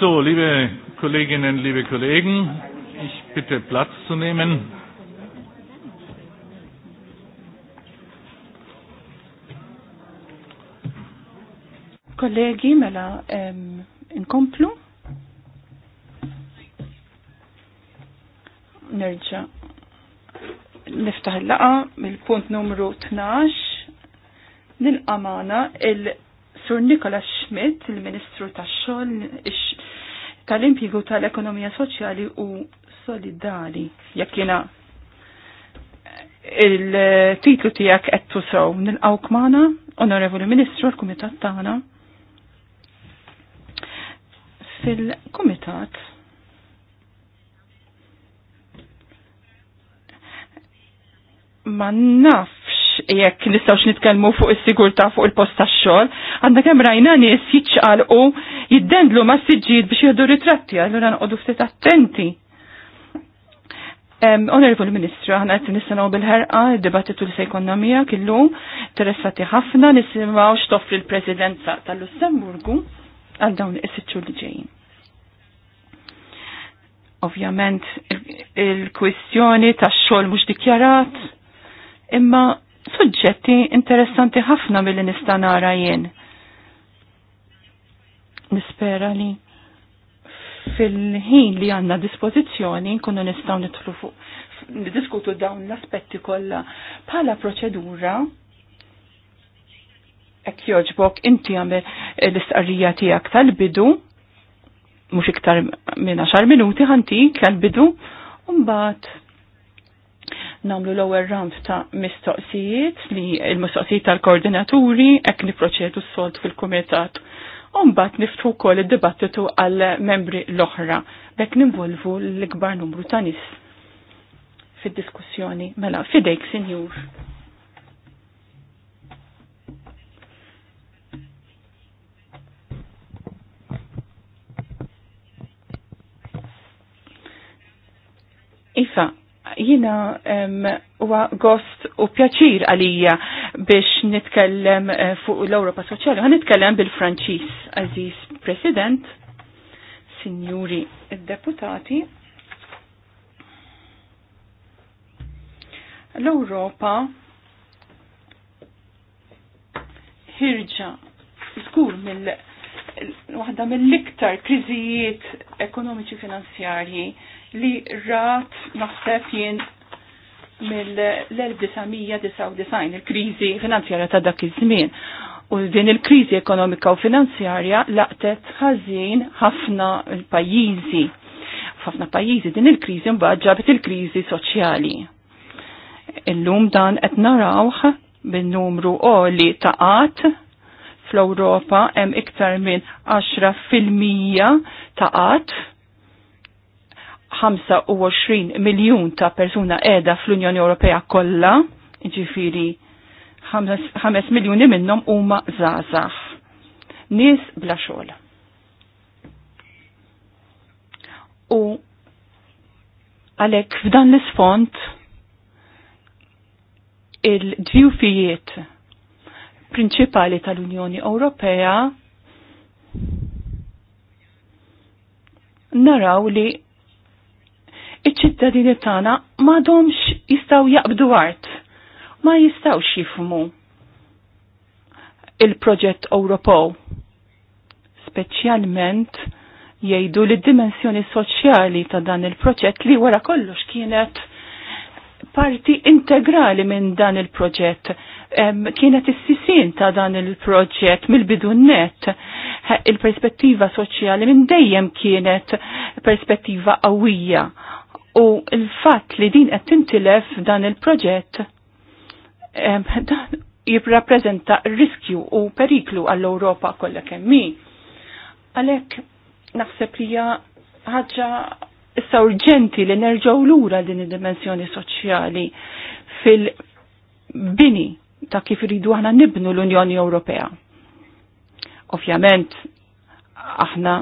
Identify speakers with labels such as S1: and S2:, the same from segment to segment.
S1: So, liebe Kolleginnen, liebe Kollegen, ich bitte Platz zu nehmen.
S2: Kollegi, mela, ähm, komplu. Nerġa. Niftaħ il-laqa mill-punt numru 12 nil-amana il-Sur Nikola Schmidt, il-Ministru tax-xogħol, ix tal impiegu tal-ekonomija soċjali u solidari. Jekk jiena il-titlu tiegħek qed tusaw nilqgħu magħna, Onorevoli Ministru l-Kumitat tagħna. Fil-Kumitat ma naf jekk nistawx nitkellmu fuq is-sigurtà fuq il-post tax-xogħol, għandna kemm rajna nies jiċċqalqu jiddendlu ma' siġġiet biex jieħdu ritratti, allura nqogħdu ftit attenti. Onorevoli Ministru, ħana qed nistanaw bil-ħerqa, dibattitu li sejkonna mija killu, interessati ħafna, nisimaw xtoffri l-Presidenza tal-Lussemburgu għal dawn is-sitxu li ġejjin. Ovvjament, il-kwistjoni ta' xogħol mhux dikjarat, imma suġġetti interessanti ħafna mill nista' nara jien. Nispera li fil-ħin li għanna dispozizjoni nkunu nistgħu nitlu fuq diskutu dawn l-aspetti kollha bħala proċedura hekk joġbok inti għamel l-istqarrija tiegħek tal-bidu mhux iktar minn 10 minuti ħantik tal-bidu u mbagħad namlu l-ewwel ramp ta' mistoqsijiet li l-mistoqsijiet tal-koordinaturi hekk niproċedu s-solt fil-kumitat. Umbat niftu kol id-dibattitu għal membri l-oħra, bekk ninvolvu l-ikbar numru ta' nis fid-diskussjoni. Mela, fidejk, sinjur. Iva, jina huwa gost u pjaċir għalija biex nitkellem eh, fuq l europa Soċjali. Għan nitkellem bil-Franċis, Aziz President, Signuri Deputati. L-Ewropa ħirġa skur mill waħda mill-iktar kriżijiet ekonomiċi finanzjarji li rat naħseb jien mill-1999 il-kriżi finanzjarja ta' dak iż-żmien. U din il-kriżi ekonomika u finanzjarja laqtet ħażin ħafna pajjiżi. F'ħafna pajjiżi din il-kriżi mbagħad ġabet il-kriżi soċjali. Illum dan qed narawh bin-numru qoli ta' qatt fl-Ewropa hemm iktar minn 10% ta' qatt 25 miljun ta' persuna edha fl-Unjoni Ewropea kollha, ġifiri 5 miljuni minnhom huma żgħażagħ. Nies bla xogħol. U għalhekk f'dan l-isfond il-dvjufijiet prinċipali tal-Unjoni Ewropea naraw li iċ-ċittadini tagħna m'għadhomx jistgħu jaqbdu art, ma jistgħux jifhmu il-proġett Ewropew. Speċjalment jgħidu li d-dimensjoni soċjali ta' dan il-proġett li wara kollox kienet parti integrali minn dan il-proġett. Kienet is-sisin ta' dan il-proġett mill-bidu net. Il-perspettiva soċjali minn dejjem kienet perspettiva qawwija u l-fatt li din qed tintilef dan il-proġett dan jirrappreżenta riskju u periklu għall-Ewropa kollha kemm hi. Għalhekk naħseb li hija ħaġa issa urġenti li nerġgħu lura din id-dimensjoni soċjali fil-bini ta' kif iridu aħna nibnu l-Unjoni Ewropea. Ovvjament aħna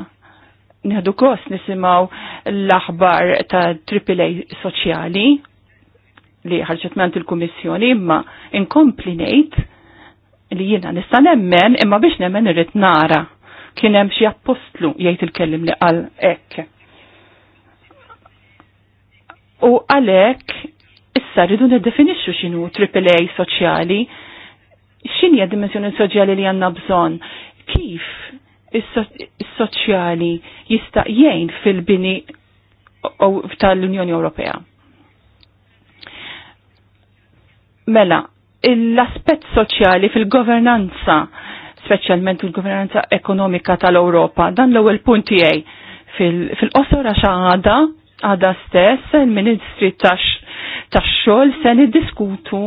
S2: nieħdu kost nisimgħu l-aħbar ta' AAA soċjali li ħarġet ment il-Kummissjoni imma inkompli ngħid li jiena nista' nemmen imma biex nemmen irrid nara kien hemm xi appostlu jgħid il-kellim li qal hekk. U għalhekk issa rridu niddefinixxu x'inhu AAA soċjali, x'inhi d-dimensjoni soċjali li għandna bżonn, kif is-soċjali jista' jgħin fil-bini tal-Unjoni Ewropea. Mela, l-aspett soċjali fil-governanza, speċjalment il-governanza ekonomika tal-Ewropa, dan l-ewwel punt tiegħi fil-qosor għax għada għada stess il-Ministri tax-xogħol se niddiskutu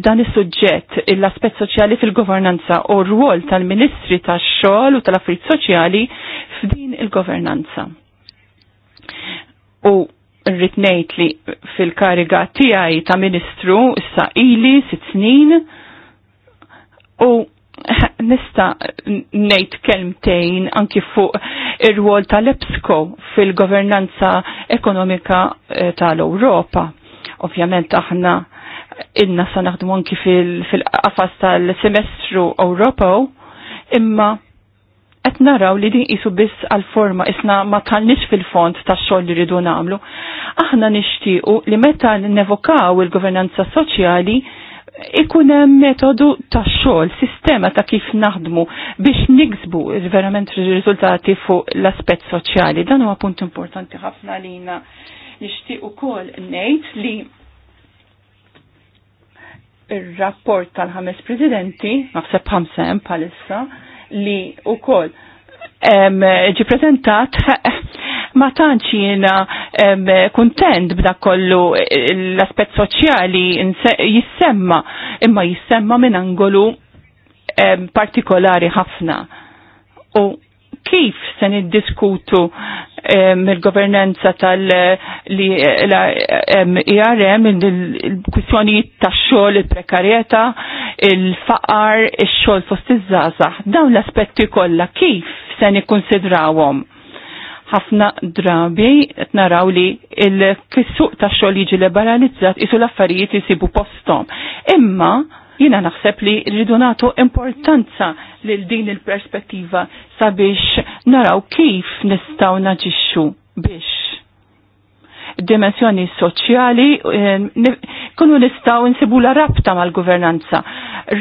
S2: dan is-suġġett l-aspett soċjali fil-governanza u r-rwol tal-Ministri tax-xogħol u tal-Affarijiet Soċjali f'din il-governanza. U rritnejt li fil-kariga tijaj ta' ministru issa ili sitt snin u nista nejt kelmtejn anki fuq ir-rwol tal-EPSCO fil-governanza ekonomika eh, tal-Europa. Ovvjament aħna inna sa naħdmu anki fil-qafas fil qafas tal semestru Ewropew imma qed naraw li din qisu biss għal forma isna ma talniex fil-fond tax-xogħol li ridu nagħmlu. Aħna nixtiequ li meta nevokaw il-governanza soċjali ikun hemm metodu tax-xogħol, sistema ta' kif naħdmu biex niksbu verament rizultati fuq l-aspett soċjali. Dan huwa punt importanti ħafna jina nishtiqu kol ngħid li il rapport tal-ħames presidenti, naħseb ħamsem palissa, li u koll ġi prezentat ma tantx jiena kuntent b'dak kollu l-aspett soċjali jissemma imma jissemma minn angolu partikolari ħafna. U kif se niddiskutu eh, mill-governanza tal-IRM, eh, eh, e il-kwistjonijiet tax-xogħol, il-prekarjetà, il-faqar, ix-xogħol fost iż-żgħażagħ. Dawn l-aspetti kollha kif se nikkonsidrawhom. Ħafna drabi qed naraw li l-kissuq tax-xogħol jiġi liberalizzat isu l-affarijiet isibu posthom. Imma Jina naħseb li rridu nagħtu importanza lil din il-perspettiva sabiex naraw kif nistgħu naġixxu biex dimensjoni soċjali eh, kunu nistgħu nsibu la rabta mal-governanza.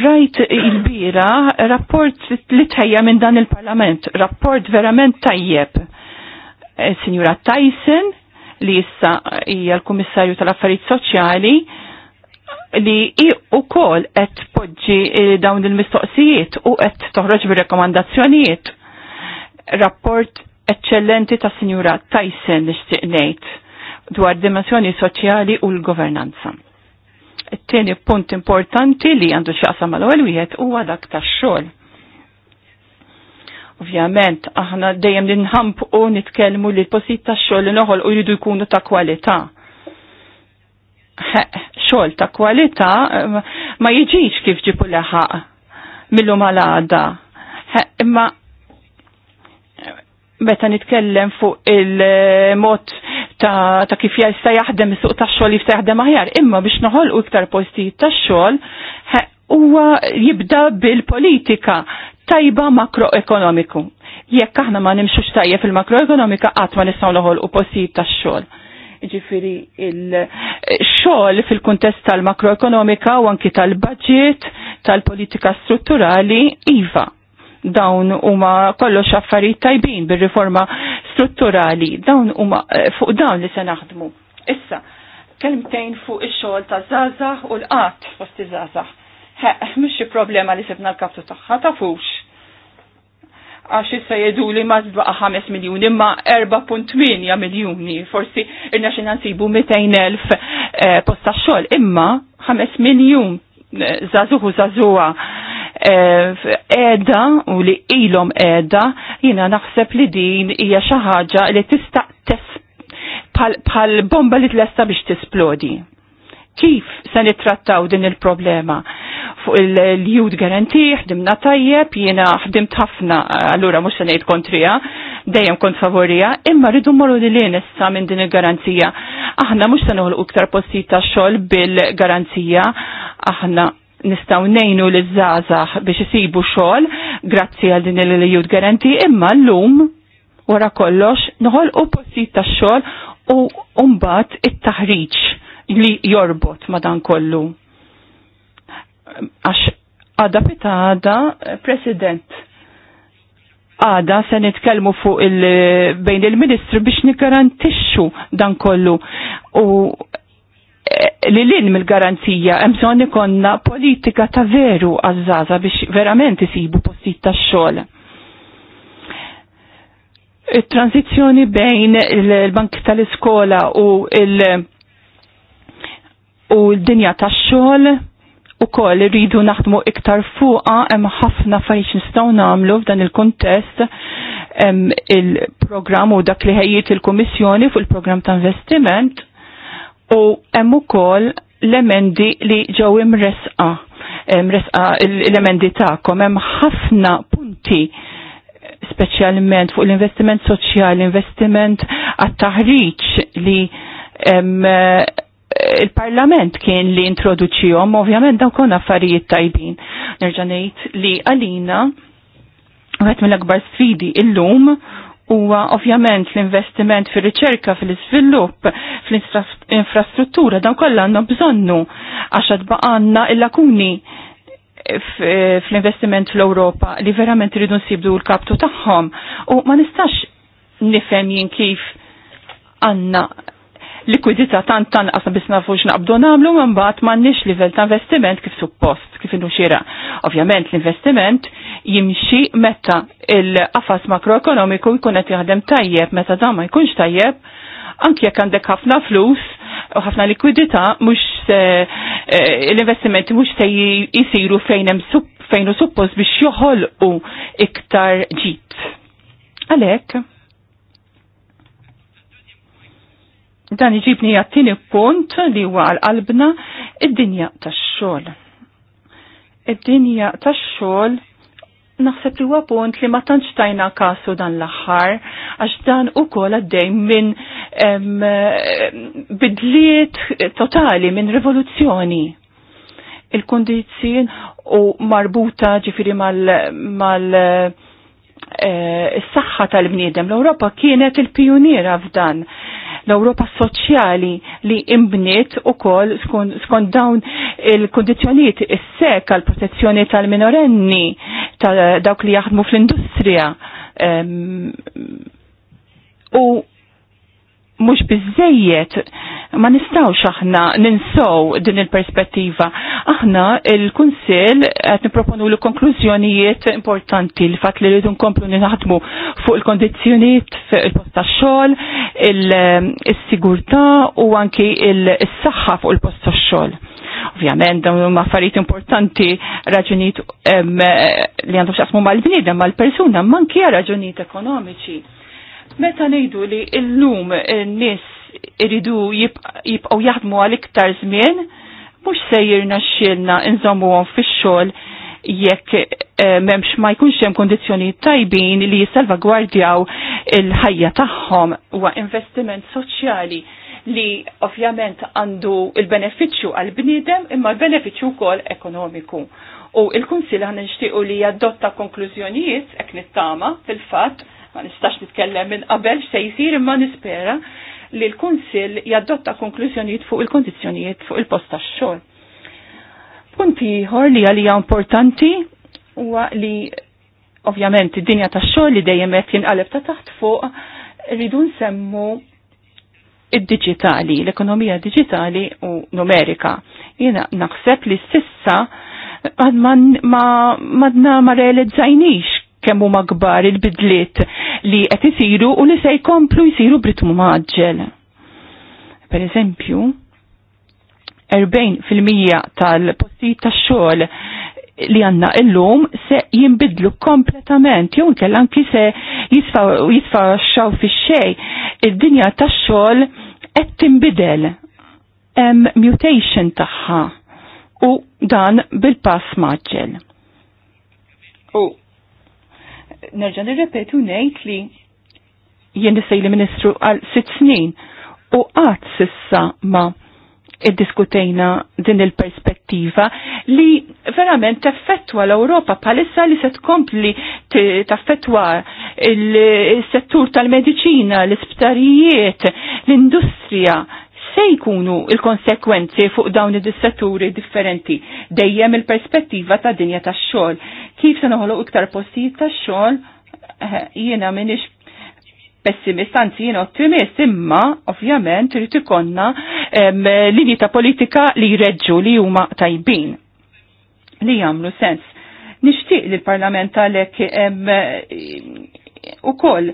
S2: Rajt il-bira rapport li tħejja minn dan il-Parlament, rapport verament tajjeb. Eh, signora Tyson, li issa hija l-Kummissarju tal-Affarijiet Soċjali, li i u kol et podġi eh, dawn il-mistoqsijiet u et toħroġ bi-rekomandazzjonijiet. Rapport eccellenti ta' Sinjura Tyson li ngħid dwar dimensjoni soċjali u l-governanza. It-tieni punt importanti li għandu x'aqsam mal-ewwel wieħed huwa dak tax-xogħol. Ovvjament aħna dejjem ninħamp u nitkellmu li l-posit tax-xogħol li noħol u jridu jkunu ta' kwalità xogħol ta' kwalità eh, ma jiġix kif ġipu leħa millu malada. Eh, imma eh, meta nitkellem fuq il-mod ta', ta kif jista' jaħdem is-suq tax-xogħol jista' jaħdem aħjar, imma biex u iktar postijiet tax-xogħol huwa jibda bil-politika tajba makroekonomiku. Jekk aħna ma nimxux tajjeb fil-makroekonomika qatt ma nistgħu noħolqu postijiet tax-xogħol ġifiri il-xol fil-kuntest tal-makroekonomika u anki tal-budget, tal-politika strutturali, IVA. Dawn huma kollox affarijiet tajbin bir-riforma strutturali, dawn huma eh, fuq dawn li se naħdmu. Issa, kelmtejn fuq ix-xogħol ta' żgħażagħ u l-qatt fost iż-żgħażagħ. Mhux problema li sibna l-kaptu tagħha tafux għax issa jedu li ma zbaqa 5 miljoni imma 4.8 miljoni forsi irna xin għansibu 200.000 eh, posta xol imma 5 miljoni eh, zazuhu zazuha eh, edha u li ilom edha jina naħseb li din hija xi ħaġa li tista' pal bomba li tlesta biex tisplodi. Kif se nittrattaw din il-problema? fuq il-Youth Guarantee, ħdimna tajjeb, jiena ħdimt ħafna, allura mhux se ngħid kontrija, dejjem kont favorija, imma rridu morru li lien issa minn din il-garanzija. Aħna mhux se noħolqu iktar postijiet ta' xogħol bil-garanzija, aħna nistaw nejnu l żgħażagħ biex isibu xogħol grazzi għal din il-Youth Guarantee, imma llum wara kollox noħolqu postijiet ta' xogħol u mbagħad it-taħriġ li jorbot ma dan kollu għax għada pita għada eh, president għada se nitkellmu fuq il bejn il-ministru biex nikarantixxu dan kollu u eh, li lin mill-garanzija hemm bżonn ikonna politika ta' veru għazzaza biex verament isibu postijiet tax-xogħol il-transizjoni bejn il-bank tal-iskola u il- u l-dinja tax xogħol u koll rridu naħdmu iktar fuqa hemm ħafna affarijiet nistgħu nagħmlu f'dan il-kuntest il-programm u dak li ħejjiet il-Kummissjoni fuq il-programm ta' investiment u hemm ukoll l-emendi li ġew imresqa imresqa l-emendi tagħkom hemm ħafna punti speċjalment fuq l-investiment soċjali, investiment għat-taħriġ li il-parlament kien li introduċijom, ovvjament daw kon affarijiet tajbin. Nerġa' ngħid li għalina għet mill-akbar sfidi il-lum, huwa ovvjament l-investiment fir riċerka fil-iżvilupp, fl-infrastruttura, daw kollha għanna bżonnu għax għandna il-lakuni fl-investiment fl-Ewropa li verament rridu nsibdu l-kaptu tagħhom u ma nistax nifhem jien kif għanna likwidità tant tanqas bis nafux naqbdu nagħmlu mbagħad m'għandniex livell ta' investiment kif suppost kif inhu xira. Ovvjament l-investiment jimxi meta il-qafas makroekonomiku jkun qed jaħdem tajjeb meta dan ma jkunx tajjeb anki jekk għandek ħafna flus u ħafna likwidità mhux e, l-investimenti mhux se jisiru fejn hemm suppost biex joħolqu iktar ġit. Għalhekk Dan iġibni jattini punt li huwa għal-qalbna id-dinja tax-xogħol. Id-dinja tax-xogħol naħseb li huwa punt li ma tantx tajna kasu dan l-aħħar għax dan ukoll għaddej minn bidliet totali minn rivoluzzjoni il-kondizjien u marbuta ġifiri mal, eh, s-saxħa tal-bniedem. L-Europa kienet il-pioniera f'dan l-Ewropa soċjali li imbniet ukoll skont dawn il kondizjoniet is-sek għal protezzjoni tal-minorenni tal dawk li jaħdmu fl-industrija. Um, mhux bizzejiet ma nistgħux aħna ninsow din il-perspettiva. Aħna il-Kunsill qed nipproponu l konklużjonijiet importanti l fatt li rridu nkomplu ninaħdmu fuq il-kondizzjonijiet fuq il posta xol, xogħol is-sigurtà u anki il-saħħa fuq il posta xol. xogħol ovvjament dawn huma affarijiet importanti raġunijiet li għandhom x'jaqsmu mal-bniedem mal-persuna, manki raġunijiet ekonomiċi Meta ngħidu li llum n-nies iridu jibqgħu jaħdmu għal iktar żmien, mhux sejjirna xilna inżommuhom fix-xogħol jekk eh, memx ma jkunx hemm kondizzjoni tajbin li jissalvagwardjaw il-ħajja tagħhom huwa investiment soċjali li ovvjament għandu il-benefiċċju għal bniedem imma l-benefiċċju wkoll ekonomiku. U il-Kunsil għan nixtiequ li jadotta konklużjonijiet hekk nittama fil-fatt ma nistax nitkellem minn qabel se jsir imma nispera li l-Kunsill jadotta konklużjonijiet fuq il-kondizzjonijiet fuq il-post tax-xogħol. Punt ieħor li għalija importanti huwa li ovvjament id-dinja tax-xogħol li dejjem qed jinqaleb ta' taħt fuq rridu nsemmu id diġitali l-ekonomija diġitali u numerika. Jiena naħseb li sissa ma, ma, ma, ma realizzajnix kemm huma kbar il-bidliet li qed isiru u li se jkomplu jsiru b'ritmu maġġel. Per eżempju, 40% tal-postijiet tax-xogħol li għanna illum se jimbidlu kompletament, jew kell anki se jisfaxxaw fi xej. Id-dinja tax-xogħol qed tinbidel hemm mutation tagħha u dan bil-pass maġġel. U nerġa' nirrepetu ngħid li jien nissejli ministru għal sitt snin u qatt sissa ma id-diskutejna din il-perspettiva li verament taffettwa l-Europa palissa li se tkompli taffettwa il-settur tal-medicina, l-isptarijiet, l-industrija, se jkunu il-konsekwenzi fuq dawn id-setturi differenti dejjem il-perspettiva ta' dinja ta' xogħol. Kif se noħlu iktar postijiet ta' xogħol eh, jiena minix pessimist, anzi jien ottimist, imma ovvjament rritu konna linji ta' politika li jreġġu li huma tajbin li jagħmlu sens. Nixtieq li l-Parlament għalhekk ukoll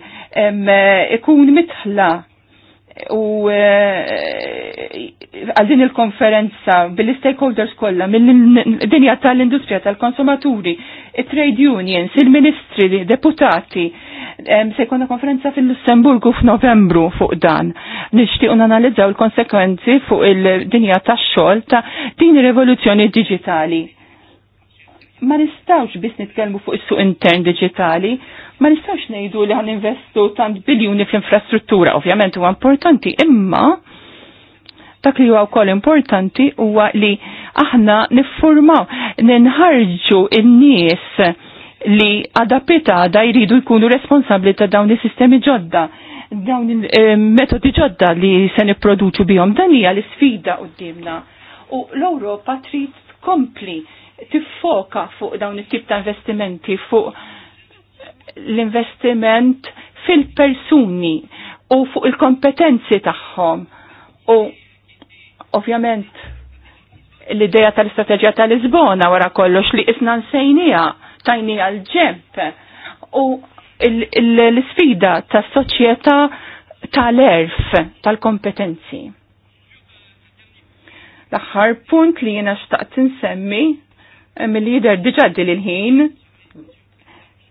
S2: ikun mitħla u eh, għal din il-konferenza bil-stakeholders kollha mill-dinja tal-industrija tal-konsumaturi, trade unions, il-ministri, deputati, se jkollna konferenza fil-Lussemburgu f'Novembru fuq dan. un analizzaw il-konsekwenzi fuq il-dinja tax-xogħol ta' din ir-rivoluzzjoni digitali ma nistawx biss nitkellmu fuq is-suq intern diġitali, ma nistawx ngħidu li ħaninvestu investu tant biljuni fl-infrastruttura, ovvjament huwa importanti, imma dak li huwa wkoll importanti huwa li aħna niffurmaw, ninħarġu in-nies li adapita da jridu jkunu responsabbli ta' dawn is-sistemi ġodda dawn il-metodi ġodda li se nipproduċu bihom dan hija l-isfida qudiemna. U l-Ewropa trid tkompli tiffoka fuq dawn it-tip ta' investimenti, fuq l-investiment fil-persuni u fuq il-kompetenzi tagħhom. U ovvjament l-ideja tal-istrateġija tal-Lisbona wara kollox li isna nsejnija tajni għal-ġemp u l-sfida tas-soċjetà tal-erf tal-kompetenzi. L-aħħar punt li jiena xtaqt insemmi mill-lider diġaddi l-ħin,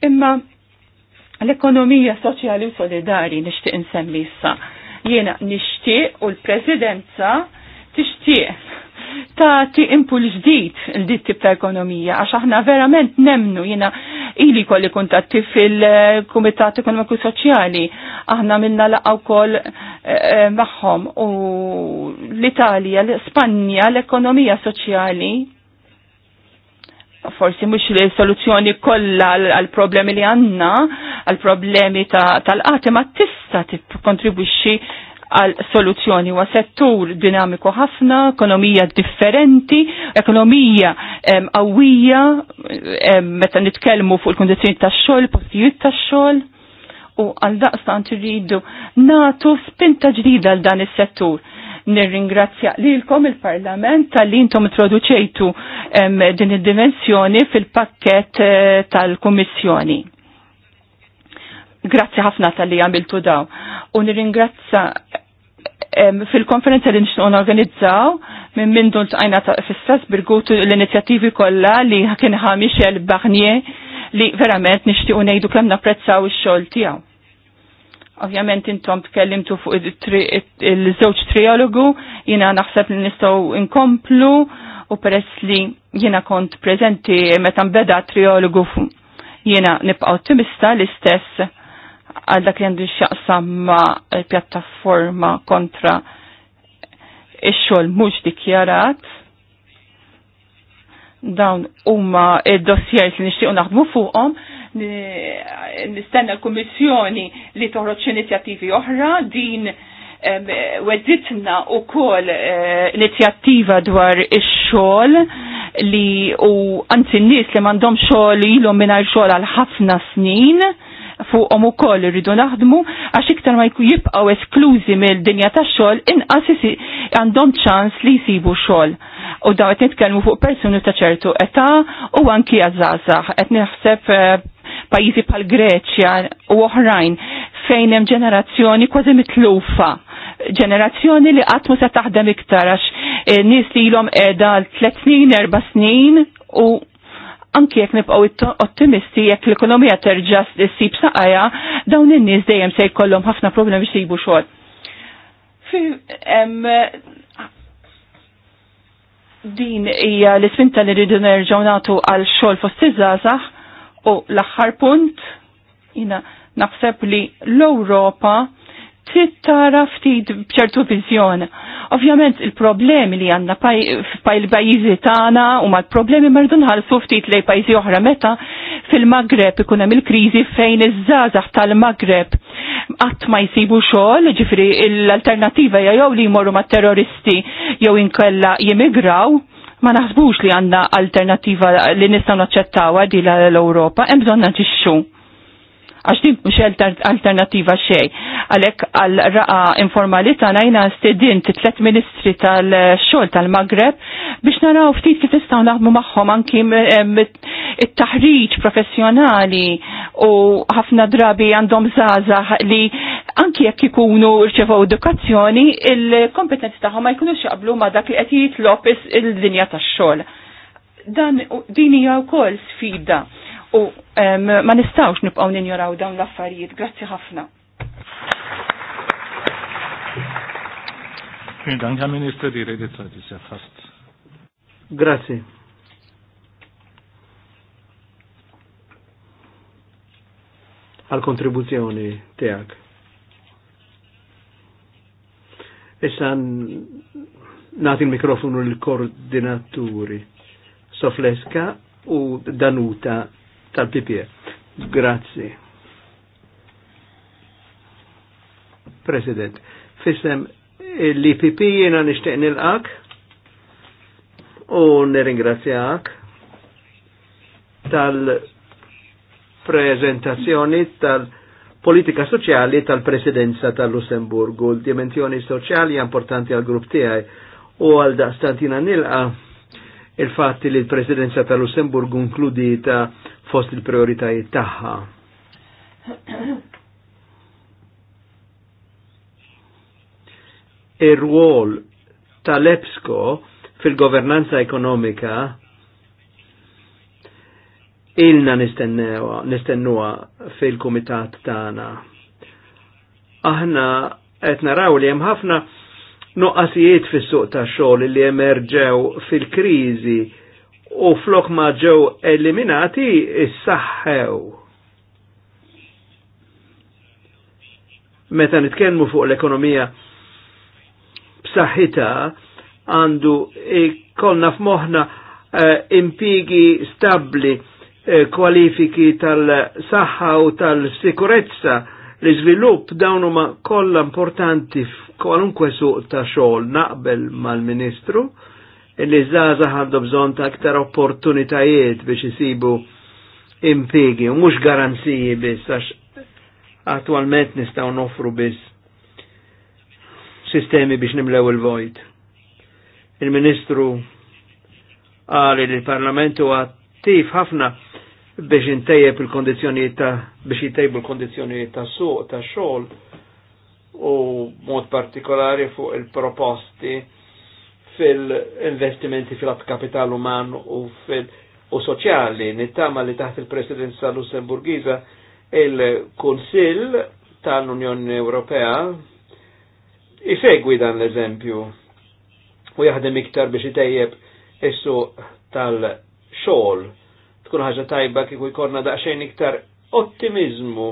S2: imma l-ekonomija soċjali u solidari nishtiq insemmi issa. Jena nishtiq u l-presidenza tishtiq ta' ti impul ġdijt l-dit tip ta' ekonomija, għax aħna verament nemnu jiena ili kolli kontatti fil-Kumitat Ekonomiku Soċjali, aħna minna laqaw kol eh, eh, maħħom u l-Italja, l-Spanja, l-ekonomija soċjali forsi mux li soluzzjoni kolla għal-problemi li għanna, għal-problemi tal-qati, ma tista tikkontribwixxi għal soluzzjoni wa settur dinamiku ħafna, ekonomija differenti, ekonomija qawwija meta nitkellmu fuq il kondizjoni tax-xogħol, postijiet tax-xogħol u għal t-ridu natu spinta ġdida għal dan is-settur Nirringrazzja lilkom il-Parlament tal-li intom introduċejtu din id-dimensjoni fil-pakket eh, tal-Kummissjoni. Grazzi ħafna tal-li għamiltu daw. U nirringrazzja fil-konferenza li nixtieq organizzaw minn minn l tajna ta' fissas birgutu l-inizjattivi kollha li kien ħamix Michel Barnier li verament nixtiequ ngħidu kemm napprezzaw ix-xogħol tiegħu Ovvjament intom tkellimtu fuq il-żewġ trialogu, jina naħseb li nistgħu inkomplu u peress li jina kont preżenti meta nbeda trialogu jina nibqa' ottimista l-istess għal dak li għandu x'jaqsam ma' pjattaforma kontra ix-xogħol mhux dikjarat. Dawn huma id dossier li nixtiequ naħdmu fuqhom nistenna l-Kummissjoni li toħroġ inizjattivi oħra din wedditna u kol eh, inizjattiva dwar ix-xogħol li u anzi n-nies li m'għandhom xogħol ilhom mingħajr xogħol għal ħafna snin fuqhom ukoll irridu naħdmu għax iktar ma jibqgħu esklużi mill-dinja tax-xogħol inqas għandhom ċans li jsibu xogħol. U daw qed nitkellmu fuq persuni ta' ċertu età u anki għażgħażagħ niħseb. naħseb eh, pajjiżi pal Greċja u oħrajn fejn hemm ġenerazzjoni kważi mitlufa ġenerazzjoni li qatt se taħdem iktar għax eh, nies li ilhom qiegħda tliet snin, erba' snin u anki jekk nibqgħu ottimisti jekk l-ekonomija terġa' ssib saqajja, dawn in-nies dejjem se jkollhom ħafna problemi biex jibu xogħol. Din hija l-isfinta li rridu nerġgħu nagħtu għal xogħol fost iż-żgħażagħ U l-aħħar punt, jina naħseb li l-Europa tittara ftit bċertu vizjon. Ovvjament il-problemi li għanna f'pajl-pajizi tagħna u mal l-problemi mardu nħallsu ftit lej pajjiżi oħra meta fil-Magreb ikun hemm il-kriżi fejn iż-żgħażagħ tal-Magreb qatt ma jsibu xogħol, ġifri l-alternattiva jew li jmorru mat-terroristi jew inkella jimigraw ma naħsbux li għanna alternativa li nistaw naċċettaw di l-Europa, hemm bżonn naġixxu. Għax din mhux alternativa xej. Għalhekk għal raqa informalità tagħna jiena stedint tliet ministri tal-xogħol tal-Magreb biex naraw ftit kif nistgħu naħdmu magħhom anki it-taħriġ professjonali u ħafna drabi għandhom żgħażagħ li anki jekk ikunu rċevaw edukazzjoni, il-kompetenzi tagħhom ma jkunux jaqblu ma dak li qed jitlob il-dinja tax-xogħol. Dan din hija wkoll sfida u ma nistgħux nibqgħu ninjoraw dawn l-affarijiet. Grazzi ħafna.
S3: Grazzi. Herr Grazie. tiegħek. Issa nati l-mikrofonu l-koordinaturi Sofleska u Danuta tal-PPE. Grazzi. President, fissem l-IPP jena nishtiq nilqak u nirringrazzjak tal-prezentazzjoni tal-, -prezentazzjoni tal politika soċjali tal-presidenza tal-Lussemburgu. L-dimensjoni soċjali importanti għal grupp tiegħi u għal daqstantina nilqa il-fatt li l-presidenza tal-Lussemburgu inkludita fost il-prioritajiet tagħha. Ir-rwol tal-EPSCO fil-governanza ekonomika ilna nistennuwa fil-kumitat tagħna. Aħna qed naraw li hemm ħafna noqqasijiet fis-suq tax-xogħol li emerġew fil-kriżi u flok ma ġew eliminati issaħħew. Meta nitkellmu fuq l-ekonomija b'saħħitha għandu ikollna f'moħħna eh, impigi stabbli kwalifiki tal-saħħa u tal-sikurezza li żvilupp dawn huma kollha importanti f'kwalunkwe suq ta' xogħol naqbel mal-Ministru li żgħażagħ għandu bżonn ta' aktar opportunitajiet biex isibu impiegi u mhux garanziji biss għax attwalment nistgħu nofru biss sistemi biex nimlew il-vojt. Il-Ministru għali li l-Parlamentu attiv ħafna biex intejjeb il-kondizjoni ta' biex jitejbu l-kondizjoni ta' suq ta' xogħol u mod partikolari fuq il-proposti fil-investimenti fil-kapital uman u fil- u soċjali nittama li taħt il-presidenza lussemburgiza il kunsill tal-Unjoni Ewropea isegwi dan l-eżempju u jaħdem iktar biex itejjeb suq tal-xogħol tkun ħaġa tajba kieku jkorna daqsxejn iktar ottimizmu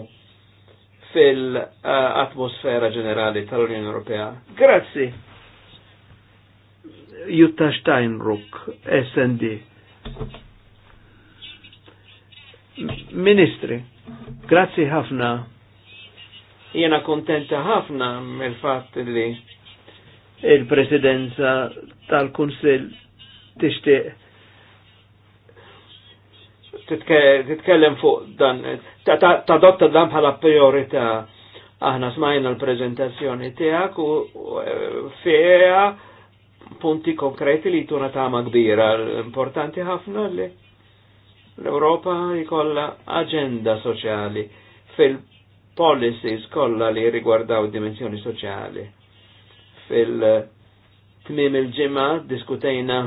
S3: fil-atmosfera ġenerali tal-Unjoni Ewropea. Grazzi. Jutta Steinruck, SND. Ministri, grazzi ħafna. Jena kontenta ħafna mill-fatt li il-presidenza tal-Kunsil tixtieq titkellem fuq dan, dotta dan bħala priorità. Aħna smajna l-prezentazzjoni tiegħek u fiha punti konkreti li tuna tama kbira. Importanti ħafna li l-Europa jkollha agenda soċjali fil-policies kollha li riguardaw dimensjoni soċjali. Fil- tmim il-ġimma diskutejna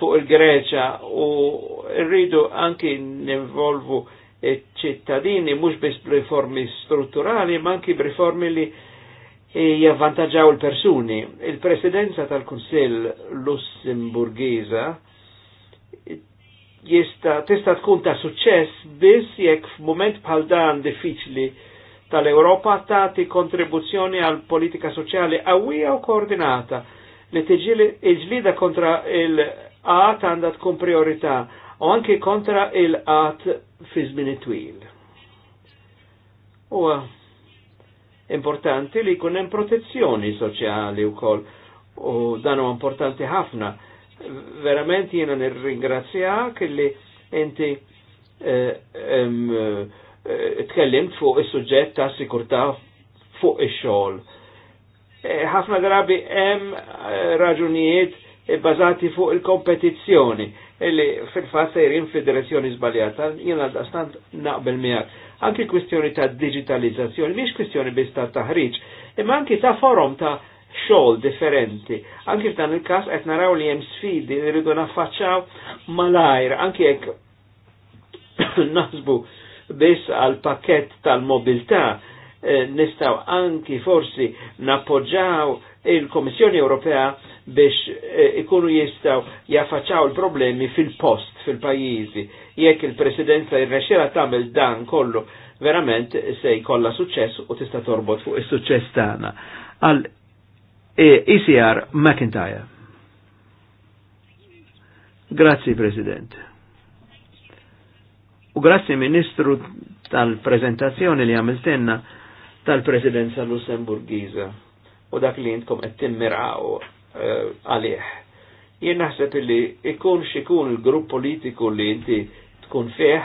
S3: fuq il-Greċa u rridu anki ninvolvu ċittadini mhux biss b'riformi strutturali ma anki b'riformi li javvantaġġaw il-persuni. Il-presidenza tal-Kunsill Lussemburgiza jista tista' tkun ta' suċċess biss jekk f'mument bħal dan diffiċli tal-Europa tati kontribuzzjoni għal politika soċjali għawija u koordinata li tiġi il-ġlida kontra il- għat għanda tkun priorità u anki kontra il għat fi żmien twil. Huwa importanti li jkun hemm protezzjoni soċjali wkoll u dan huwa importanti ħafna. Verament jiena nirringrazzjak li inti eh, eh, tkellimt fuq is-suġġett ta' sikurtà fuq ix-xogħol. Eh, ħafna drabi hemm raġunijiet bazati fuq il-kompetizzjoni illi fil-fat sejrin fil-direzzjoni zbaljata, jena għastant naqbel miħak. Anki kwestjoni ta' digitalizzazzjoni, miex kwestjoni biss ta' taħriġ, imma anki ta' forum ta' xogħol differenti. Anki f'dan il-każ qed naraw li hemm sfidi li rridu naffaċċaw malajr, anki jekk naħsbu biss għal pakket tal-mobilità, eh, nistaw anki forsi nappoġġaw il-Komissjoni Ewropea biex eh, ikunu jistaw jaffaċaw il-problemi fil-post, fil-pajizi. Jekk il-presidenza jirrexxela tamil dan kollu, verament se jkollha suċċess u tista' torbot fuq is-suċċess tagħna. Għal ECR eh, e McIntyre. Grazzi President. U grazzi Ministru tal-prezentazzjoni li għamiltenna tal-Presidenza Lussemburgiza u dak li jintkom qed timmiraw eh, għalih. Jien naħseb li ikun xikun il-grupp politiku li inti tkun fih,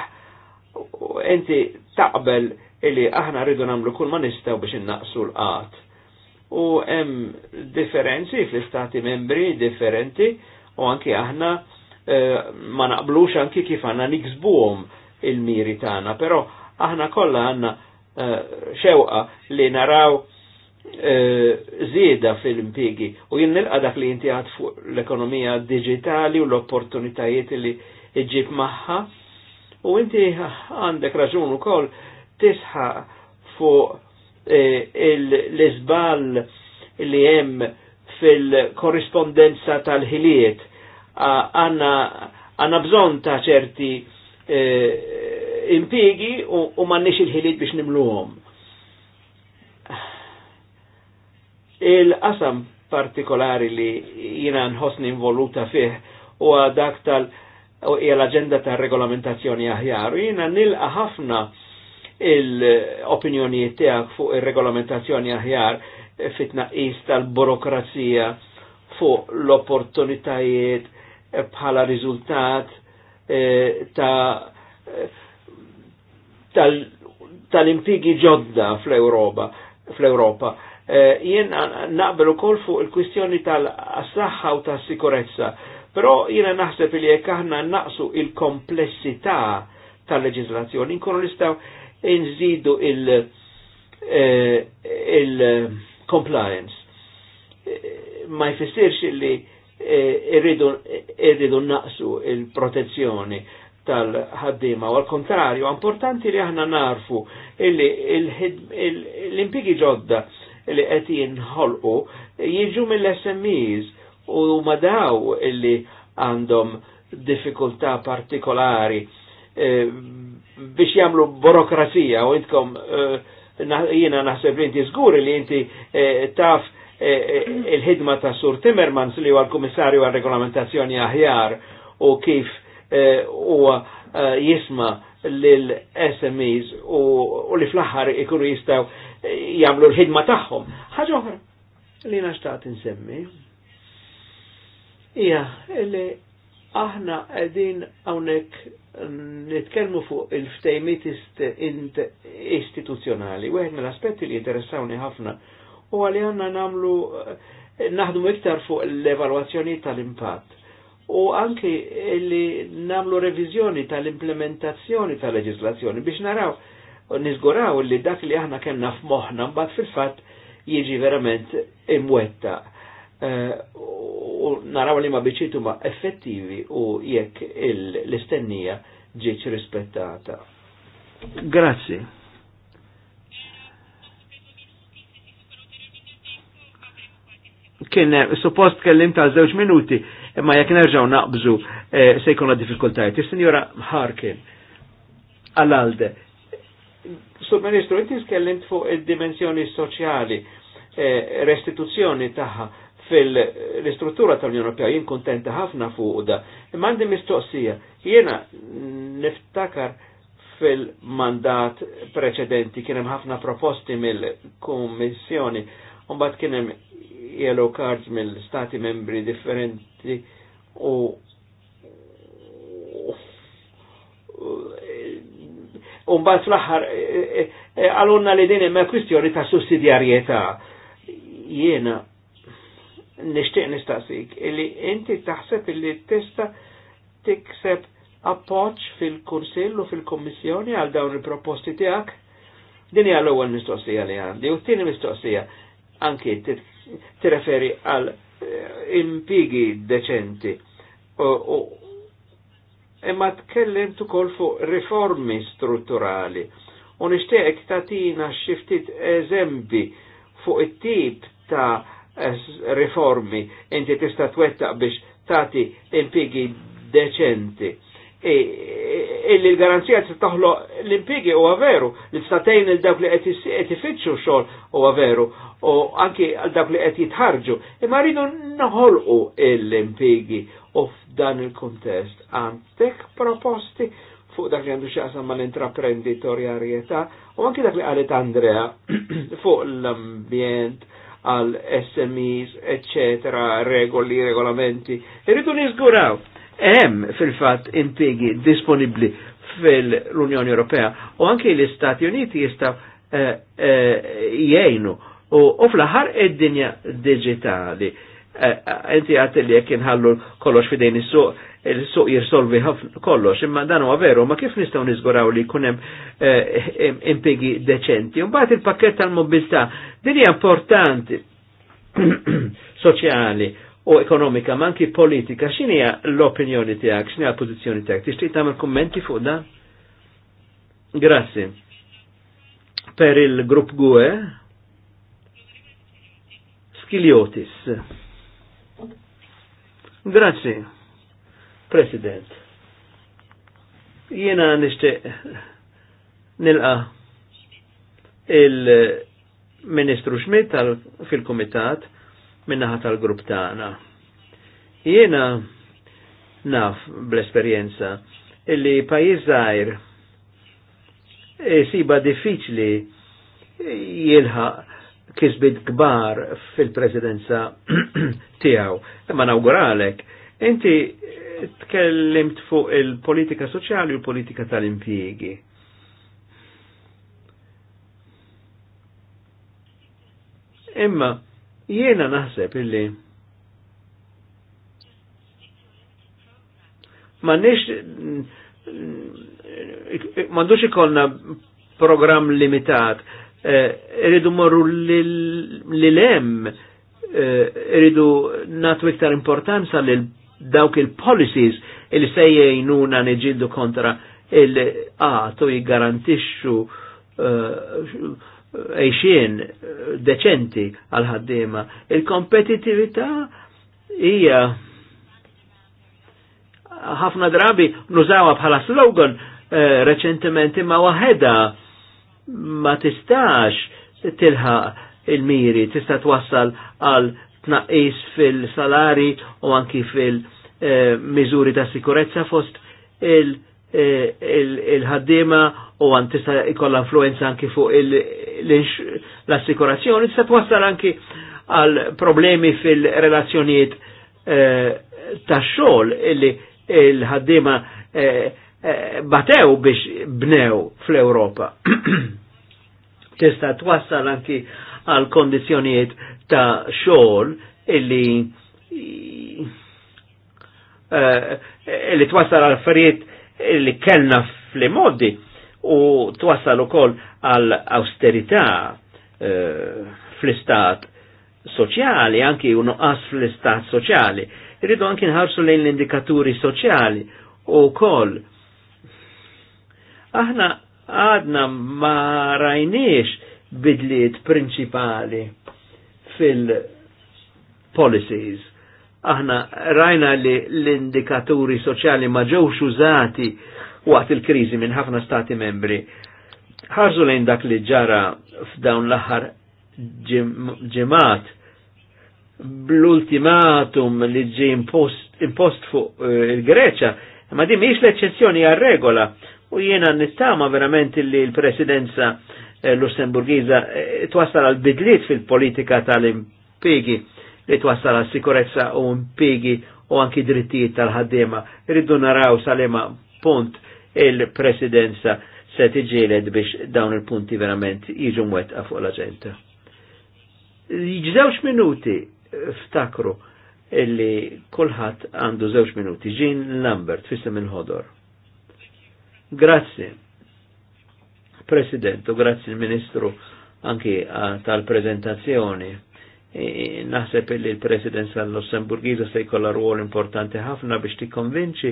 S3: inti taqbel illi aħna rridu namlu kull ma nistgħu biex innaqsu l-qat. U hemm differenzi fl-istati membri differenti u anki aħna eh, ma naqblux anki kif għanna niksbuhom il-miri tagħna, però aħna kollha għandna eh, xewqa li naraw Eh, zieda fil-impiegi u jien nilqa dak li inti għad fuq l-ekonomija digitali u l-opportunitajiet li iġib maħħa u inti għandek raġun ukoll tisħa fuq eh, l-izbal li hemm fil-korrispondenza tal-ħiliet għanna bżon ta' ċerti eh, impigi u mannix il-ħiliet biex nimluhom Il-qasam partikolari li jina nħosni involuta fih u dak tal- u l-agenda ta' regolamentazzjoni aħjar. Jina nilqa ħafna il-opinjonijiet tiegħek fuq ir-regolamentazzjoni aħjar fit-naqis tal-burokrazija fuq l-opportunitajiet bħala riżultat e, ta' tal-impigi ġodda fl-Europa. Fl-Europa Eh, jien naqbel ukoll fuq il-kwistjoni tal-saħħa u tas-sikurezza. Però jiena naħseb li jekk aħna naqsu il-komplessità tal-leġiżlazzjoni, nkunu nistgħu nżidu eh, il-compliance. Eh, ma jfissirx li irridu naqsu il-protezzjoni tal-ħaddima. U għal kontrarju importanti li aħna narfu l-impigi ġodda li qed jinħolqu jiġu mill-SMEs u ma daw illi għandhom diffikultà partikolari eh, biex jagħmlu burokrazija u intkom eh, jiena naħseb li inti żgur li inti eh, taf il-ħidma ta' Sur Timmermans li huwa l-Kummissarju għal-Regolamentazzjoni aħjar u kif huwa jisma' lil SMEs u, li fl-aħħar ikunu jistgħu jamlu l-ħidma tagħhom.
S4: Ħaġa oħra
S3: li naxtaqt insemmi ija, li aħna qegħdin hawnhekk nitkellmu fuq il istituzjonali, istituzzjonali. Wieħed mill-aspetti li interessawni ħafna u għalli għanna namlu eh, naħdu iktar fuq l-evaluazzjoni tal-impatt u anki li namlu revizjoni tal-implementazzjoni tal-leġislazzjoni biex naraw u nizguraw li dak li aħna kena f'moħna mbagħad fil-fatt jiġi verament imwetta. Eh, u naraw li ma biċitu ma effettivi u jekk l-istennija ġieċ rispettata. Grazie. kien eh, suppost kellim ta' żewġ minuti, imma jekk nerġgħu naqbżu eh, se jkun diffikultajiet. Is-Sinjora Harkin għal-alde, Sub Ministru, inti tkellimt fuq id-dimensjoni soċjali, eh, restituzzjoni taħħa fil-istruttura tal-Unjoni Ewropea, jien kontenta ħafna fuq da. Imma għandi mistoqsija, jiena niftakar fil-mandat preċedenti kien hemm ħafna proposti mill-Kummissjoni, u mbagħad kien hemm yellow cards mill-stati membri differenti u bat fl-axar, e, e, e, għalunna li din ma' kwistjoni ta' sussidjarjetà. Jiena nishtiq nistaqsik illi inti taħseb illi tista tikseb appoċ fil kursill u fil-Kommissjoni għal dawn il-proposti tiegħek. Din hija l-ewwel mistoqsija li għandi u t-tieni mistoqsija anki tirreferi għal impigi deċenti imma tkellimt ukoll fuq riformi strutturali. U nixtieq tatina xiftit eżempi fuq it-tip ta' riformi inti tista' twettaq biex tati impigi deċenti E, e, illi l-garanzija se taħlo l-impjegi u għaveru, li statejn il dak li qed ifittxu xogħol u għaveru, u anki għal dak li qed jitħarġu, imma rridu naħolqu l-impjegi u f'dan il kontest għandek proposti fuq dak li għandu xaqsam ma l intraprenditorjarieta u anki dak li għalet Andrea fuq l-ambjent għal SMEs, eccetera, regoli, regolamenti, rridu nizguraw hemm fil-fatt impjegi disponibbli fil-Unjoni Ewropea u anke l-Istati Uniti jistgħu eh, eh, jgħinu u fl-aħħar id-dinja digitali. Eh, inti għat li jekk inħallu kollox fidejn is-suq il-suq jirsolvi kollox, imma dan huwa veru, ma kif nistgħu niżguraw li jkun hemm impigi deċenti. Mbagħad il-pakkett tal-mobilità din hija importanti soċjali u ekonomika, ma anki politika, xinija l-opinjoni tijak, xinija l-pozizjoni tijak, tixti tamil kommenti fuq da? Grazie. Per il-grupp GUE, Skiliotis. Grazie, President. Jena nishtiq nilqa il-Ministru Schmidt fil-Komitat, minnaħa tal-grupp tagħna. Jiena naf bl-esperjenza illi pajjiż żgħir siba diffiċli jilħaq kisbit kbar fil-presidenza tiegħu. Imma nawguralek, inti tkellimt fuq il-politika soċjali u l-politika tal-impjiegi. Imma Jiena naħseb illi ma nix mandux ikonna program limitat eh, irridu morru li lem eh, irridu e, natu iktar importanza li dawk il-policies il sejjejnuna neġildu kontra il-għatu jgarantixxu uh, eixien deċenti għal ħaddiema. Il-kompetitività hija ħafna drabi nużawa bħala slogan eh, reċentement imma waħeda ma tistax tilħaq il-miri, tista' twassal għal tnaqqis fil-salari u anki fil-miżuri eh, ta' sikurezza fost il- Eh, il-ħaddima u għan tista' ikolla influenza anki fuq l-assikurazzjoni, tista' twassal anki għal problemi fil-relazzjonijiet eh, ta' xogħol illi il-ħaddima eh, batew biex bnew fl-Ewropa. tista' twassal anki għal kondizjoniet ta' xogħol illi li twassal għal affarijiet li kellna fl-modi u twassal ukoll għal austerità eh, fl-istat soċjali, anki u noqqas fl-istat soċjali. Irridu anki nħarsu lejn l-indikaturi soċjali u koll. Aħna għadna ma rajniex bidliet prinċipali fil-policies Aħna rajna li l-indikaturi soċjali ma ġewx użati waqt il-kriżi minn ħafna stati membri. Ħarżu lejn dak li ġara f'dawn l-aħħar ġemat bl-ultimatum li ġi impost fuq eh, il-Greċa, ma di miex l-eccezzjoni għal-regola u jiena nittama verament li l-presidenza eh, lussemburgiza eh, twassal għal bidliet fil-politika tal-impiegi li twassal għal sikurezza u impigi u anki drittijiet tal-ħaddiema. rridu naraw salema punt il-presidenza se tiġieled biex dawn il-punti verament jiġu mwet fuq l-aġenda. Jġżewx minuti ftakru illi kulħadd għandu żewġ minuti. Jean Lambert, fissem il-ħodor. Grazzi, President, u grazzi il-Ministru anki tal-prezentazzjoni. E, naħseb li l-presidenza l-Lussemburgiza se jkollha rwol importanti ħafna biex tikkonvinċi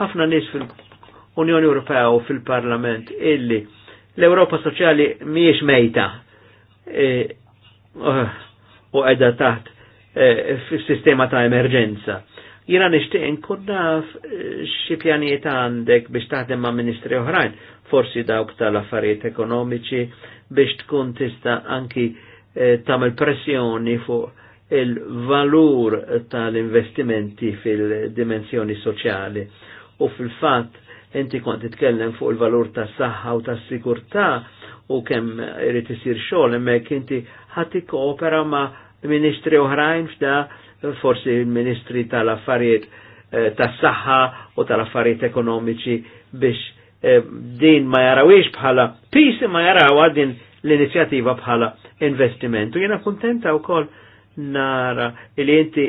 S3: ħafna nies fil-Unjoni Ewropea u fil-Parlament illi l-Ewropa Soċjali mhijiex mejta e, u qiegħda taħt e, fis-sistema ta' emerġenza. Jiena nixtieq inkun naf xi pjanijiet għandek biex taħdem ma' ministri oħrajn, forsi dawk tal-affarijiet ekonomiċi biex tkun tista' anki Eh, tamel pressjoni fuq il-valur tal-investimenti fil-dimensjoni soċjali u fil-fat inti kont titkellem fuq il-valur tas saħħa u tas sigurtà u kemm irid isir xogħol hemmhekk inti ħadd koopera ma' ministri oħrajn f'da forsi il-ministri tal-affarijiet eh, tas saħħa u tal-affarijiet ekonomiċi biex eh, din ma jarawiex bħala pisi ma jarawa din l-inizjativa bħala investimentu. Jena kontenta u kol nara li inti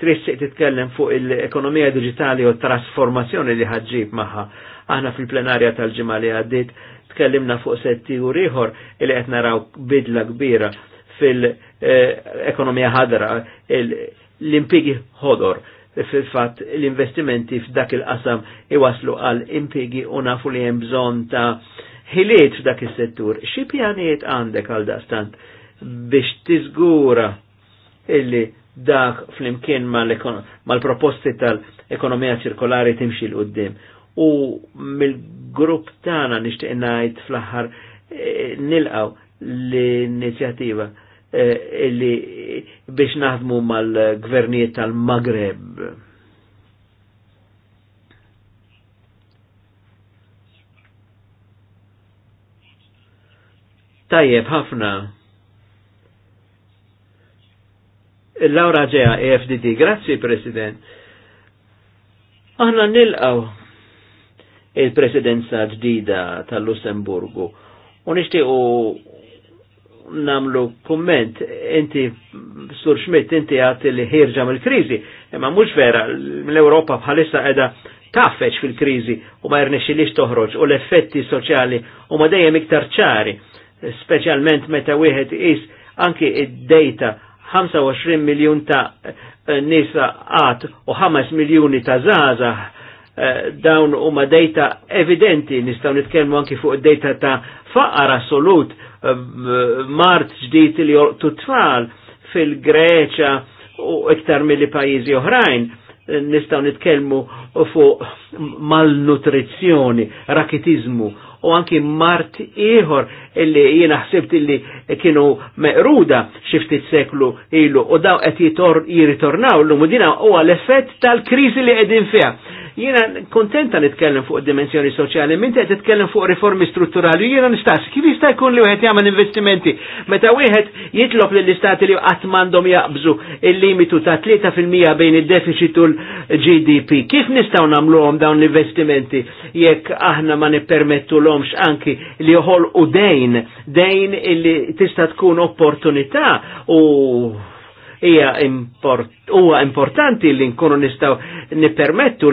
S3: trissi titkellem fuq l-ekonomija digitali u trasformazzjoni li ħadġib maħħa. Aħna fil-plenarja tal-ġimma li għaddit tkellimna fuq setti u riħor li qed naraw bidla kbira fil-ekonomija ħadra, l-impigi ħodor fil-fat l-investimenti f'dak il-qasam iwaslu għal impigi u nafu li hemm bżonn ta' ħiliet f'dak is-settur. Xi pjanijiet għandek għal daqstant biex tiżgura illi dak flimkien mal-proposti mal tal-ekonomija ċirkolari timxi l qudiem U mill-grupp tagħna nixtieq ngħid fl-aħħar e, eh, nilqaw l-inizjattiva e, illi biex naħdmu mal-gvernijiet tal-Magreb tajjeb ħafna. Laura ġeja EFDD, grazzi President. Aħna nilqaw il-presidenza ġdida tal-Lussemburgu u nishtiqu namlu komment, inti Sur Schmidt, inti għati li ħirġa mill-krizi, imma mux vera, l-Europa bħalissa edha tafeċ fil-krizi u ma jernexi toħroġ u l-effetti soċjali u ma dejjem iktar ċari specialment meta wieħed is anki id-data 25 miljun ta' eh, nisa għat u 5 miljuni ta' zaza eh, dawn huma data evidenti nistgħu nitkellmu anki fuq data ta' faqar assolut eh, mart ġdid li jorqtu tfal fil-Greċa u iktar mill pajjiżi oħrajn nistgħu nitkellmu fuq malnutrizzjoni, rakitizmu u anki mart ieħor illi jina ħsibt illi kienu meqruda xifti seklu ilu u daw qed jiritornaw jirritornaw l-lum u dina huwa l-effett tal-kriżi li qegħdin fija. Jiena kontenta nitkellem fuq dimensjoni soċjali, minn qed titkellem fuq riformi strutturali, jiena nistax kif jista' jkun li wieħed jagħmel investimenti meta wieħed jitlob lill-istati li qatt m'għandhom jaqbżu il-limitu ta' 3% bejn id-deficit u l-GDP. Kif nistgħu nagħmluhom dawn l-investimenti jekk aħna ma nippermettulhomx anki li joħol u dejn, dejn illi tista' tkun opportunità u hija import huwa importanti li nkunu nistgħu nippermettu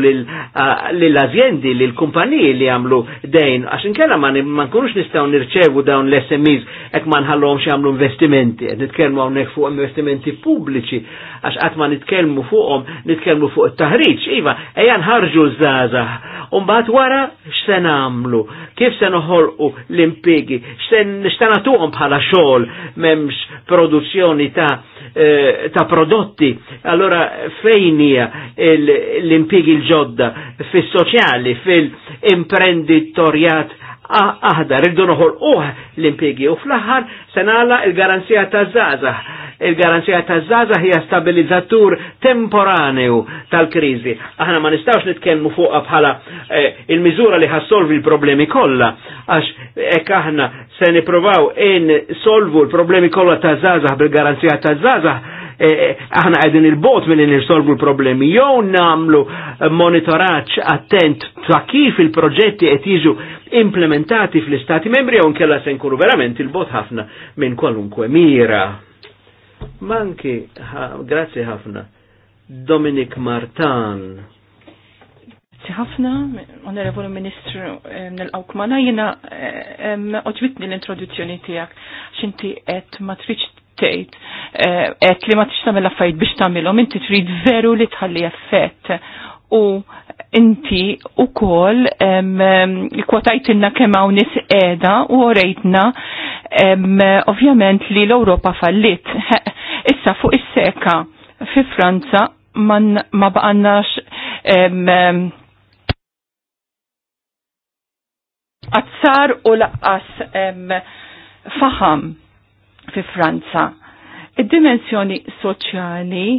S3: lill-azjendi, lill-kumpaniji li jagħmlu dejn, għax inkella ma nkunux nistgħu nirċevu dawn l-SMEs hekk ma nħallhomx jagħmlu investimenti, għed nitkellmu hawnhekk fuq investimenti pubbliċi, għax qatt ma nitkellmu fuqhom, nitkellmu fuq taħriċ, iva, ejja nħarġu żgħażagħ. U mbagħad wara x'se nagħmlu, kif se noħolqu l-impjegi, x'se bħala xogħol m'hemmx produzzjoni ta' eh, ta' prodotti Allora fejn hija l-impjiegi l-ġodda fis-soċjali, fil-imprenditorjat aħdar, irridu noħol uħ l-impjegi u fl-aħħar senala il-garanzija ta' zaza. Il-garanzija ta' zaza hija stabilizzatur temporaneu tal-krizi. Aħna ma nistawx nitkellmu fuqha bħala eh, il-miżura li ħassolvi l-problemi kollha, għax hekk aħna se nippruvaw in solvu l-problemi kollha ta' zaza bil-garanzija ta' zaza Eh, eh, aħna għedin il-bot mill nirsolvu l-problemi, Jow namlu eh, monitoraċ attent ta' kif il-proġetti qed jiġu implementati fl-istati membri jew nkella se nkunu verament il-bot ħafna minn kwalunkwe mira. Manki, ha, grazzi ħafna. Dominik Martan.
S2: Grazzi ħafna, onorevolu ministru, nil Awkmana, jina oġbitni l-introduzzjoni tijak, xinti et matriċ tgħid qed eh, li ma tix tagħmel affarijiet biex tagħmilhom inti trid veru li tħalli effett u inti u kol kwotajtinna kemm hawn nis qiegħda u orejtna ovvjament li l-Ewropa fallit. Issa fuq is-seka fi Franza man, ma baqannax azzar u laqqas faham fi Franza. Id-dimensjoni soċjali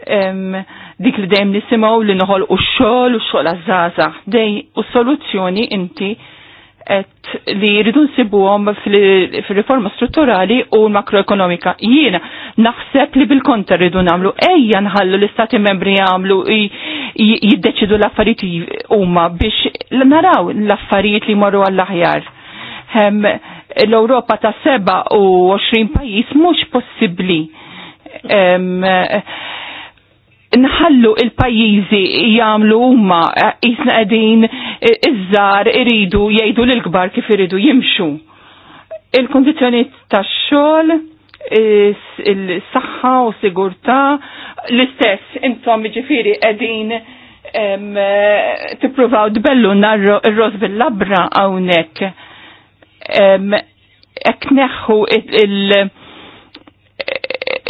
S2: dik li dejjem nisimgħu li noħol u xogħol u xogħol għażaża. Dej u soluzzjoni inti qed li jridu nsibuhom fir riforma strutturali u makroekonomika. Jiena naħseb li bil-kontra rridu nagħmlu ejja nħallu l-istati membri jagħmlu jiddeċidu l-affarijiet huma biex naraw l-affarijiet li jmorru għall-aħjar l-Europa ta' 27 pajis mux possibli. Um, nħallu il-pajizi jamlu umma jisna għedin iż iridu jgħidu l-gbar kif iridu jimxu. Il-kondizjoni ta' xol, il-saxħa u sigurta, l-istess intom ġifiri għedin tipruvaw d-bellu narro il ros bil-labra għawnek ek neħu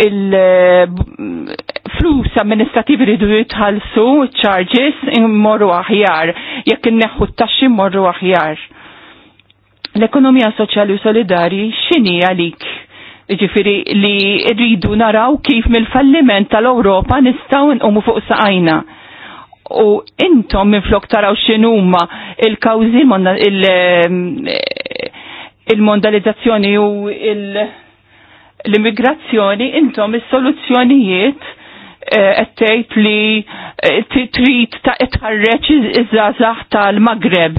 S2: il-flus amministrativi ridu jitħalsu, charges, morru aħjar, jekk neħu t-taxxi morru aħjar. L-ekonomija soċjali u solidari xini għalik? Ġifiri li rridu naraw kif mill-falliment tal-Europa nistaw nqumu fuq saqajna u intom minflok taraw xinuma il-kawzi il kawzi il-mondalizzazzjoni u l-immigrazzjoni, intom is-soluzzjonijiet għettejt eh, tgħid li eh, trid ta' itħarreġ iż-żgħażagħ tal-Magreb.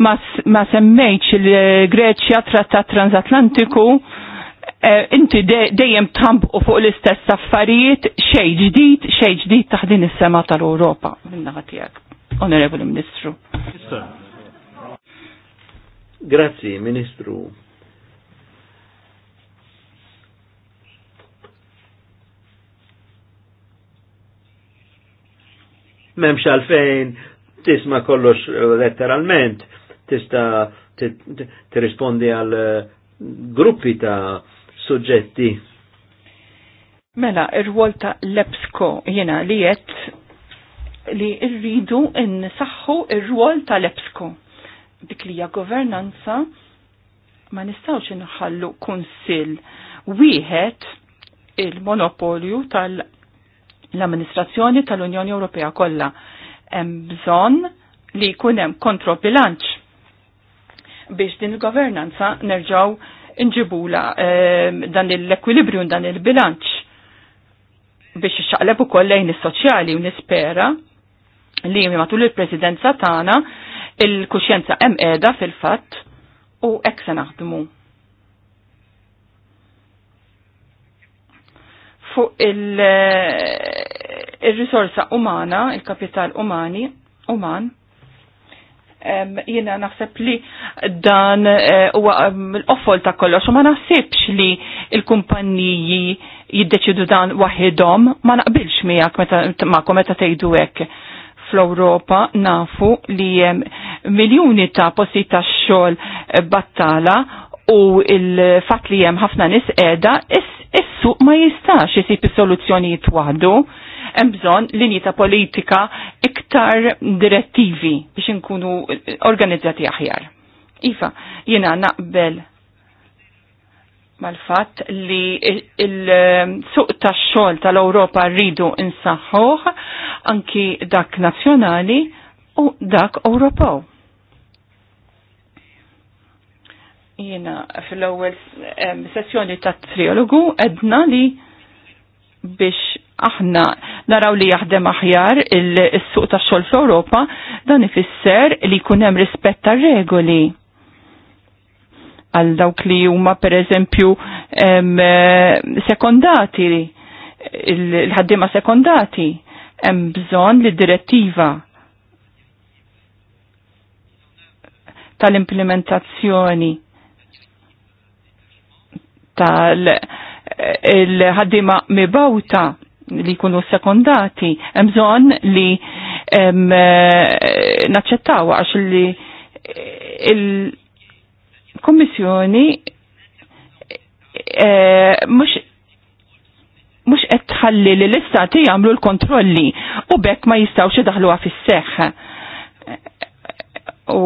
S2: Ma semmejtx il-Greċja trattat transatlantiku eh, inti dejjem u fuq l-istess affarijiet xej ġdid, xej ġdid taħdin is-sema tal-Ewropa Minna tiegħek, Onorevoli Ministru.
S3: Grazzi, Ministru. Memx għalfejn tisma kollox letteralment, tista tirrispondi għal eh, gruppi ta' suġġetti.
S2: Mela, ir-rwol ta' Lepsko jena li jett li irridu in saħħu ir-rwol ta' Lepsko dik li hija governanza ma nistgħux inħallu kunsill wieħed il-monopolju tal-amministrazzjoni tal-Unjoni Ewropea kollha. Hemm bżonn li jkun hemm kontrobilanċ biex din il-governanza nerġgħu nġibula ehm, dan l-ekwilibrju dan il-bilanċ biex xaqleb u koll lejn is-soċjali u nispera li matul il-presidenza tagħna Il-kuxjenza hemm qiegħda fil-fatt u hekk se naħdmu. Fuq il-risorsa il umana, il-kapital umani, uman, jina naħseb li dan eh, huwa l-offol ta' kollox u ma naħsibx li il-kumpanniji jiddeċidu dan waħidhom ma naqbilx miegħek meta meta tgħidu hekk fl-Europa nafu li jem miljoni ta' posti ta' xol battala u il-fat li jem ħafna nis edha, issu ma jistax jisib soluzzjonijiet jitwadu hemm bżonn linji ta' politika iktar direttivi biex inkunu organizzati aħjar. Iva, jiena naqbel mal-fatt li il-suq il tax xogħol tal-Ewropa rridu insaħħuħ anki dak nazzjonali u dak Ewropew. Jiena fil-ewwel sessjoni tat-triologu edna li biex aħna naraw li jaħdem aħjar il-suq tax xogħol fl-Ewropa dan ifisser li jkun hemm rispett tar-regoli għal dawk li huma pereżempju eh, sekondati il ħaddima sekondati hemm bżonn li direttiva tal-implementazzjoni tal-ħaddima eh, mibawta li kunu sekondati, hemm bżonn li eh, naċċettaw għax li il-Kommissjoni eh, mux mux qed tħalli li l-istati jagħmlu l-kontrolli u bekk ma jistgħux idaħluha fis seħ U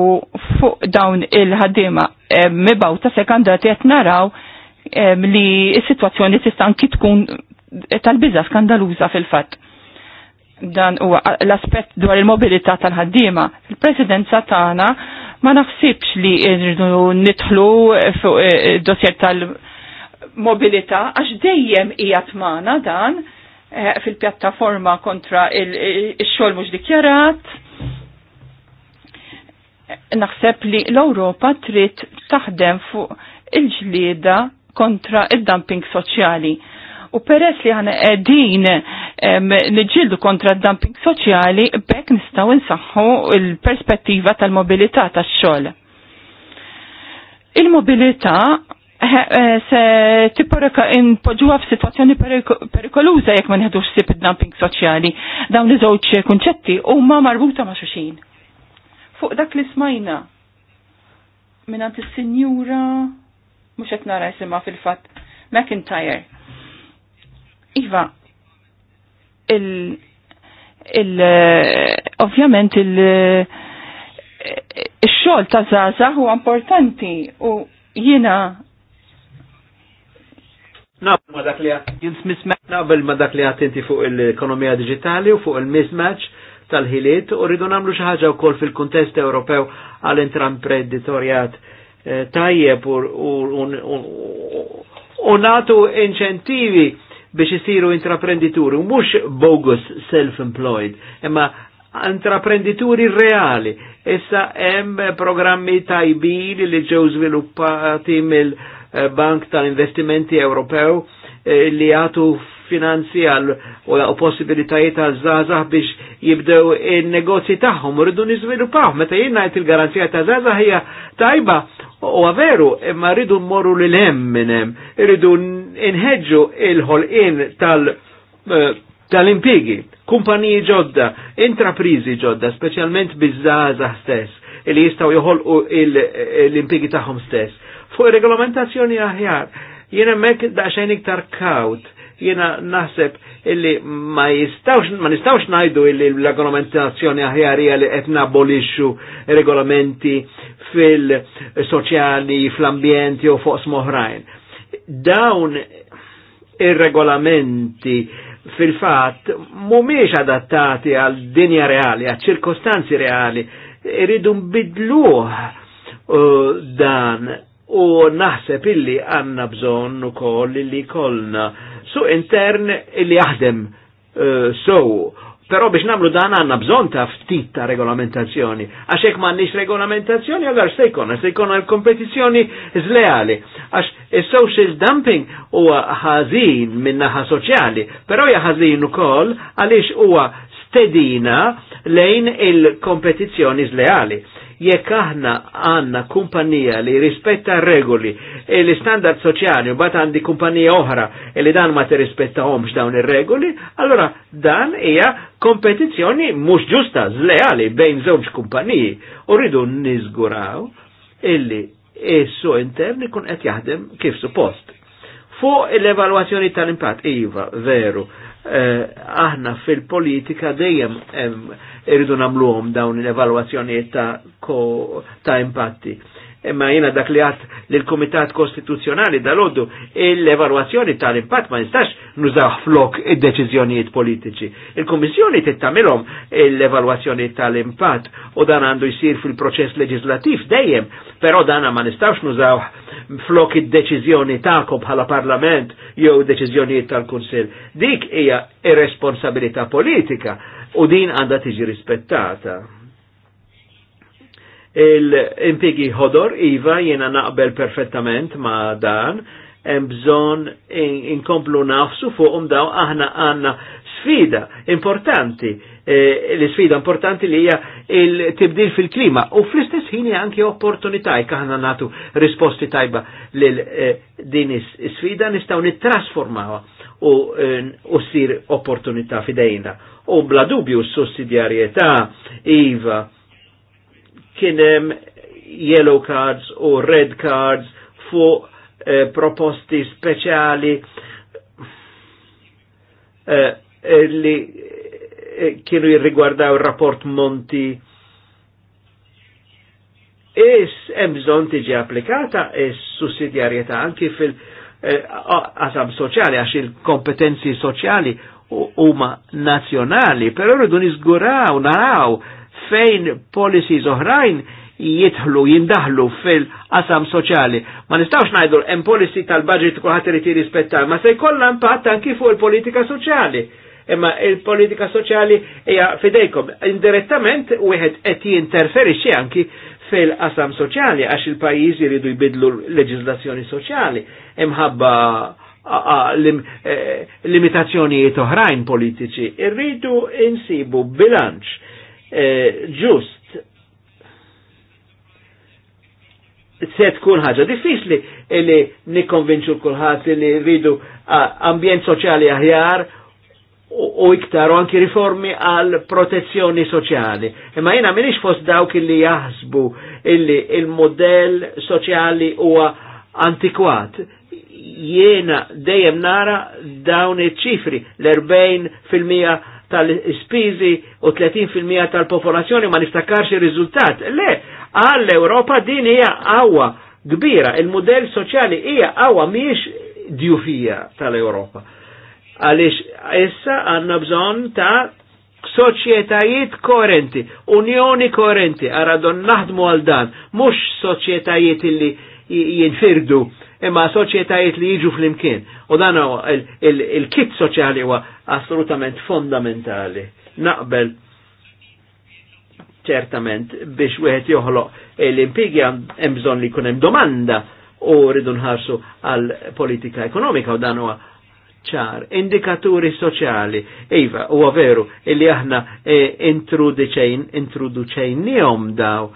S2: fuq dawn il-ħaddiema eh, mibgħuta sekandati qed naraw eh, li s-sitwazzjoni tista' anki tkun tal biza skandaluża fil-fatt. Dan huwa l-aspett dwar il-mobilità tal-ħaddiema. Il-presidenza tagħna Ma naħsibx li nridu nidħlu fuq id-dossier eh, tal-mobilità għax dejjem hija tmana dan eh, fil-pjattaforma kontra eh, il-xogħol mhux dikjarat. Naħseb li l-Ewropa trid taħdem fuq il-ġlieda kontra id-dumping soċjali U peress li ħana edin nġildu kontra dumping soċjali, bekk nistaw nsaħħu il-perspettiva tal-mobilità tax-xogħol. Il-mobilità eh, eh, se tipporeka inpoġuha f'sitwazzjoni perikoluża jekk ma nieħdux sib id-dumping soċjali. Dawn iż-żewġ kunċetti huma marbuta ma' xulxin. Fuq dak li smajna minn il sinjura mhux qed nara jisima fil-fatt McIntyre Iva, il, il, eh, ovvjament il, eh, il-xol ta' zaza huwa importanti u jina
S3: Naqbel ma dak li jins mismatch, naqbel ma dak li għatinti fuq l-ekonomija digitali u fuq il-mismatch tal-ħiliet u rridu namlu xaħġa eh, u kol fil-kontest Ewropew għal-intramprenditorjat tajjeb u natu inċentivi biex isiru intraprendituri, mhux bogus self-employed, imma intraprendituri reali. Issa hemm programmi tajbili li ġew żviluppati mill-Bank tal-Investimenti Ewropew eh, li għatu finanzi għal u possibilitajiet għal zazah biex jibdew il-negozji tagħhom u rridu niżviluppaw. Meta jien ngħid il-garanzija ta' zazah hija tajba u għaveru, imma rridu morru lil hemm minn hemm, irridu inħeġġu il-ħolqien tal- eh, tal-impigi, kumpaniji ġodda, intraprizi ġodda, specialment bizzaza stess, li jistaw joħolqu l-impigi taħħom stess. Fuq regolamentazzjoni aħjar, jena mek daċxajn iktar kaut, Jena naħseb illi ma jistawx, ma nistawx najdu illi l-regolamentazzjoni aħjarija li qed nabolixxu regolamenti fil-soċjali, fl-ambjenti u fuq smoħrajn. Dawn ir-regolamenti fil-fat mumiex adattati għal dinja reali, għal ċirkostanzi reali, irridu nbidluħ uh, dan u naħseb illi għanna bżon u koll illi kollna su intern li jaħdem uh, eh, sow. Però biex namlu dan għanna bżon ta' ftit ta' regolamentazzjoni. Għax hekk m'għandniex regolamentazzjoni, għagħar se jkollna, se jkollna l-kompetizzjoni zleali. Għax is-social dumping huwa ħażin minna soċjali, però hija ħażin ukoll għaliex huwa stedina lejn il-kompetizzjoni zleali Jekk aħna għandna kumpanija li rispetta regoli e li standard soċjali u bat għandi kumpanija oħra e li dan ma tirrispettahomx dawn ir-regoli, allora dan hija kompetizzjoni mhux ġusta, zleali bejn żewġ kumpaniji u rridu niżguraw illi issu e intern ikun qed jaħdem kif suppost. Fuq l-evalwazzjoni tal-impatt, iva, veru, Eh, aħna fil-politika dejjem irridu namluhom dawn l-evalwazzjonijiet ta', ko ta impatti imma jena dak li għat l-Komitat Konstituzjonali dal-oddu l-evaluazzjoni tal-impatt ma nistax nużaw flok id-deċizjonijiet politiċi. Il-Komissjoni tittamilhom l-evaluazzjoni tal-impatt u dan għandu jisir fil-proċess leġislativ dejjem, però dan ma nistax nużaw flok id-deċizjoni ta'kom bħala Parlament jew deċizjonijiet tal-Kunsill. Dik hija irresponsabilità politika u din għandha tiġi rispettata. Il-impigi ħodor, Iva, jena naqbel perfettament ma dan, hemm bżonn inkomplu in nafsu fuqhom um daw aħna għandna sfida importanti, eh, l-sfida importanti li hija il-tibdil fil-klima u fl-istess ħin anke opportunità jekk aħna nagħtu risposti tajba lil eh, din is-sfida nistgħu nittrasformawha u eh, ssir opportunità fidejna. U bla dubju s-sussidjarjetà iva kienem yellow cards u red cards fuq eh, proposti speċjali eh, eh, li eh, kienu jirrigwardaw il-rapport Monti. Is hemm bżonn tiġi applikata is-sussidjarjetà anki fil-qasam eh, soċjali għax il-kompetenzi soċjali huma nazzjonali, però rridu niżguraw naraw fejn policies oħrajn jitħlu jindaħlu fil-qasam soċjali. Ma nistawx najdu hemm policy tal-budget kulħadd irid jirrispettar, ma se jkollha impatt anki fuq il-politika soċjali. Imma il-politika soċjali hija fidejkom. Indirettament wieħed qed jinterferixxi anki fil-qasam soċjali għax il-pajjiżi jridu jbidlu leġiżlazzjoni soċjali imħabba lim eh, limitazzjonijiet oħrajn politiċi. Irridu insibu bilanċ Eh, ġust. Se tkun ħaġa diffiċli li nikkonvinċu kulħadd li rridu ambjent soċjali aħjar u iktar u anki riformi għal protezzjoni soċjali. Imma jena minix fost dawk illi jaħsbu illi il-modell soċjali huwa antikwat. Jena dejjem nara dawn iċ-ċifri l-40% tal-ispiżi u 30% tal-popolazzjoni ma niftakarx il riżultat Le, għall-Ewropa din hija għawa kbira, il-modell soċjali hija qawwa mhijiex djufija tal-Ewropa. Għaliex issa għandna bżonn ta' soċjetajiet koerenti, unjoni koerenti, għaradon naħdmu għal dan, mhux soċjetajiet illi jinfirdu imma soċjetajiet li jiġu fl-imkien. U dan il-kit soċjali huwa assolutament fondamentali. Naqbel ċertament biex wieħed joħloq l impigja hemm bżonn li jkun hemm domanda u rridu nħarsu għal politika ekonomika u dan huwa ċar, indikaturi soċjali. Iva, huwa veru, illi aħna eh, introduċejn, introduċejn daw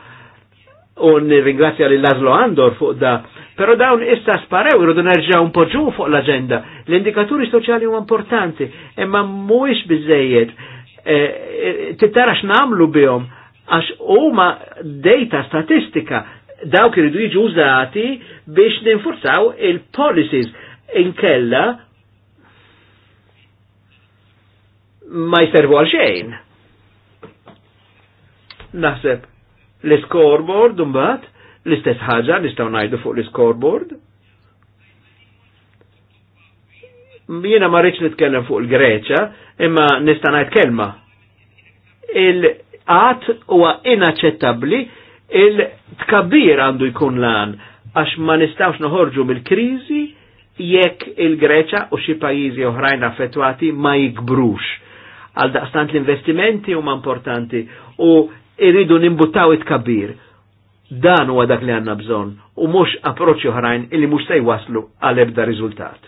S3: un ringrazja li Lazlo Andor fuq da, pero dawn issa sparew irridu nerġgħu npoġġu fuq l-aġenda. L-indikaturi soċjali huwa importanti, imma mhuwiex biżejjed. E, e, tittara x'namlu bihom għax huma data statistika dawk iridu jiġu użati biex ninfurzaw il-policies inkella ma jservu għal xejn. Naħseb L-scoreboard, mbagħad, l-istess ħaġa nistgħu ngħidu fuq l-scoreboard. Jiena ma rridx nitkellem fuq il-Greċja, imma nista' ngħid kelma. Il-qatt huwa inaċċettabbli il-tkabbir għandu jkun lan għax ma nistawx noħorġu mill-kriżi jekk il-Greċa u xi pajjiżi oħrajn affettwati ma jikbrux. Għal daqstant l-investimenti huma importanti u irridu nimbuttaw it kabir Dan huwa dak li għanna bżon u mhux approċċi oħrajn illi mhux se jwaslu għal ebda riżultat.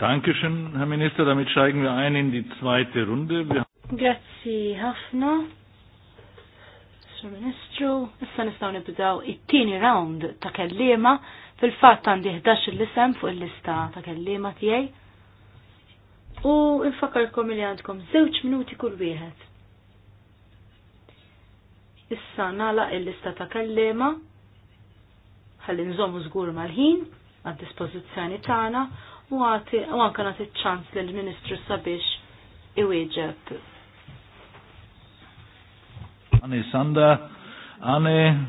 S1: Dankeschön, Herr Minister, damit steigen wir ein in die zweite Runde. Wir
S4: Grazzi ħafna. Sir Ministru, issa nistgħu nibdaw it-tieni round ta' kellima. Fil-fatt għandi 11 l-isem fuq il-lista ta' kellima tiegħi. U nfakarkom li għandkom żewġ minuti kull wieħed. Issa nala il-lista ta' kellema ħalli nżommu żgur mal-ħin, għad dispożizzjoni tagħna u għati u nagħti ċans lill ministru sabiex iwieġeb.
S1: Anne Sanda, Anne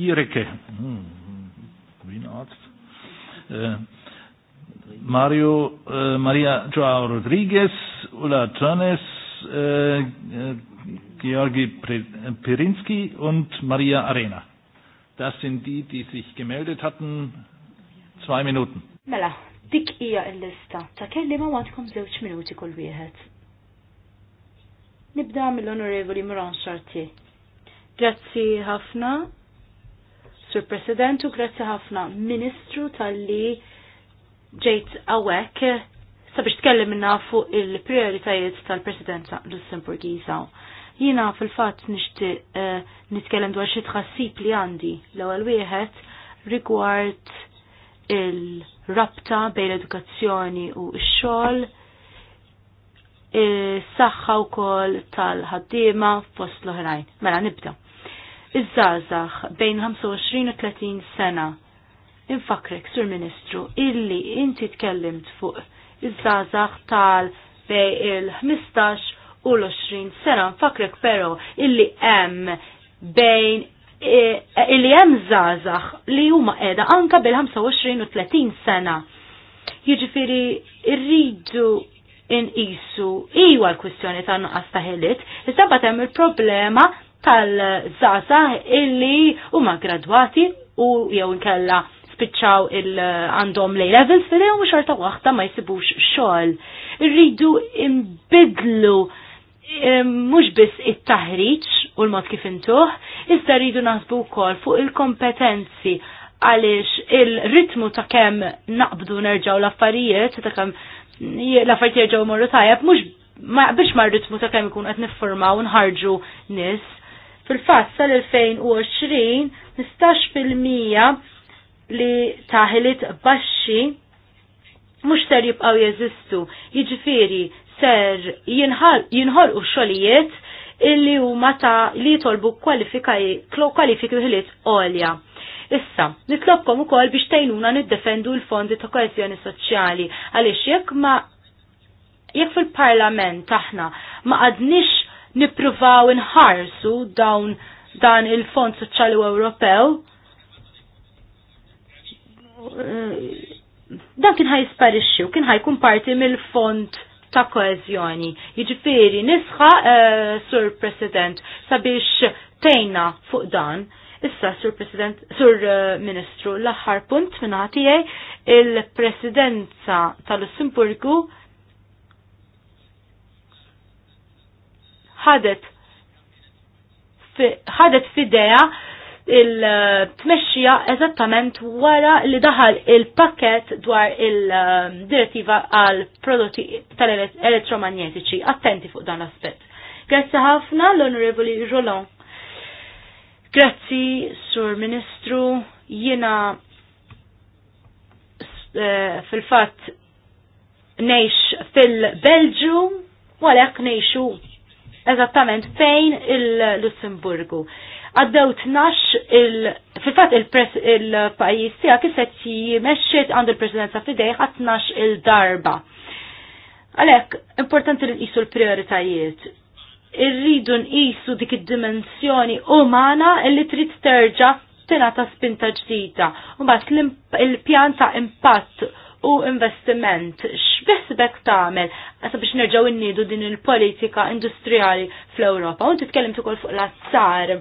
S1: Giereke, hmm, hmm. eh, Mario eh, Maria Joao Rodriguez, Ula Tranes, eh, Georgi Pirinski und Maria Arena. Das sind die, die sich gemeldet hatten. Zwei Minuten.
S4: Mela, dik hija l-lista ta' ma għandkom żewġ minuti kull wieħed. Nibda mill-Onorevoli Moran Xarti. Grazzi ħafna, Sur President, u grazzi ħafna Ministru tal-li ġejt għawek sabiex tkellimna fuq il-prioritajiet tal-Presidenza Lussemburgiza. Jina fil-fat nishti eh, nitkellem dwar xi tħassib li għandi l-ewwel wieħed rigward il-rabta bejn l-edukazzjoni u x-xogħol, is-saħħa wkoll tal-ħaddiema fost l-oħrajn. Mela nibda. Iż-żgħażagħ bejn 25 u 30 sena infakrek, Sur Ministru, illi inti tkellimt fuq iż żgħażagħ tal bej il-15 u l-20 sena nfakrek pero illi hemm bejn e, e, illi hemm żgħażagħ li huma qiegħda anka bil-25 u 30 sena. Jiġifieri rridu inqisu iwa l-kwistjoni ta' nuqqas ta' ħiliet, iżda hemm il-problema tal-żgħażagħ illi huma gradwati u jew inkella spiċċaw il-għandhom lej levels fil jew xorta waħda ma jisibux xogħol. Irridu imbidlu Eh, mhux biss it-taħriġ u l-mod kif intuħ, iżda rridu naħsbu wkoll fuq il-kompetenzi għaliex il-ritmu ta' kemm naqbdu nerġa'w l-affarijiet ta' kem l-affarijiet jerġgħu morru tajjeb mhux biex ma' ritmu ta' kemm ikun qed niffurmaw nħarġu nis. Fil-fatt sal-2020 nistax fil-mija li taħilit baxxi mux ser jibqaw jeżistu. Jiġifieri ser jinħolqu xogħlijiet illi u mata li jitolbu kwalifiki olja. għolja. Issa, nitlobkom ukoll biex tajnuna niddefendu l-fondi ta' koesjoni soċjali għaliex jekk ma jek fil-parlament aħna ma għadnix nippruvaw inħarsu dawn dan il-Fond Soċjali Ewropew,
S1: eh,
S4: dan kien ħaj sparixxi u kien ħajkun parti mill-fond ta' koezjoni. Jiġifieri nisħa uh, Sur President sabiex tejna fuq dan. Issa, Sur President, Sur eh, Ministru, l-aħħar punt minn il-Presidenza tal-Lussemburgu ħadet ħadet fideja il-tmexxija eżattament wara li daħal il-pakket dwar il-direttiva għal prodotti tal-elettromagnetiċi. Attenti fuq dan l-aspett. Grazzi ħafna l-Onorevoli Roland. Grazzi, Sur Ministru, jiena eh, fil-fat neix fil-Belġu, walek neixu eżattament fejn il-Lussemburgu għaddew tnax il- fifat il-pajis tija kiset jimexxet għandu l presidenza fidej tnax il-darba. Għalek, importanti li nqisu l-prioritajiet. Irridu nqisu dik id-dimensjoni umana li trid terġa' tingħata spinta ġdida. Mbagħad il-pjan ta' impatt u investiment. X'besbek tagħmel għasa biex nerġgħu innidu din il-politika industrijali fl-Ewropa. U titkellim ukoll fuq l-azzar.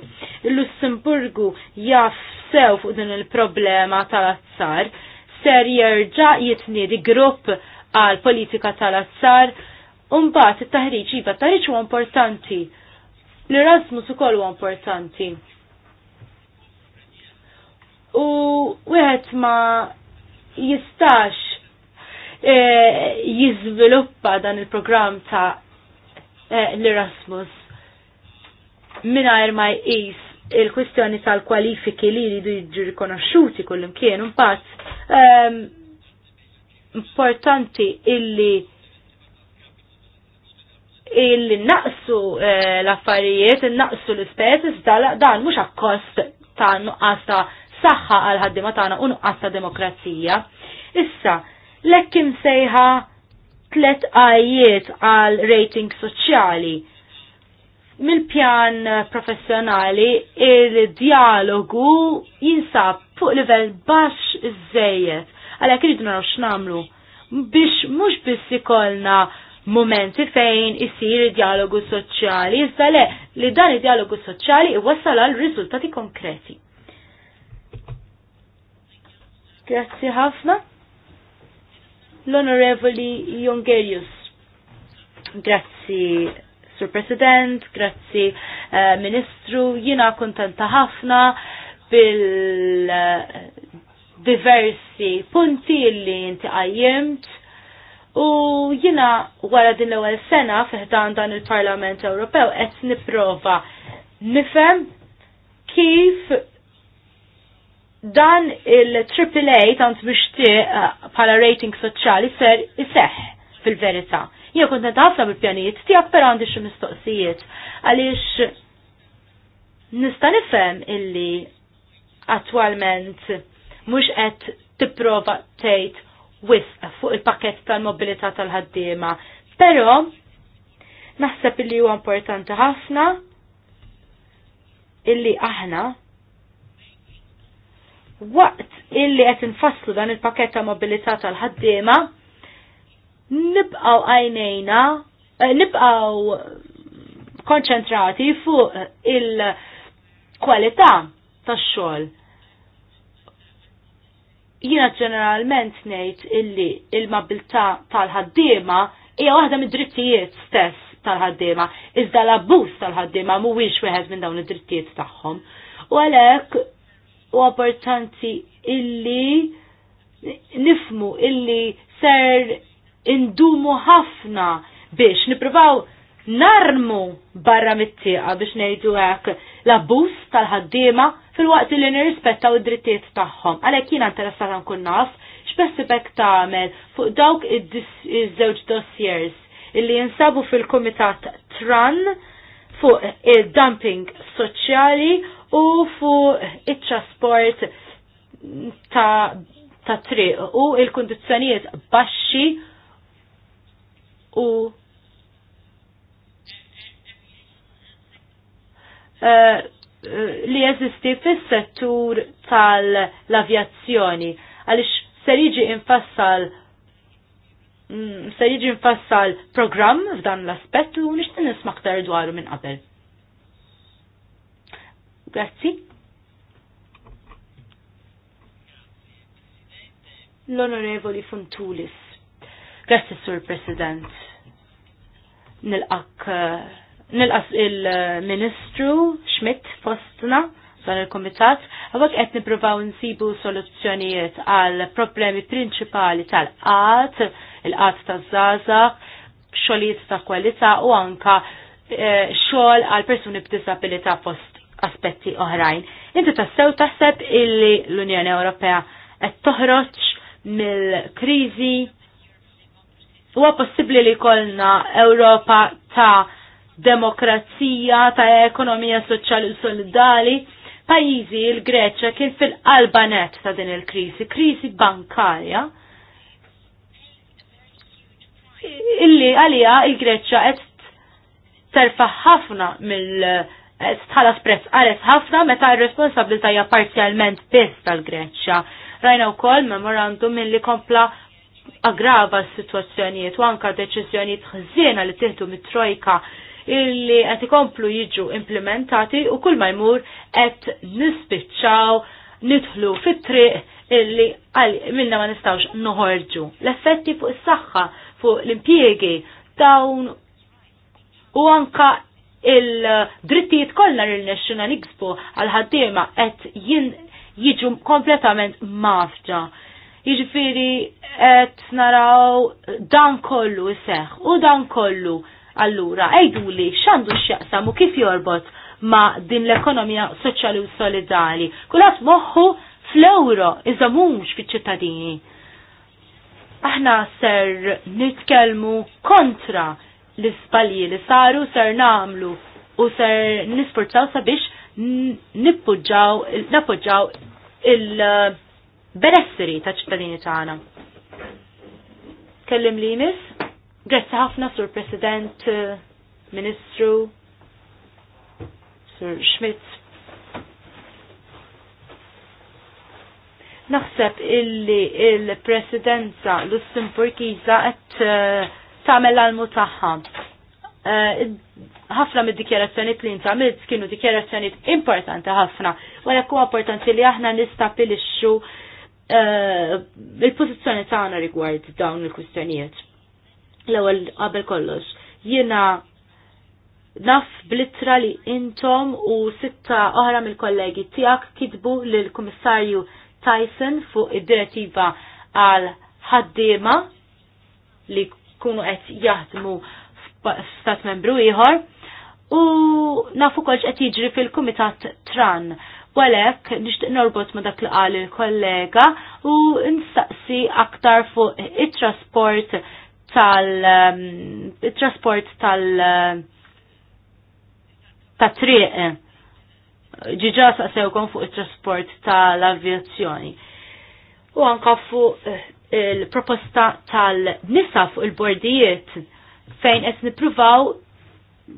S4: Il-Lussemburgu jaf sew fuq din il-problema tal-azzar. Ser jirġa' jitniedi grupp għal politika tal-azzar. Umbat it-taħriġ iva taħriġ huwa importanti. L-Erasmus ukoll huwa importanti. U wieħed ma jistax Eh, jiżviluppa dan il-programm ta' eh, l-Erasmus mingħajr ma jqis il-kwistjoni tal-kwalifiki li jridu jiġu rikonoxxuti kullim kien imbagħad ehm, importanti illi illi naqsu eh, l-affarijiet, naqsu l-ispezis, dan mhux akkost ta' nuqqas ta' saħħa għal ħaddima tagħna u nuqqas ta' demokrazija. Issa, lekkim sejħa tlet għajiet għal rating soċjali. Mil-pjan professjonali il-dialogu jinsab fuq livell baxx iżejjed għalhekk irridu naraw x'namlu biex mhux biss ikollna momenti fejn isir dialogu soċjali, iżda le li dan id-dialogu soċjali iwassal għal riżultati konkreti. Grazzi ħafna l-Onorevoli Jongerius. Grazzi, Sur President, grazzi, uh, Ministru, jina kontenta ħafna bil-diversi eh, punti li inti għajjimt u jina wara din l-ewel sena fiħdan dan il-Parlament Ewropew qed nipprova nifhem kif dan il-AAA tant biex ti eh, bħala rating soċjali ser iseħ fil-verità. Jien kont ħafna bil-pjanijiet tiegħek però għandi xi mistoqsijiet għaliex nista' nifhem illi attwalment mhux qed tipprova tgħid wisq fuq il pakkett tal-mobilità tal-ħaddiema, però naħseb illi huwa importanti ħafna illi aħna waqt illi qed infasslu dan il-pakett ta' mobilità tal-ħaddiema, nibqgħu għajnejna, eh, nibqgħu konċentrati fuq il-kwalità tax-xogħol. Jiena ġeneralment ngħid illi il-mobilità tal-ħaddiema hija waħda mid-drittijiet stess tal-ħaddiema, iżda l-abbuż tal-ħaddiema mhuwiex wieħed minn dawn id-drittijiet tagħhom. U għalhekk u importanti illi nifmu illi ser indumu ħafna biex niprovaw narmu barra mittiqa biex nejdu hekk l bus tal-ħaddiema fil-waqt li nirrispettaw id-drittijiet tagħhom. Għalhekk jiena interessata nkun naf x'bessibek tagħmel fuq dawk iż-żewġ dossiers illi jinsabu fil-Kumitat Tran fuq il-dumping soċjali u fuq it-trasport ta' ta' triq u il-kondizjonijiet baxxi u uh, li jeżisti fis-settur tal-avjazzjoni għaliex se jiġi infassal mm, se jiġi infassal programm f'dan l-aspett u nixtieq nisma' aktar dwaru minn qabel. Grazzi. L-Onorevoli Funtulis. Grazzi, Sur President. Nil-ak eh, nilqas il-Ministru Schmidt fostna dan il-Komitat, għawak qed nipruvaw nsibu soluzzjonijiet għal problemi prinċipali tal-qat, il-qat ta' zaza, xogħlijiet ta' kwalità u anka eh, xogħol għal persuni b'disabilità fost aspetti oħrajn. Inti tassew taħseb illi l-Unjoni Ewropea qed toħroġ mill-kriżi huwa possibbli li jkollna Ewropa ta' demokrazija, ta' ekonomija soċjali u solidali. Pajjiżi il-Greċja kien fil-qalba net ta' din il-kriżi, kriżi bankarja illi għalija il greċja qed terfa' ħafna mill Tħala sprezz għares ħafna meta r-responsabilità hija parzjalment biss tal-Greċċja. Rajna wkoll memorandum milli kompla aggrava s-sitwazzjonijiet u anka deċiżjonijiet ħżiena li tieħdu mit-trojka illi qed ikomplu jiġu implementati u kull ma jmur qed nispiċċaw nidħlu fit-triq illi għal minna ma nistawx noħorġu. L-effetti fuq is-saħħa, fuq l-impjiegi, dawn u anka il-drittijiet kollha il-National Expo għal-ħaddiema qed jiġu kompletament mafġa. Jiġifieri qed naraw dan kollu seħ u dan kollu allura ejdu li x'għandu x'jaqsam u kif jorbot ma' din l-ekonomija soċjali u solidali. Kulħadd moħu fl-euro iżamux fiċ-ċittadini. Aħna ser nitkellmu kontra l ispalji li saru ser namlu u ser nisportaw sabiex nippoġġaw, nappoġġaw il-benessiri ta' ċittadini tagħna. Kellim li jmiss, grazzi ħafna sur President, Ministru, Sur Schmidt. Naħseb illi il-Presidenza Lussemburgiza qed eh, tamel l-almu tagħha. Eh, ħafna mid-dikjerazzjonijiet li intamilt kienu dikjerazzjonijiet importanti ħafna, wara huwa importanti li aħna nistabilixxu eh, il-pożizzjoni tagħna rigward dawn il-kwistjonijiet. L-ewwel qabel kollox, jiena naf blittra li intom u sitta oħra mill-kollegi tiegħek kitbu lill kummissarju Tyson fuq id-direttiva għal ħaddiema li kunu qed jaħdmu f'stat membru ieħor u nafu kolx qed jiġri fil-Kumitat Tran. Walek, nixtieq norbot ma dak li qal il-kollega u nsaqsi aktar fuq it-trasport tal-trasport um, tal- ta' triq. Ġiġa saqsewkom fuq it-trasport tal-avjazzjoni. U anka fuq il-proposta tal-nisa fuq il-bordijiet fejn qed nippruvaw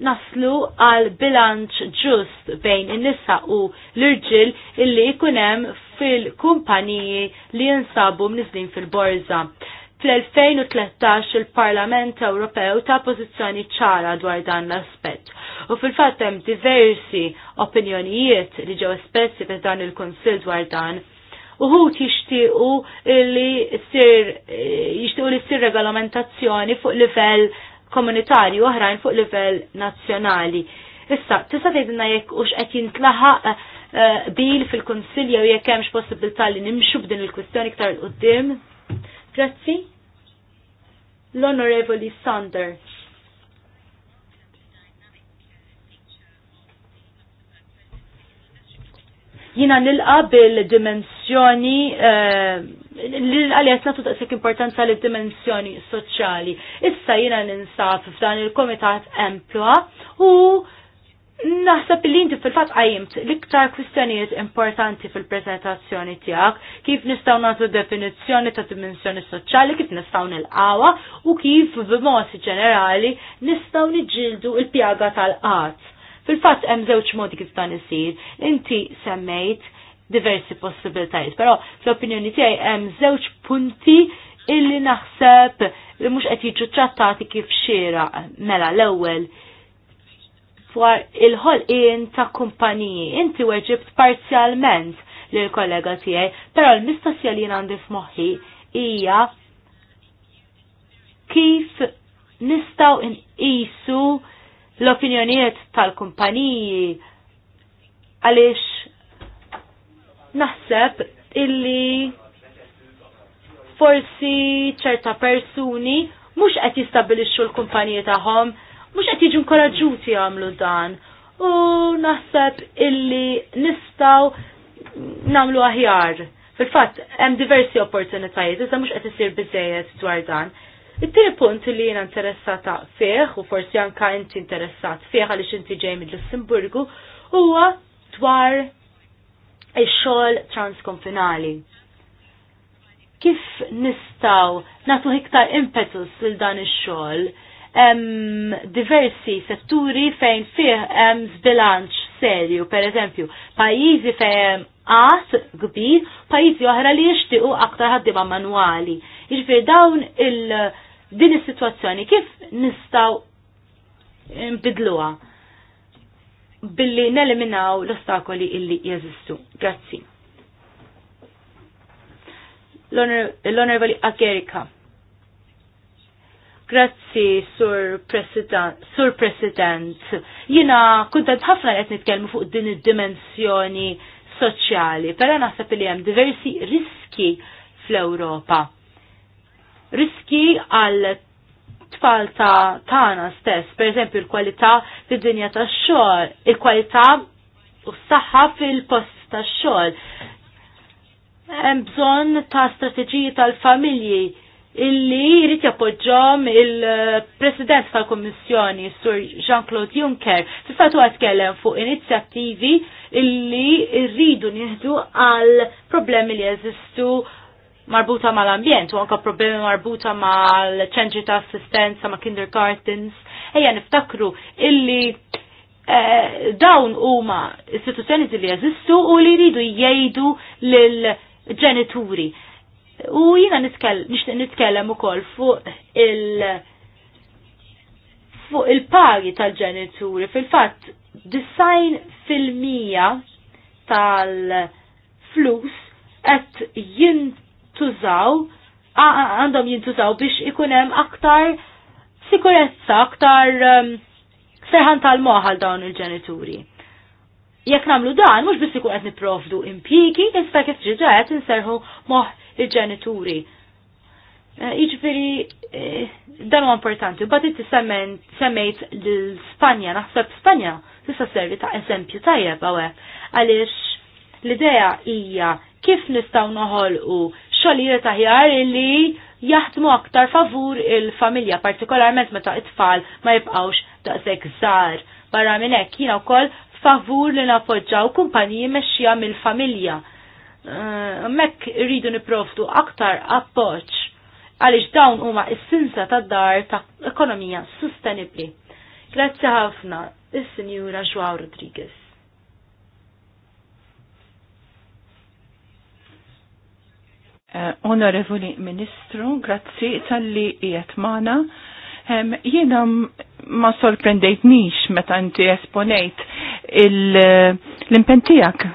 S4: naslu għal bilanċ ġust bejn in-nisa u l-irġil illi jkunem fil-kumpaniji li jinsabu mniżlin fil-borza. Fl-2013 il-Parlament Ewropew ta' pożizzjoni ċara dwar dan l-aspett. U fil-fatt hemm diversi opinjonijiet li ġew espressi dan il-Kunsill dwar dan t jixtiequ li sir jixtiequ li sir regolamentazzjoni fuq livell komunitarju oħrajn fuq livell nazzjonali. Issa, tista' tgħidilna jekk hux qed jintlaħaq eh, bil fil-Kunsilja u jekk hemmx possibilità li nimxu b'din il-kwistjoni iktar l qudiem Grazzi. L-Onorevoli Sander. jina nilqa bil-dimensjoni eh, l-għaliet natu taqsik importanza li dimensjoni soċjali. Issa jina ninsaf f'dan il-komitat emploa u Naħseb li inti fil-fat għajimt l-iktar kwistjonijiet importanti fil-prezentazzjoni tijak, kif nistaw natu definizjoni ta' dimensjoni soċjali, kif nistaw nil-qawa u kif b'mod ġenerali nistaw nġildu il-pjaga tal-qat. Fil-fatt hemm żewġ modi kif dan isir. Inti semmejt diversi possibilitajiet, però fl-opinjoni tiegħi hemm żewġ punti illi naħseb li mhux qed jiġu trattati kif xiera mela l-ewwel dwar il-ħolqien ta' kumpaniji. Inti weġibt parzjalment lil kollega tiegħi, però l-mistoqsija li għandi f'moħħi hija kif nistgħu nqisu l-opinjonijiet tal-kumpaniji għaliex naħseb illi forsi ċerta persuni mhux qed jistabilixu l-kumpaniji tagħhom, mhux qed jġun nkoraġġuti jagħmlu dan. U naħseb illi nistgħu nagħmlu aħjar. Fil-fatt hemm diversi opportunitajiet, iżda mhux qed isir biżejjed dwar dan. It-tieni punt li jiena interessata fih u forsi anka inti interessat fih għaliex inti ġej mid-Lussemburgu huwa dwar ix-xogħol transkonfinali. Kif nistgħu nagħtu iktar impetus lil dan ix-xogħol hemm diversi setturi fejn fih hemm zbilanċ serju, per eżempju, pajjiżi fejn għas kbir pajjiżi oħra li jixtiequ aktar ħaddiba manwali. Jiġifieri dawn il din is-sitwazzjoni kif nistgħu nbidluha billi neliminaw l-ostakoli illi jeżistu. Grazzi. L-Onorevoli Agerika. Grazzi, Sur President. Sur President. Jina kuntat ħafna qed nitkellmu fuq din id-dimensjoni soċjali, però naħseb li hemm diversi riski fl-Ewropa. Riski għal tfal ta' tana stess, per eżempju il-kwalità fid-dinja tax-xogħol, il-kwalità u s-saħħa fil-post tax-xogħol. Hemm bżonn ta' strateġiji tal-familji illi jrid jappoġġhom il-President tal-Kummissjoni, Sur Jean-Claude Juncker, fil-fatu għatkellem fuq inizjattivi illi rridu nieħdu għal problemi li jeżistu marbuta mal-ambjent, u anka problemi marbuta mal-ċentri ta' assistenza, ma' kindergartens, ejja niftakru illi eh, dawn huma istituzzjoni li jeżistu u li jridu jgħidu lil ġenituri U jina nishtiq nitkellem ukoll fuq il- fuq il-pagi tal-ġenituri. Fil-fatt, design fil-mija tal-flus qed jintużaw għandhom jintużaw biex ikun hemm aktar sikurezza, aktar um, seħan tal-moħal dawn il-ġenituri. Jekk namlu dan, mhux biss ikun qed nipprovdu impjiegi, iżda kif ġiġa qed inserħu moħ il-ġenituri. Eh, Iġveri, eh, dan huwa importanti. Bat inti semmejt l-Spanja, naħseb Spanja tista' servi ta' eżempju tajjeb hawnhekk. Għaliex l-idea hija kif nistgħu noħolqu xogħlijiet aħjar li jaħdmu aktar favur il-familja, partikolarment meta it-tfal ma jibqawx daqshekk żgħar. Barra minn hekk jiena wkoll favur li napoġġaw kumpaniji mexxija mill-familja Eh, mekk rridu niprofdu aktar appoċ għalix dawn huma is-sinsa tad dar ta' ekonomija sustenibli. Grazzi ħafna, is-Sinjura Joao Rodriguez.
S2: Uh, Onorevoli Ministru, grazzi tal-li qiegħed maħna. Um, Jiena ma sorprendejtnix meta inti esponejt l-impentijak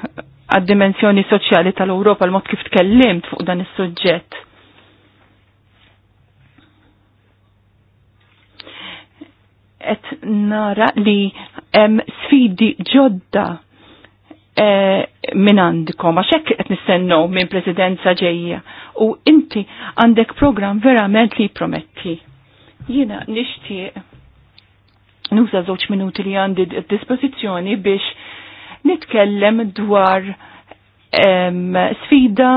S2: għad-dimensjoni soċjali tal-Ewropa l-mod kif tkellimt fuq dan is-suġġett. Et nara li hemm sfidi ġodda e, minn għandikom, għax hekk qed nistennew minn presidenza ġejja u inti għandek program verament li prometti. Jiena nixtieq nuża żewġ minuti li għandi d-dispożizzjoni biex nitkellem dwar um, sfida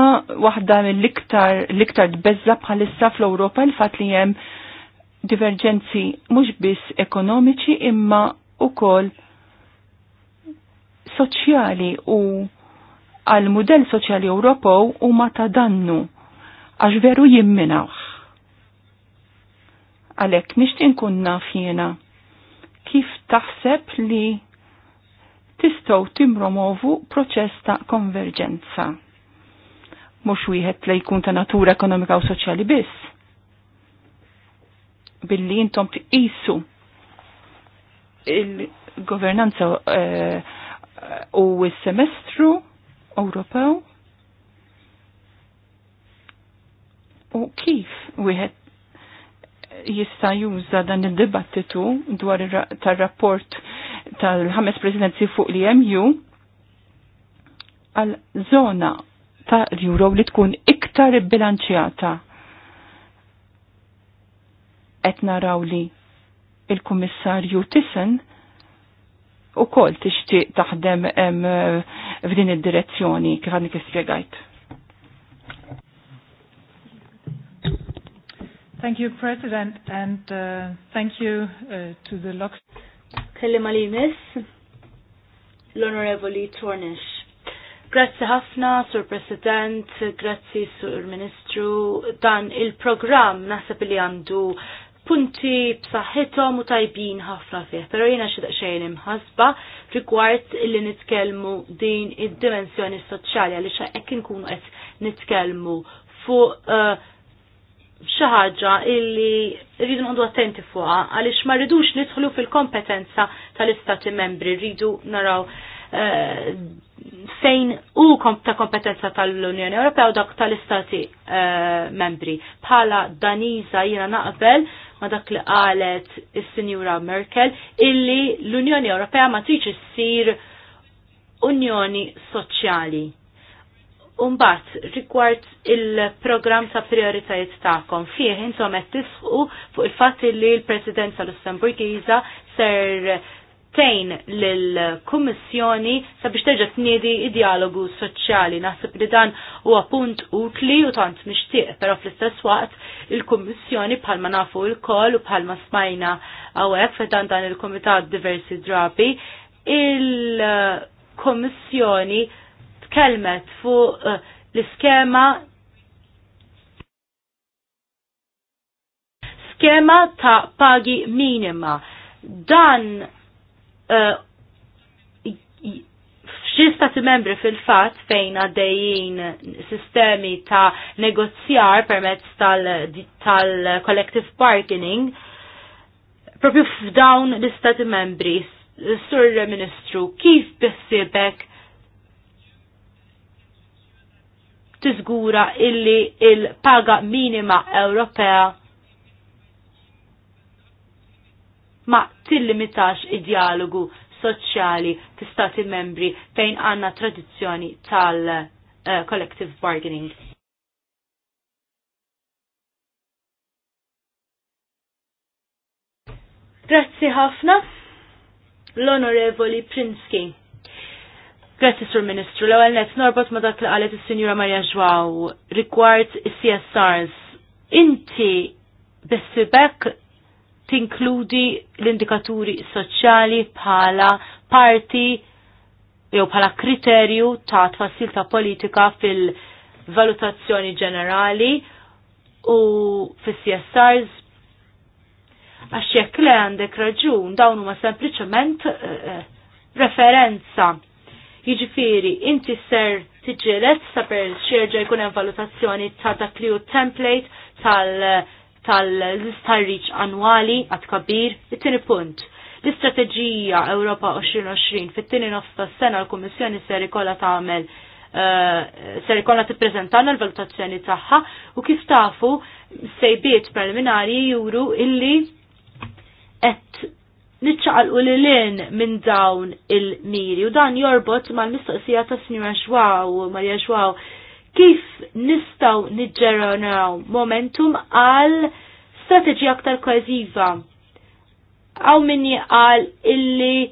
S2: waħda mill-iktar l-iktar dbeżla bħalissa fl-Ewropa l-fatt li hemm divergenzi mhux biss ekonomiċi imma wkoll soċjali u għal mudell soċjali Ewropew huma ta' dannu għax veru jimminaħ. Għalhekk nishtin nkun naf jiena kif taħseb li tistgħu timpromovu proċess ta' konverġenza. Mhux wieħed li jkun ta' natura ekonomika u soċjali biss. Billi intom tqisu il-governanza eh, u s-semestru Ewropew u kif wieħed jista' juża dan id-dibattitu dwar tar-rapport tal-ħames presidenzi fuq li MU għal zona ta' euro li tkun iktar bilanċjata. Qed naraw li il-Kummissarju Tissen u kol tixtieq taħdem f'din id-direzzjoni kif għandek ispjegajt. Thank you, President, and uh, thank you uh, to the Lux. Kellim għal
S4: l-Onorevoli Tornish. Grazzi ħafna, Sur President, grazie Sur Ministru. Dan il-programm nasab li għandu punti b'saħħithom u tajbin ħafna fih, pero jiena xejn imħasba rigward li nitkellmu din id-dimensjoni soċjali għaliex hekk inkunu qed nitkellmu fuq uh, xi ħaġa illi rridu nqondu attenti fuqha għaliex ma rridux nidħlu fil-kompetenza tal-istati membri, rridu naraw eh, fejn u ta' kompetenza tal-Unjoni Ewropea u dak tal-istati eh, membri. Bħala Daniza jiena naqbel ma dak li qalet il sinjura Merkel illi l-Unjoni Ewropea ma tridx issir Unjoni Soċjali Umbat, rigward il-program ta' prioritajiet ta'kom, fih intom qed tisħu fuq il-fatt li l-Presidenza Lussemburgiża ser tejn lill-Kummissjoni sabiex terġa' tniedi id-dialogu soċjali. Naħseb li dan huwa punt utli u tant mixtieq, però fl-istess waqt il-Kummissjoni bħalma nafu l-koll u bħalma smajna għawek fedan dan il-Kumitat diversi drabi il-Kommissjoni tkellmet fuq eh, l-iskema skema ta' pagi minima. Dan eh, xi stati membri fil-fatt fejn għaddejjin sistemi ta' negozjar permezz tal-collective tal bargaining, propju f'dawn l-istati membri, Sur Ministru, kif bissibek tiżgura illi il-paga minima Ewropea ma tillimitax id-dialogu soċjali fl-Stati membri fejn għanna tradizzjoni tal-collective eh, bargaining. Grazzi ħafna l-Onorevoli Prinski. Grazie, Sur Ministru, l ewwel net norbot ma dak li qalet is-Sinjura Marja Ġwaw rigward is-CSRs. Inti bessibek tinkludi l-indikaturi soċjali bħala parti jew bħala kriterju ta' tfassil ta' politika fil-valutazzjoni ġenerali u fis-CSRs għax jekk le għandek raġun dawn huma sempliċement uh, referenza Jiġifieri, inti ser tiġġieled saper xierġa jkun hemm valutazzjoni ta' dak li hu template tal tal-istarriċ annwali għad kabir. It-tieni punt. L-istrateġija Ewropa 2020 fit-tieni nofs tas-sena l-Kummissjoni ser ikolla tagħmel eh, ser ikolla tippreżentana l-valutazzjoni tagħha u kif tafu sejbiet preliminari juru illi qed nitċaqalqu li lin minn dawn il-miri u dan jorbot mal-mistoqsija ta' Sinjura Xwaw, Marja Xwaw, kif nistaw nitġeronaw momentum għal strategi aktar koeziva. Għaw minni għal illi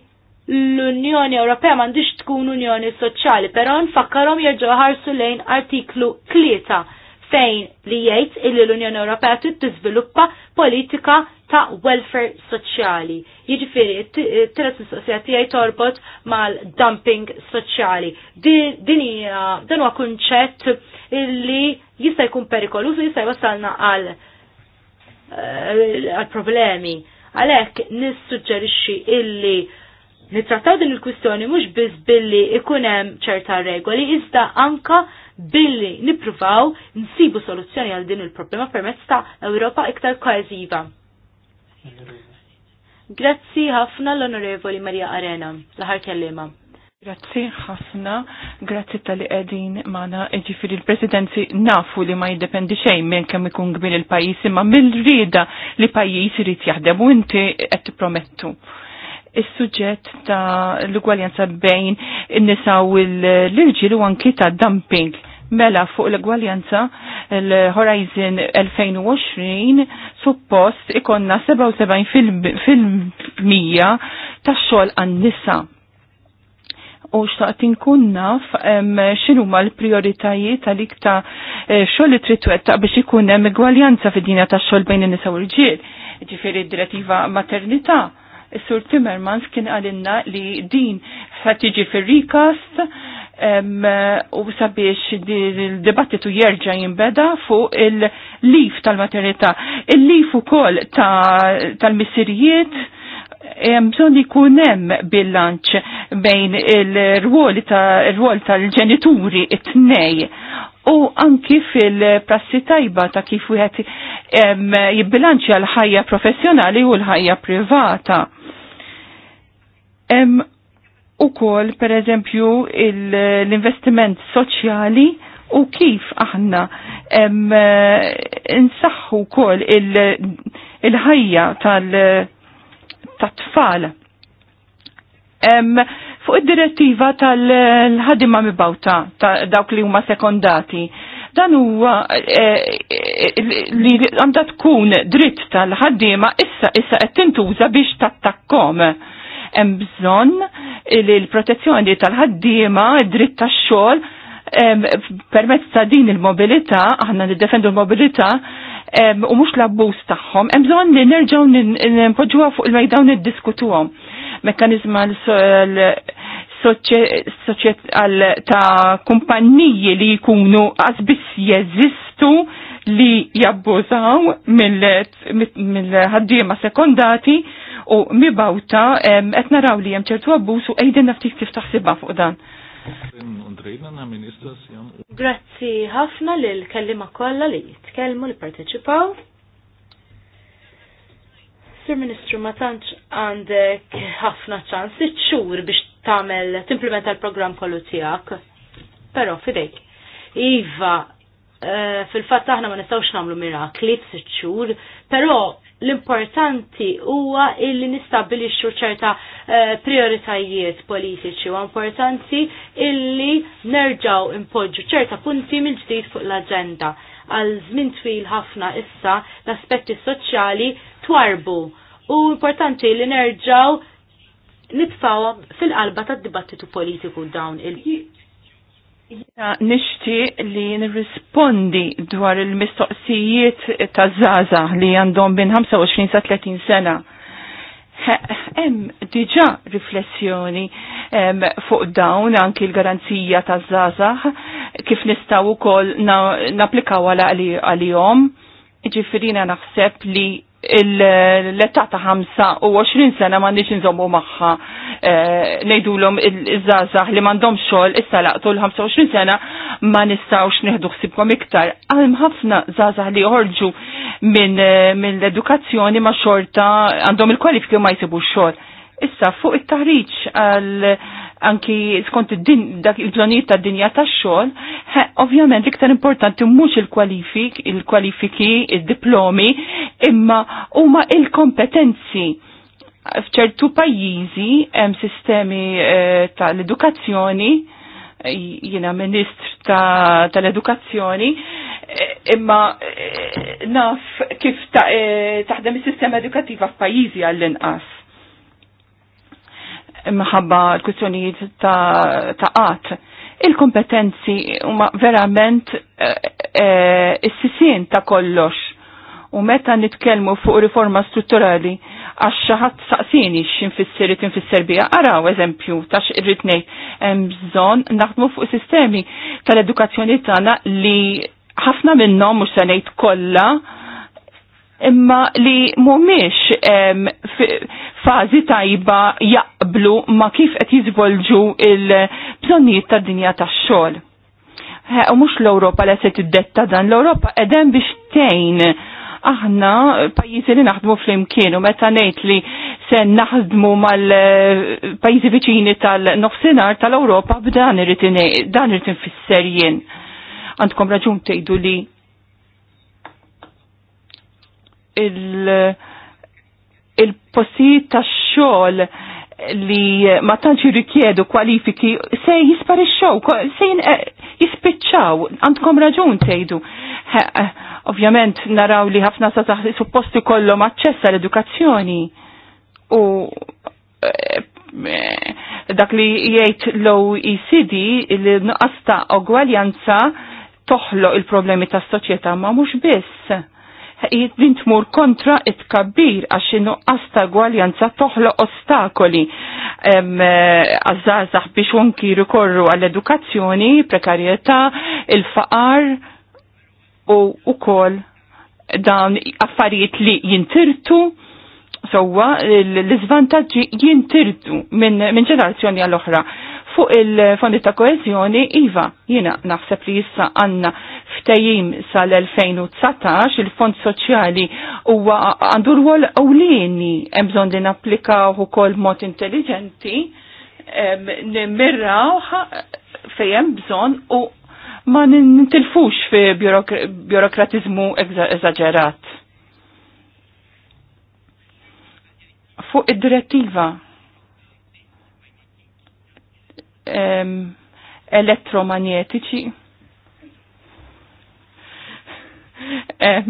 S4: l-Unjoni Ewropea m'għandix tkun Unjoni Soċjali, però nfakkarhom jerġgħu ħarsu lejn artiklu tlieta fejn li jgħid illi l-Unjoni Ewropea trid tiżviluppa politika ta' welfare soċjali. Jiġifieri t-tielet mistoqsija tiegħi torbot mal-dumping soċjali. Din hija dan huwa kunċett illi jista' jkun perikoluż u jista' jwassalna għal eh, għal problemi. Għalhekk nissuġġerixxi illi Nittrattaw din il-kwistjoni mhux biss billi ikun hemm ċerta regoli, iżda anka billi nippruvaw nsibu soluzzjoni għal din il-problema permezz ta' Ewropa iktar koeżiva. Grazzi ħafna l-Onorevoli Maria Arena, l-ħar kellima.
S2: Grazzi ħafna, grazzi tal-li edin maħna e ġifiri l-presidenzi nafu li ma jiddependi xejn minn kemm ikun kbir il-pajis imma mill-rida li pajis irid jaħdem u inti qed promettu. Is-suġġett ta' l-ugwaljanza bejn in-nisa u l-irġiel u anki ta' dumping mela fuq l-ugwaljanza l-Horizon 2020 suppost ikonna 77% tax-xogħol għan-nisa u xtaqt inkun naf xinu ma l-prioritajiet għalik ta' e, xol li trittu għetta biex ikun hemm igwaljanza fid-dinja ta' xol bejn in-nisa u l-ġiel. d-direttiva maternità. Is-Sur Timmermans kien għalinna li din ħatiġi tiġi fir-rikast u sabiex il-dibattitu jerġa jimbeda fuq il-lif tal materita Il-lif u kol tal-missirijiet bżon ikun hemm bilanċ bejn il-rwol tal-ġenituri it nej u anki fil-prassi tajba ta' kif wieħed jibbilanċja l-ħajja professjonali u l-ħajja privata u kol per eżempju l-investiment soċjali u kif aħna eh, nsaħħu kol il-ħajja il tal-tfal. Fuq id-direttiva tal-ħadima mibawta ta dawk li huma sekondati, dan huwa eh, li għandha tkun dritt tal-ħaddiema issa issa qed tintuża biex tattakkom. Ta hemm bżonn li l-protezzjoni tal-ħaddiema, id-dritt tax-xogħol permezz ta' din il-mobilità, aħna niddefendu l-mobilità u mhux l-abbuż tagħhom, hemm bżonn li nerġgħu nimpoġġuha fuq il-mejdaw niddiskutuhom. Mekkanizma ta' kumpanniji li jkunu għazbis jeżistu li jabbużaw mill-ħaddiema sekondati u mibawta qed naraw li hemm ċertu abbuż u qegħdin naftit kif taħsibha fuq dan.
S4: Grazzi ħafna lil kellima kollha li jitkellmu li parteċipaw. Sir Ministru, ma tantx għandek ħafna ċans, xhur biex tagħmel timplementa l-programm kollu tiegħek. Però fidejk. Iva, eh, fil-fatt aħna ma nistgħux nagħmlu mirakli b'sitt xhur, però l-importanti huwa illi nistabilixxu ċerta eh, prioritajiet politiċi u importanti illi nerġaw impoġġu ċerta punti mill-ġdid fuq l-aġenda. Għal żmien twil ħafna issa l-aspetti soċjali twarbu u importanti li nerġaw nitfaw fil-qalba tad-dibattitu politiku dawn il-
S2: Jina nishti li nirrispondi dwar il-mistoqsijiet ta' zaza li għandhom bin 25 sa' 30 sena. Hemm diġa riflessjoni fuq dawn anki l-garanzija ta' Zaza kif nistaw ukoll naplikaw għal għalihom. Ġifirina naħseb li l letta ta' 25 eh, sena ma nix nżommu maħħa nejdulom il żazah li mandom xol issa laqtu l-25 sena ma nistawx neħdu xsibkom iktar. Għalm ħafna żazah li joħorġu minn eh, l-edukazzjoni ma xorta għandhom il-kwalifiki ma jisibu xol. Issa fuq it-taħriġ għal anki skont dak il-bżonijiet ta' dinja ta' xogħol, ovvjament iktar importanti mhux il-kwalifik, il-kwalifiki, il-diplomi, imma huma il-kompetenzi. F'ċertu pajjiżi hemm sistemi eh, tal-edukazzjoni, eh, jiena ministr tal-edukazzjoni, eh, imma naf kif taħdem is-sistema edukattiva f'pajjiżi għall-inqas imħabba l-kwistjonijiet ta' qatt. Il-kompetenzi huma verament eh, eh, is ta' kollox. U meta nitkellmu fuq riforma strutturali, għax ħadd saqsini x'infisser infisser bija. Araw eżempju ta' x'irrid hemm bżonn naħdmu fuq sistemi tal-edukazzjoni tagħna li ħafna minnhom mhux se ngħid kollha imma li mumiex fazi tajba jaqblu ma kif qed jiżvolġu il-bżonnijiet tad-dinja tax-xogħol. U mhux l-Ewropa li se tiddetta dan, l-Ewropa qegħden biex tgħin aħna pajjiżi li naħdmu flimkien u meta ngħid li se naħdmu mal-pajjiżi eh, viċini tal-nofsinhar tal-Ewropa b'dan irid dan irid infisser jien. Għandkom raġun tgħidu li il- il ta' xogħol li ma tantx jirrikjedu kwalifiki se jisparixxew, se eh, jispiċċaw, għandkom raġun tgħidu. Ovvjament naraw li ħafna sa taħ supposti kollhom aċċess għall edukazzjoni u eh, dak li jgħid l ECD li nuqqas ta' ogwaljanza toħloq il-problemi tas soċjetà ma mhux biss din tmur kontra it-kabbir għax inu ta' gwaljanza toħloq ostakoli għazzazax biex unki rikorru għall-edukazzjoni, prekarjetà, il-faqar u kol dawn affarijiet li jintirtu sowa l-izvantaġġi jintirtu minn ġenerazzjoni għall-oħra. Fuq il-fondi ta' koezjoni, Iva, jina naħseb li jissa għanna ftejim sal-2019 il-fond soċjali huwa għandu rwol ewlieni hemm bżonn li napplikaw ukoll mod intelligenti nimmirraw fejem bżon u ma nintilfux fi bjorokratizmu eżagerat. Fuq id-direttiva elettromagnetiċi.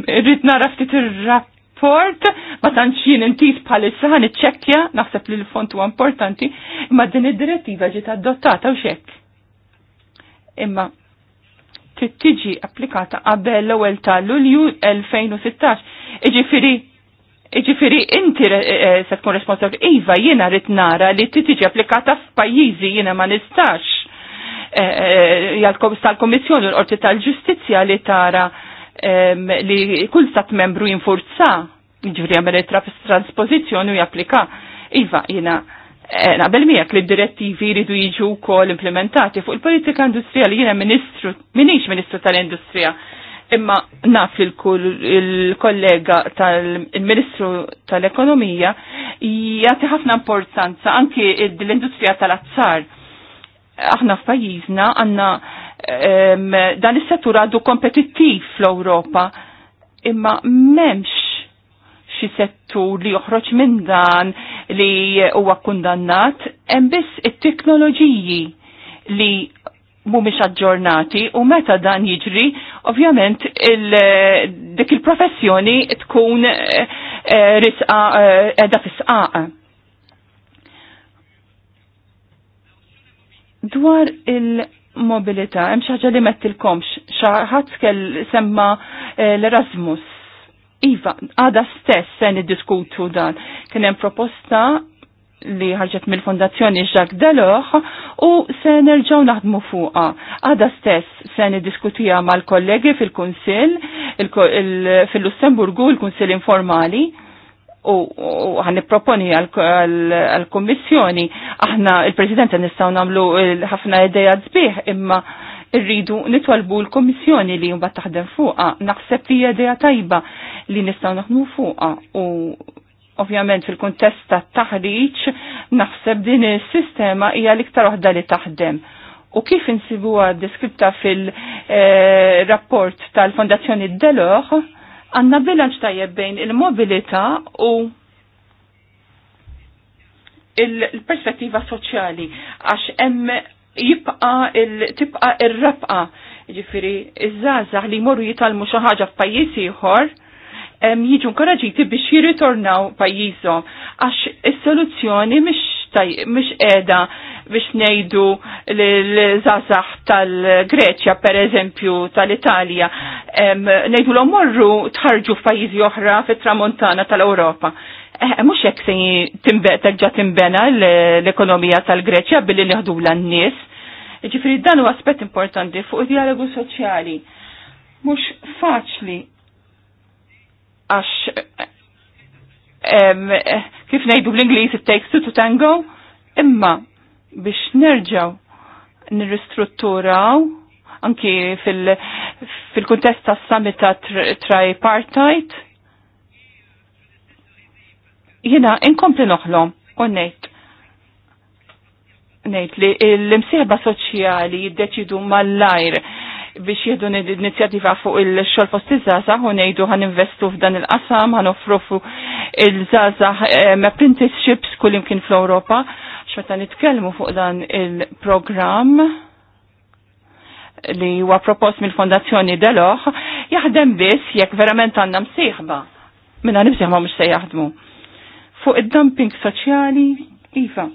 S2: Irrid nara ftit ir-rapport ma tantx jien intis bħalissa ħan naħseb li l-font huwa importanti, imma din id-direttiva ġiet adottata u xek. Imma trid tiġi applikata qabel l-ewwel ta' Lulju 2016. Iġifieri Iġifiri, inti e- e- se tkun responsabli, iva jiena rrit nara li tiġi applikata f'pajjiżi jiena ma nistax. E- Jalkom tal-Komissjoni l-Qorti tal-Ġustizzja li tara li kull stat membru jinfurza, ġifiri għamel transpozizjoni u japplika. Iva, jiena naqbel miegħek li d-direttivi jridu jiġu wkoll implementati fuq il-politika industrijali jiena ministru, minix ministru tal-industrija Imma naf il kollega tal-Ministru tal-Ekonomija jagħti ħafna importanza anki l-industrija tal-azzar. Aħna f'pajjiżna għandna dan is-settur għadu kompetittiv fl-Ewropa imma memx xi settur li joħroġ minn dan li huwa kundannat, hemm biss it-teknoloġiji li mhumiex aġġornati u meta dan jiġri Ovvjament, il, dik il-professjoni tkun eh, eh, risqa eh, edha fisqaq. Dwar il-mobilita, hemm xi ħaġa li mettilkomx, xi ħadd semma l-Erasmus. Iva, għada stess se niddiskutu dan. Kien hemm proposta li ħarġet mill-Fondazzjoni Jacques Delors u se nerġgħu naħdmu fuqha. Għada stess se niddiskutija mal-kollegi fil-Kunsill fil-Lussemburgu l-Kunsill informali u proponi għal-Kommissjoni. Aħna il-Presidenta nistgħu nagħmlu ħafna idejat sbieħ imma irridu nitwalbu l kommissjoni li jumbat taħdem fuqa, naħseb fija dea tajba li nistaw naħdmu fuqa u Ovvjament fil-kuntest ta' taħriġ naħseb din is-sistema hija l-iktar waħda li taħdem. U kif insibuha deskripta fil-rapport tal-Fondazzjoni Delors, għanna bilanċ tajjeb bejn il-mobilità u il-perspettiva soċjali, għax hemm jibqa il-tibqa ir-rabqa, ġifiri, iż-żgħażagħ li jmorru jitalmu xi ħaġa f'pajjiż ieħor, jiġu nkoraġiti biex jirritornaw pajjiżhom għax is-soluzzjoni mhix qiegħda biex ngħidu l-żazax tal-Greċja pereżempju tal-Italja ngħidulhom morru tħarġu f'pajjiżi oħra fit-tramontana tal-Ewropa. Eh, eh, Mux jek se terġa timbena l-ekonomija tal-Greċja billi liħdu l-annis. Ġifri dan u aspet importanti fuq dialogu soċjali. Mux faċli għax kif ngħidu bl-Ingliż it takes two to tango, imma biex nerġaw nirristrutturaw anki fil-kuntest fil tas summit tripartite jina inkompli noħlom u ngħid ngħid li l-imsieħba soċjali jiddeċidu mal-lajr biex jihdu l-inizjativa fuq il-xol fost iż-żazax u nejdu għan investu f'dan il-qasam, għan uffru fuq il-żazax eh, apprenticeships kull imkien fl-Europa, xmeta nitkellmu fuq dan il-program li huwa propost mill-Fondazzjoni Deloħ, jaħdem biss jekk verament għandna msieħba. Minna nibsieħba mhux se jaħdmu. Fuq id-dumping soċjali, iva,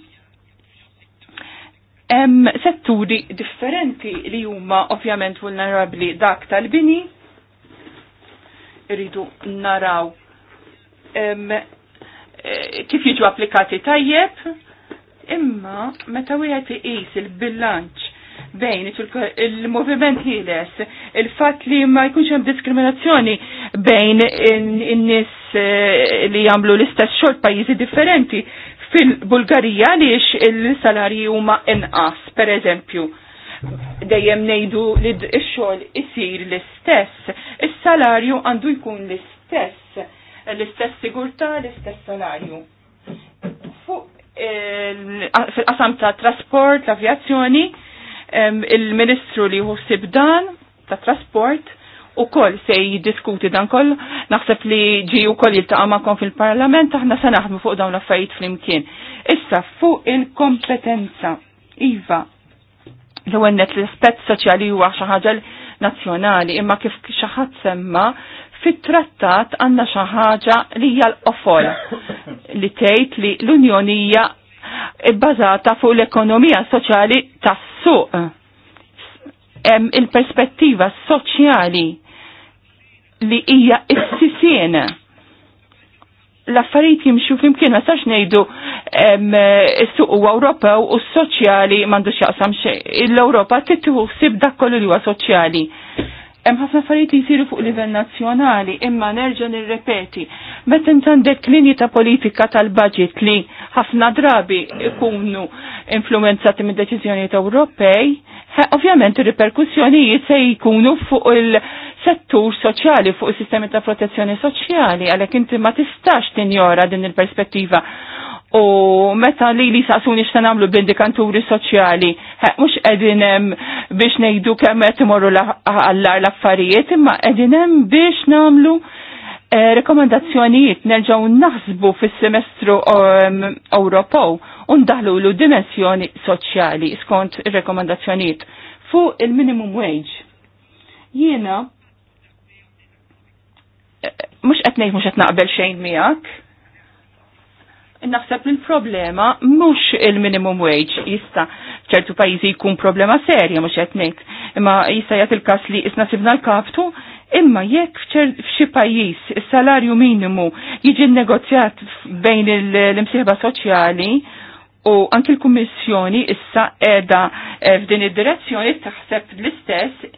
S2: hemm setturi differenti li huma ovvjament vulnerabbli dak tal-bini. Irridu naraw em, eh, kif jiġu applikati tajjeb, imma meta wieħed iqis il-bilanċ bejn il-moviment ħieles, il-fatt li ma jkunx hemm diskriminazzjoni bejn in-nies eh, li jagħmlu l-istess xogħol pajjiżi differenti, fil-Bulgarija liex il-salarji huma inqas, per eżempju. Dejjem nejdu li x-xogħol isir l-istess, is-salarju għandu jkun l-istess, l-istess sigurtà, l-istess salarju. Fuq fil-qasam ta' trasport, l-avjazzjoni, il-Ministru li hu sibdan ta' trasport, u koll se jiddiskuti dan koll, naħseb li ġi u koll jiltaqa fil-parlament, aħna se naħdmu fuq dawn l-affarijiet flimkien. Issa fuq il-kompetenza, iva, l-għennet l-aspet soċjali huwa xi ħaġa nazzjonali, imma kif xi ħadd semma fit-trattat għandna xi ħaġa li hija l-qofol li tgħid li l-Unjoni hija bbażata fuq l-ekonomija soċjali tas-suq hemm il-perspettiva soċjali li hija s-sisien. L-affarijiet jimxu flimkien ma sax ngħidu s-suq u Ewropew u s-soċjali m'għandux jaqsam xejn. L-Ewropa tittieħu ħsieb dak kollu li huwa soċjali. Hemm ħafna affarijiet li jsiru fuq livell nazzjonali, imma nerġa' nirrepeti. Meta int għandek ta' politika tal-budget li ħafna drabi ikunu influenzati mid-deċiżjonijiet Ewropej, Ovvjament ir-riperkussjonijiet se jkunu fuq il-settur soċjali, fuq is-sistemi ta' protezzjoni soċjali, għalhekk inti ma tistax tinjora din il-perspettiva. U meta li li saqsuni x'ta nagħmlu b'indikanturi soċjali, mhux edinem hemm biex ngħidu kemm qed imorru għallar l-affarijiet, imma qegħdin hemm biex nagħmlu Eh, rekomendazzjonijiet nerġaw naħsbu fis-semestru um, Ewropew u daħlu l dimensjoni soċjali skont rekomendazzjonijiet fuq il-minimum wage. Jiena eh, mhux qed ngħid mhux qed naqbel xejn miegħek. Naħseb li l-problema mhux il-minimum wage jista' ċertu pajjiżi jkun problema serja mhux qed ngħid, imma jista' jagħti il-każ li isna sibna l-kaptu Imma jekk f'xi pajjiż is-salarju minimu jiġi negozjat bejn l-imsieħba soċjali u anki l-Kummissjoni issa qiegħda eh, f'din id-direzzjoni taħseb l-istess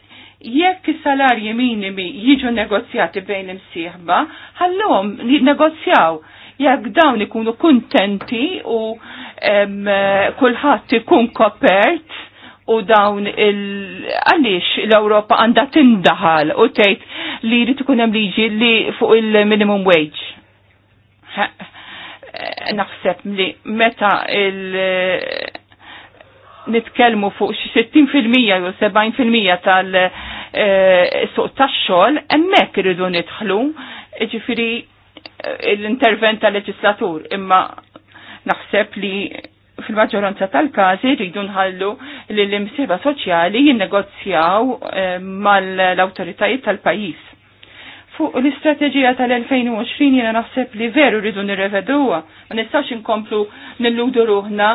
S2: jekk is-salarji minimi jiġu negozjati bejn l-imsieħba, ħallhom negozjaw jekk dawn ikunu kuntenti u eh, kulħadd ikun kopert u dawn il għaliex l-Ewropa għandha tindaħal u tgħid li jrid ikun hemm liġi li fuq il-minimum wage. naħseb li meta il- nitkellmu fuq xi 60% jew 70% tal-suq eh, tax-xogħol hemmhekk iridu nidħlu, ġifieri eh, l-intervent tal-leġislatur, imma naħseb li fil-maġġoranza tal-każi rridu nħallu li l-imsieba soċjali jinnegozjaw eh, mal-awtoritajiet tal-pajjiż. Fuq l-istrateġija tal-2020 jena naħseb li veru rridu nirreveduha, ma nistgħux inkomplu nilludu ruħna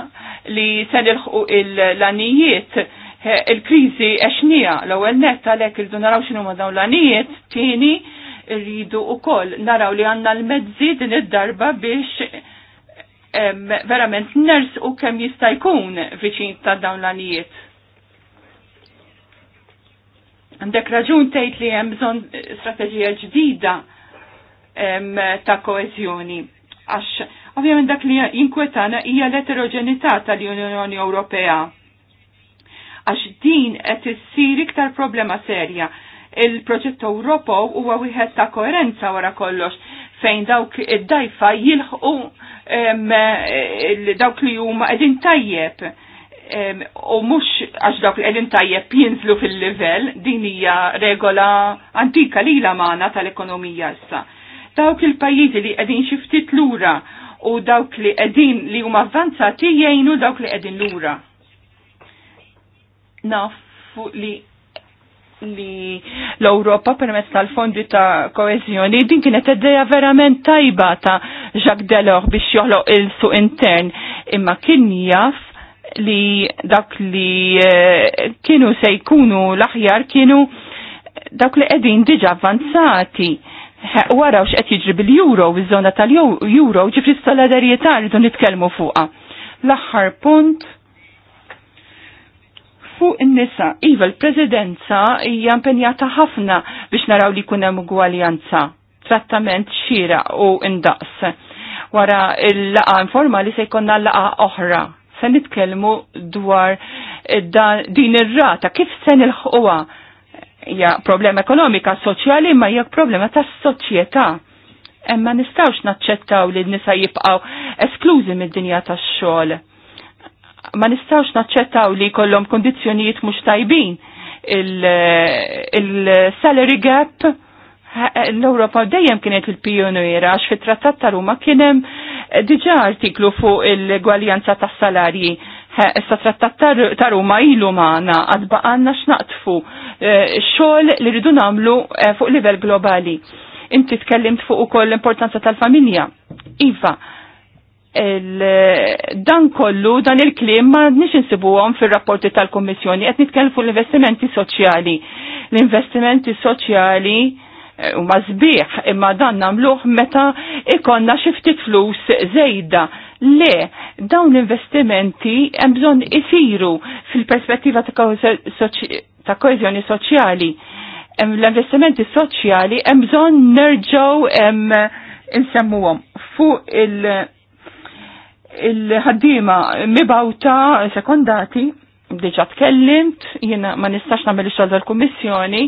S2: li se nilħqu l-anijiet eh, il-kriżi eċnija l-ewwel net għalhekk rridu naraw ma dawn l-anijiet, tini rridu u koll naraw li għanna l-mezzi din id-darba biex verament ners u kem jista' jkun viċin ta' dawn l-għalijiet. Għandek raġun tgħid li hemm bżonn eh, strateġija ġdida ta' koeżjoni. Għax ovvjament dak li jinkwetana hija l-eterogenità tal-Unjoni Ewropea. Għax din qed issir iktar problema serja il-proġett Ewropew huwa wieħed ta' koerenza wara kollox fejn dawk id-dajfa jilħu dawk li huma qegħdin tajjeb u mhux għax dawk li qegħdin tajjeb jinżlu fil-livell din hija regola antika lila magħna tal-ekonomija issa. Dawk il-pajjiżi li qegħdin xi ftit lura u dawk li qegħdin li huma avvanzati jgħinu dawk li qegħdin lura. Naf li li l-Europa permezz tal-fondi ta' koezjoni din kienet idea verament tajba ta' Jacques Delors biex joħloq il-suq intern imma kien jaf li dak li eh, kienu se jkunu l-aħjar kienu dak li qegħdin diġa avvanzati waraw x'qed jiġri bil-euro, iż-żona tal-euro, ġifri s-solidarjetà rridu nitkellmu fuqha. L-aħħar punt fuq in-nisa. Iva l-Presidenza hija impenjata ħafna biex naraw li jkun hemm ugwaljanza, trattament xira u indaqs. Wara l-laqa informali se jkollna laqa oħra. Se nitkellmu dwar din ir-rata kif se nilħuwa? hija problema ekonomika, soċjali, ma hija problema tas-soċjetà. Emma nistawx naċċettaw li n-nisa jibqaw esklużi mid-dinja tax-xogħol ma nistawx naċċettaw li kollom kondizjonijiet mux tajbin il-salary il gap eh, l-Europa dejjem kienet il-pioniera għax fit trattat ta' Ruma kienem eh, diġa artiklu fuq il-gwaljanza ta' salarji. Eh, issa trattat ta' Ruma ilu maħna għadba għanna xnaqtfu xol li rridu namlu fuq livell globali. Inti tkellimt fuq ukoll l-importanza tal-familja. Iva, dan kollu, dan il-klim ma nix insibuhom fil-rapporti tal-Kommissjoni, qed nitkellmu fuq l-investimenti soċjali. L-investimenti soċjali eh, u ma zbieħ imma dan namluħ meta ikonna xiftit flus zejda. Le, dawn investimenti hemm bżonn isiru fil-perspettiva ta' koezjoni soċjali. L-investimenti soċjali hemm bżonn nerġgħu insemmuhom fuq il- il-ħaddima mibawta sekondati diġa tkellimt, jiena ma nistax nagħmel ix-xogħol tal-Kummissjoni,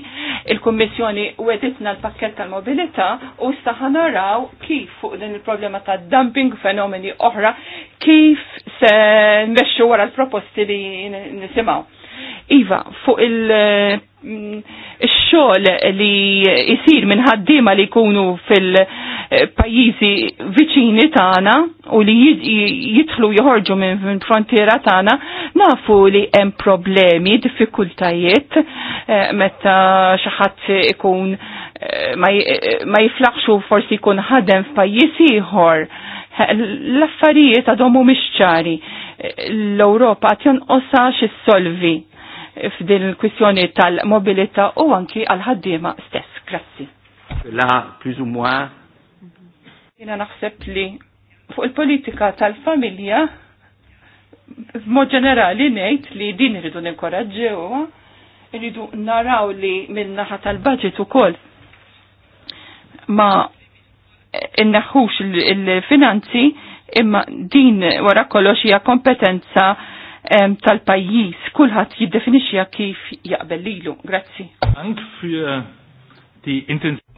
S2: il-Kummissjoni weditna l-pakkett tal-mobilità u saħa naraw kif fuq din il-problema ta' dumping fenomeni oħra kif se nmexxu wara l-proposti li nisimgħu. Iva, fuq il- Mm, xogħol li jisir minn ħaddiema li jkunu fil-pajjiżi viċini tagħna u li jidħlu joħorġu minn frontiera tagħna nafu li hemm problemi, diffikultajiet eh, meta xi ħadd ikun eh, ma jiflaħxu forsi jkun ħadem f'pajjiż ieħor. L-affarijiet għadhom mhumiex ċari. L-Ewropa qed jonqosha solvi f'din il-kwistjoni tal-mobilita u anki għal-ħaddiema stess. Grazzi.
S3: La, plus u mwa.
S2: Jina naħseb li fuq il-politika tal-familja, mod ġenerali ngħid li din irridu ninkoraġġewha, rridu naraw li min-naħa tal-budget ukoll ma inneħħux il-finanzi imma din wara kollox hija kompetenza tal-pajjiż kulħadd jiddefinixxiha kif jaqbel lilu. Grazzi.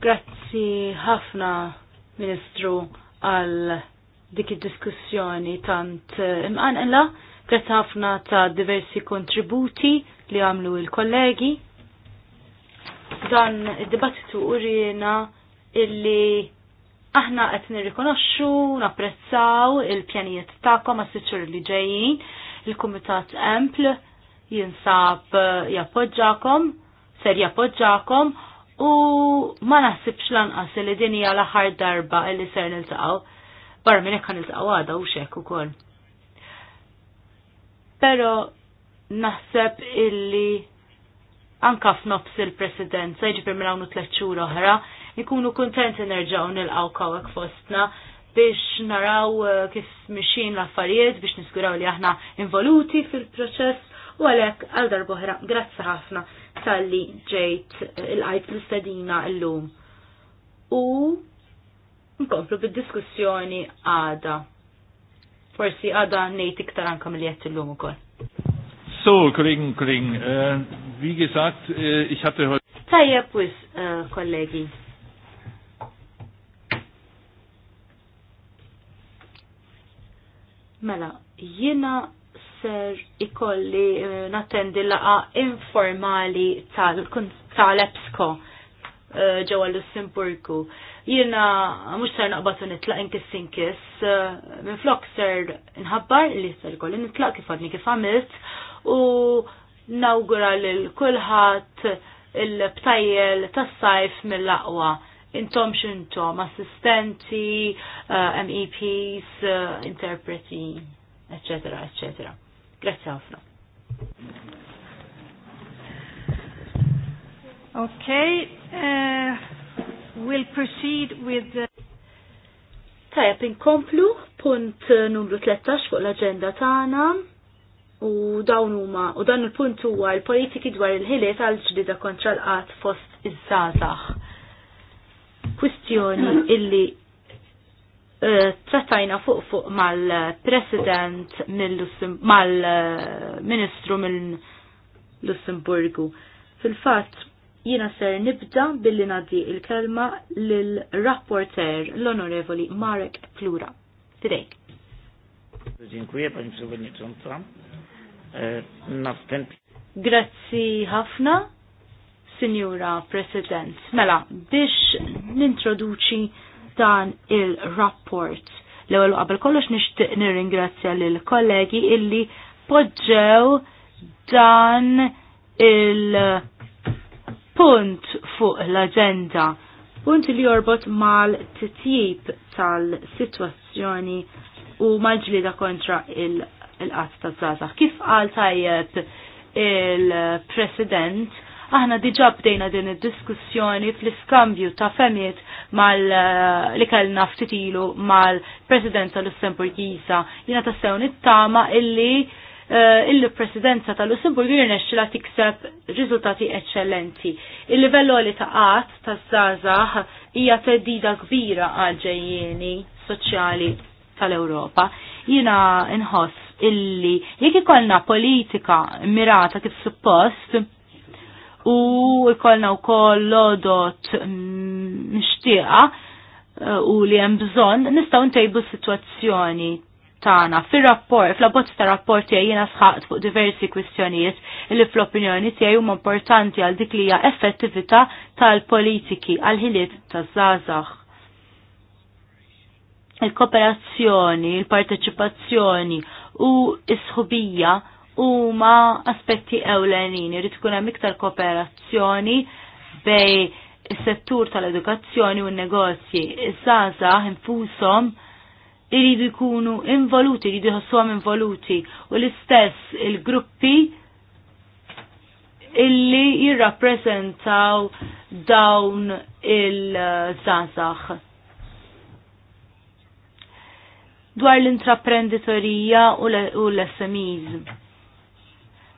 S4: Grazzi ħafna Ministru għal dik id-diskussjoni tant eh, imqanqla. Grazzi ħafna ta' diversi kontributi li għamlu il-kollegi. Dan id-dibattitu urina illi aħna qed nirrikonoxxu, napprezzaw il-pjanijiet tagħkom għas siċċur li ġejjin il-Kumitat Ampl jinsab eh, jappoġġakom, ser jappoġġakom u ma naħsibx lanqas li din hija l-aħħar darba li ser niltaqgħu. Barra minn hekk niltaqgħu għadha u hekk ukoll. Però naħseb illi anka f'nofs il-presidenza, jiġifier minn hawn tliet xhur oħra, ikunu kuntenti nerġgħu nilqgħu kawek fostna biex naraw uh, kif mixin l-affarijiet biex niskuraw li aħna involuti fil-proċess u għalek għal darboħra grazzi ħafna tal-li ġejt uh, il-għajt l-istadina l-lum. U nkomplu bid-diskussjoni għada. Forsi għada nejt iktar anka mill-jett l-lum u koll.
S1: So, Kollegen, Kollegen, äh, wie gesagt, äh, ich hatte heute...
S4: Tajjeb, wis, äh, kollegi. Mela, jiena ser ikolli eh, nattendi laqa informali tal-EPSCO ġewa eh, ġewwa Lussemburgu. Jiena mhux ser naqbatu nitlaq inkis inkis, eh, minn flok ser nħabbar li ser ikolli nitlaq kif għadni kif għamilt u nawgura lil kulħadd il-btajjel tas-sajf mill laqwa intom xintom, assistenti, uh, MEPs, uh, interpreti, eccetera, eccetera. Grazie ħafna. Okay, uh, we'll proceed with the... Tajab, inkomplu punt uh, numru 13 fuq l-agenda tagħna u dawn huma u dan il-punt huwa l-politiki dwar il-ħiliet għal ġdida kontra l-qatt fost iż-żgħażagħ kwistjoni illi eh, trattajna fuq fuq mal-president mal-ministru mill-Lussemburgu. Fil-fat, jina ser nibda billi nadi il-kelma lil-rapporter l-onorevoli Marek Plura. Fidejk.
S1: Dziękuję pani przewodnicząca. E, następnie.
S4: Grazzi ħafna, Signora President. Mela, biex nintroduċi dan il-rapport. L-ewwel qabel kollox nixtieq nirringrazzja lill kollegi illi poġġew dan il-punt fuq l-aġenda. Punt li jorbot mal-titjib tal-sitwazzjoni u mal-ġlida kontra il-qatt il ta' zaza. Kif qal tajjeb il-President, Aħna diġa bdejna din id-diskussjoni fl-iskambju ta' femiet mal eh, li kellna ftitilu mal-Presidenza Lussemburgiża. Jiena tassew nittama illi eh, il-presidenza tal-Lussemburg jirnexxila tikseb riżultati eċċellenti. Il-livello li qatt ta' zazax hija teddida kbira għal ġejjieni soċjali tal-Ewropa. Jina nħoss illi jekk ikollna politika mirata kif suppost, u u wkoll lodot mixtieqa eh, u li hemm bżonn nistgħu ntejbu s-sitwazzjoni tagħna fir-rapport, fl-abbozz ta' rapport tiegħi jiena sħaqt fuq diversi kwistjonijiet li fl-opinjoni tiegħi huma importanti għal dik li hija effettività tal-politiki għal ħiliet taż-żgħażagħ. Il-kooperazzjoni, il-parteċipazzjoni u s-sħubija il huma aspetti ewlenin, irid tkun hemm iktar kooperazzjoni bej is-settur tal-edukazzjoni u n-negozji. Iż-żgħażagħ infushom iridu jkunu involuti, iridu jħossuhom involuti u l-istess il-gruppi illi jirrappreżentaw dawn il-żgħażagħ dwar l-intraprenditorija u l-SMEs.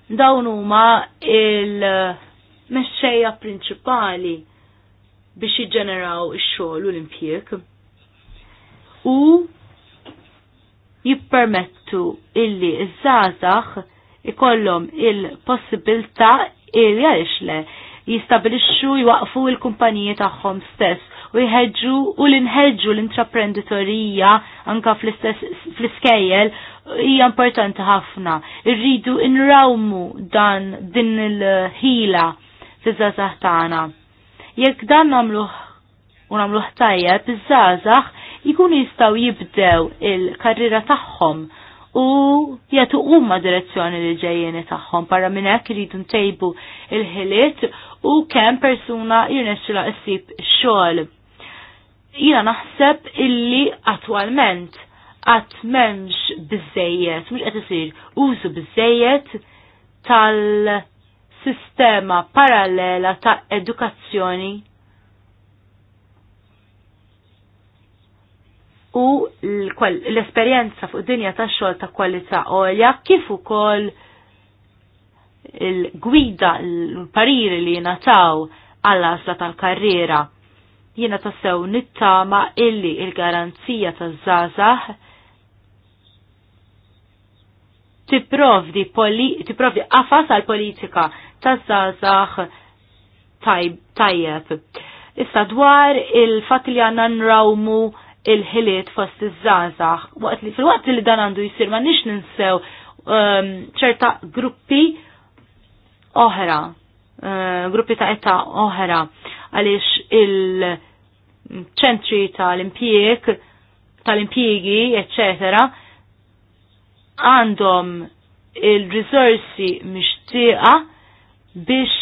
S4: Dawn huma il-mexxejja prinċipali biex jiġġeneraw ix-xogħol u l-impjieg. U jippermettu illi iż-żgħażagħ ikollhom il-possibilità il għaliex le jistabilixxu jwaqfu l-kumpaniji tagħhom stess u jħeġġu u l-inħeġġu l-intraprenditorija anka fl-iskejjel hija importanti ħafna. Irridu inrawmu dan din il-ħila fiż żaħ tagħna. Jekk dan nagħmluh u nagħmluh tajjeb, iż żaħ jkun jistgħu jibdew il-karriera tagħhom u jagħtu huma direzzjoni li ġejjeni tagħhom barra minn hekk iridu ntejbu il-ħiliet u kemm persuna jirnexxila ssib xogħol. Jiena naħseb illi attwalment għat memx bizzejiet, mux għat isir użu bizzejiet tal-sistema parallela ta' edukazzjoni u l-esperienza fuq dinja ta' xogħol ta' kwalità olja kif ukoll il-gwida, l-pariri li nataw għall-asla tal-karriera jiena tassew nittama illi il-garanzija ta' zazah tipprovdi tipprovdi afas għal politika taż-żgħażagħ tajjeb. Issa dwar il-fatt li għanna nrawmu il-ħiliet fost iż żazax Waqt li fil-waqt li dan għandu jsir ma nix ninsew ehm, ċerta gruppi oħra, ehm, gruppi ta' età oħra għaliex il- ċentri tal-impjeg, tal impiegi eccetera, għandhom il resursi mixtieqa biex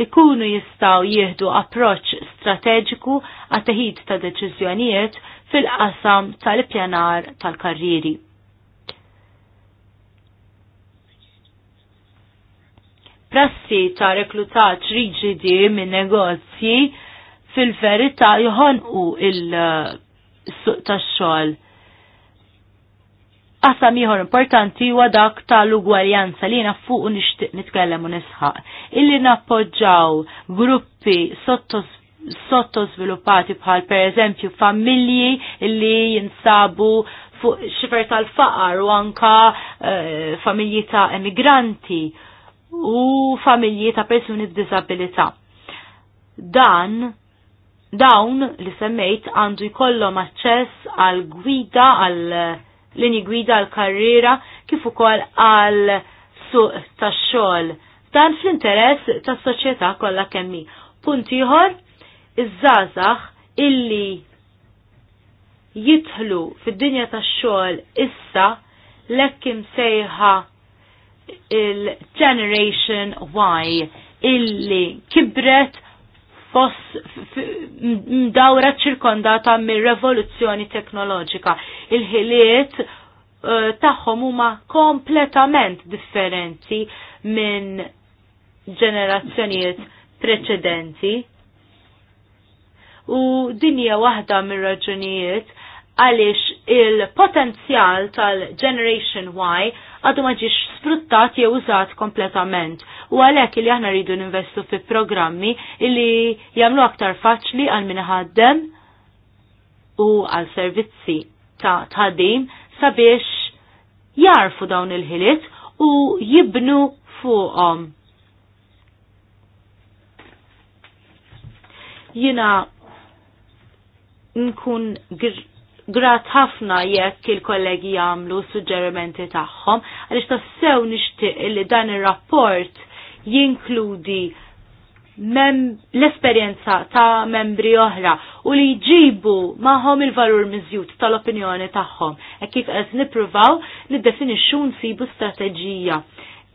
S4: ikunu jistaw jieħdu approċ strateġiku għat-teħid ta' deċiżjonijiet fil-qasam tal-pjanar tal-karriri. Prassi ta' reklutat riġidi minn negozji fil-verità joħonqu il-suq tax-xogħol Qasam ieħor importanti huwa dak tal-ugwaljanza li jiena u nixtieq nitkellem u nisħaq. Illi nappoġġaw gruppi sottos sottosviluppati bħal per eżempju familji li jinsabu fuq xifer tal-faqar u anka uh, familji ta' emigranti u familji ta' persuni b'disabilità. Dan dawn li semmejt għandu jkollhom aċċess għal gwida għal li gwida għal karriera kif ukoll għal suq tax-xogħol. Dan fl-interess tas-soċjetà kollha kemm hi. Punt ieħor iż-żgħażagħ illi jidħlu fid-dinja tax-xogħol issa lekk imsejħa il-Generation Y illi kibret fos mdawra ċirkondata mir revoluzzjoni teknoloġika. Il-ħiliet eh, tagħhom huma kompletament differenti minn ġenerazzjonijiet preċedenti. U dinja waħda mir raġunijiet għaliex il-potenzjal tal-Generation Y għadu maġiġ sfruttat jew użat kompletament. U għalhekk li aħna rridu ninvestu fi programmi li jagħmlu aktar faċli għal min u għal servizzi ta' tħaddim sabiex jarfu dawn il-ħiliet u jibnu fuqhom. Jina nkun gr grat ħafna jekk il-kollegi jagħmlu suġġerimenti tagħhom għaliex tassew nixtieq li dan ir-rapport jinkludi l-esperjenza ta' membri oħra u li jġibu magħhom il-valur miżjud tal-opinjoni tagħhom e kif qed nippruvaw niddefinixxu nsibu strateġija.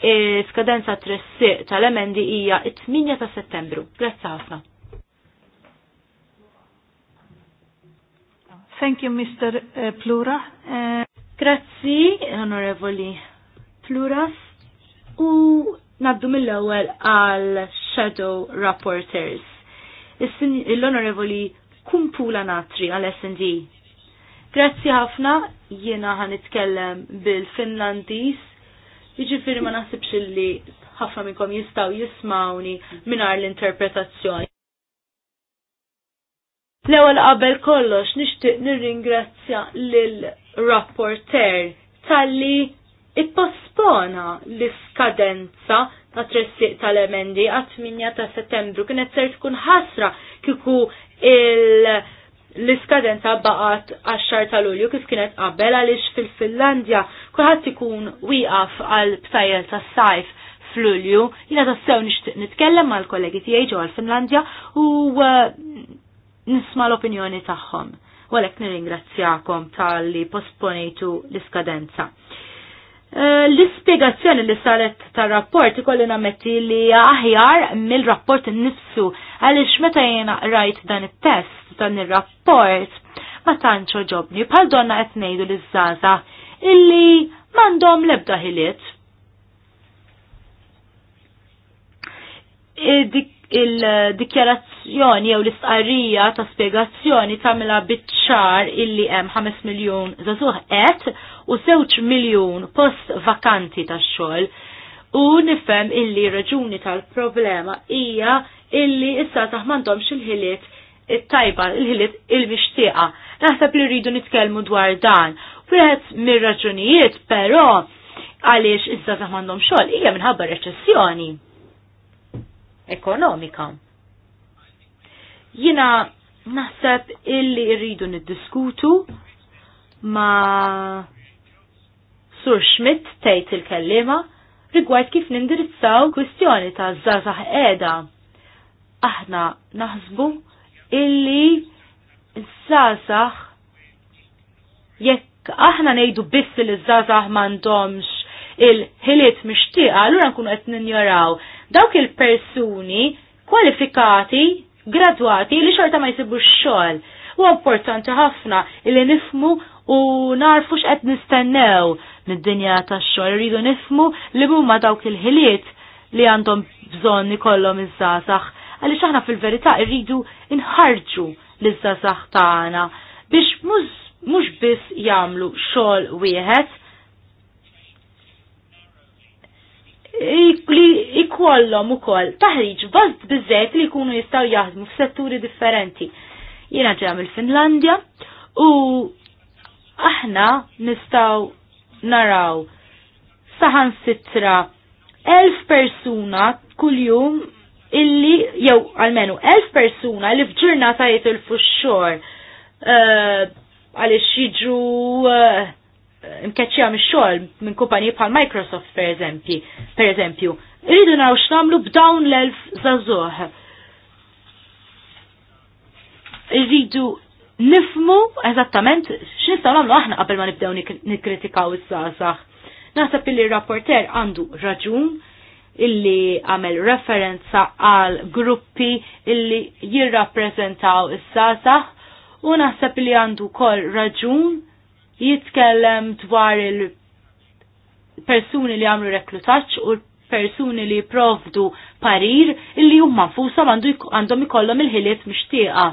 S4: E skadenza tressi tal-emendi hija 8 ta' Settembru. Grazzi ħafna. Thank you, Mr. Eh, Plura. Eh, Grazzi, onorevoli Pluras. U naddu mill-ewwel għal Shadow Rapporters. L-onorevoli Kumpula Natri għal SD. Grazzi ħafna, jiena ħan itkellem bil-Finlandis, jiġifieri ma naħsibx li ħafna minnkom jistgħu jismawni mingħajr l-interpretazzjoni. L-ewwel qabel kollox nixtieq nirringrazzja lil rapporter talli ippospona l-iskadenza ta' tressiq tal-emendi għat-8 ta' settembru kienet ser tkun ħasra kiku l-iskadenza baqat għax-xar tal-Ulju kif kienet qabel għaliex fil-Finlandja kulħadd ikun wieqaf għal btajjel tas-sajf fl-Ulju. Jiena tassew nixtieq nitkellem mal kollegi tiegħi ġew għall-Finlandja u nisma l-opinjoni tagħhom. Walek nirringrazzjakom tal-li posponejtu l-iskadenza. Eh, l-ispiegazzjoni li saret tar-rapport ikolli nammetti li aħjar mill-rapport nifsu għaliex meta jiena rajt dan it-test dan ir-rapport ma tantx ġobni bħal donna qed ngħidu li zaza illi m'għandhom l-ebda ħiliet. Eh, dik il-dikjarazzjoni jew l-istqarrija ta' spiegazzjoni tagħmilha biċ-ċar illi hemm 5 miljun żagħżugħ qed u żewġ miljun post vakanti tax-xogħol u nifhem illi raġuni tal-problema hija illi issa taħmandomx il-ħiliet it-tajba, il-ħiliet il-mixtieqa. Naħseb li rridu nitkellmu dwar dan. Wieħed mir-raġunijiet però għaliex issa taħmandhom xogħol hija minħabba reċessjoni ekonomika. Jina naħseb illi rridu niddiskutu ma Sur Schmidt tgħid il-kellima rigward kif nindirizzaw kwistjoni ta' zazah edha. Aħna naħsbu illi zazah jekk aħna ngħidu biss li zazah m'għandhomx il-ħiliet mixtieqa, allura nkunu qed ninjoraw dawk il-persuni kwalifikati, gradwati li xorta ma jisibu xogħol. U importanti ħafna li nifmu u narfu x'qed nistennew mid-dinja tax-xogħol rridu nifmu li huma dawk il-ħiliet li għandhom bżonn ikollhom iż-żasax għaliex aħna fil-verità rridu nħarġu l-iżasax tagħna biex mhux biss jagħmlu xogħol wieħed li ikollhom ukoll taħriġ bazz bizzet li jkunu jistgħu jaħdmu f'setturi differenti. Jiena ġem il finlandja u aħna nistgħu naraw saħan sitra elf persuna kuljum illi jew almenu elf persuna li f'ġurnata jitilfu x-xogħol uh, għaliex jiġu uh, mkeċċi għam xogħol minn kumpanji bħal Microsoft per eżempju, per eżempju, rridu naraw xnamlu b'dawn l-elf żagħżugħ. Irridu nifmu eżattament x'nistgħu nagħmlu aħna qabel ma nibdew nikkritikaw is-sasaħ. Naħseb illi r-rapporter għandu raġun illi għamel referenza għal gruppi illi jirrappreżentaw is-sasaħ u naħseb li għandu kol raġun jitkellem dwar il-persuni li għamlu reklutaċ u persuni li provdu parir illi huma fusom għandhom ikollhom il-ħiliet mixtieqa.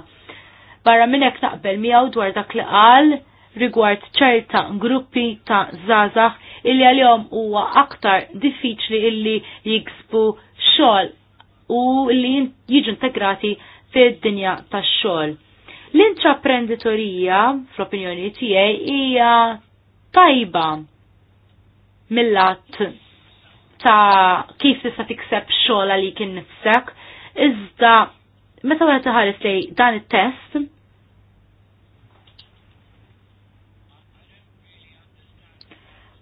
S4: Barra minn hekk naqbel miegħu dwar dak li qal rigward ċerta gruppi ta' zazax illi għalihom huwa aktar diffiċli illi jiksbu xogħol u illi jiġu integrati fid-dinja tax-xogħol. L-intraprenditorija, fl-opinjoni tiegħi, hija tajba mill ta' kif tista' tikseb xogħol għalik innifsek, iżda meta wara tiħares lej dan it-test,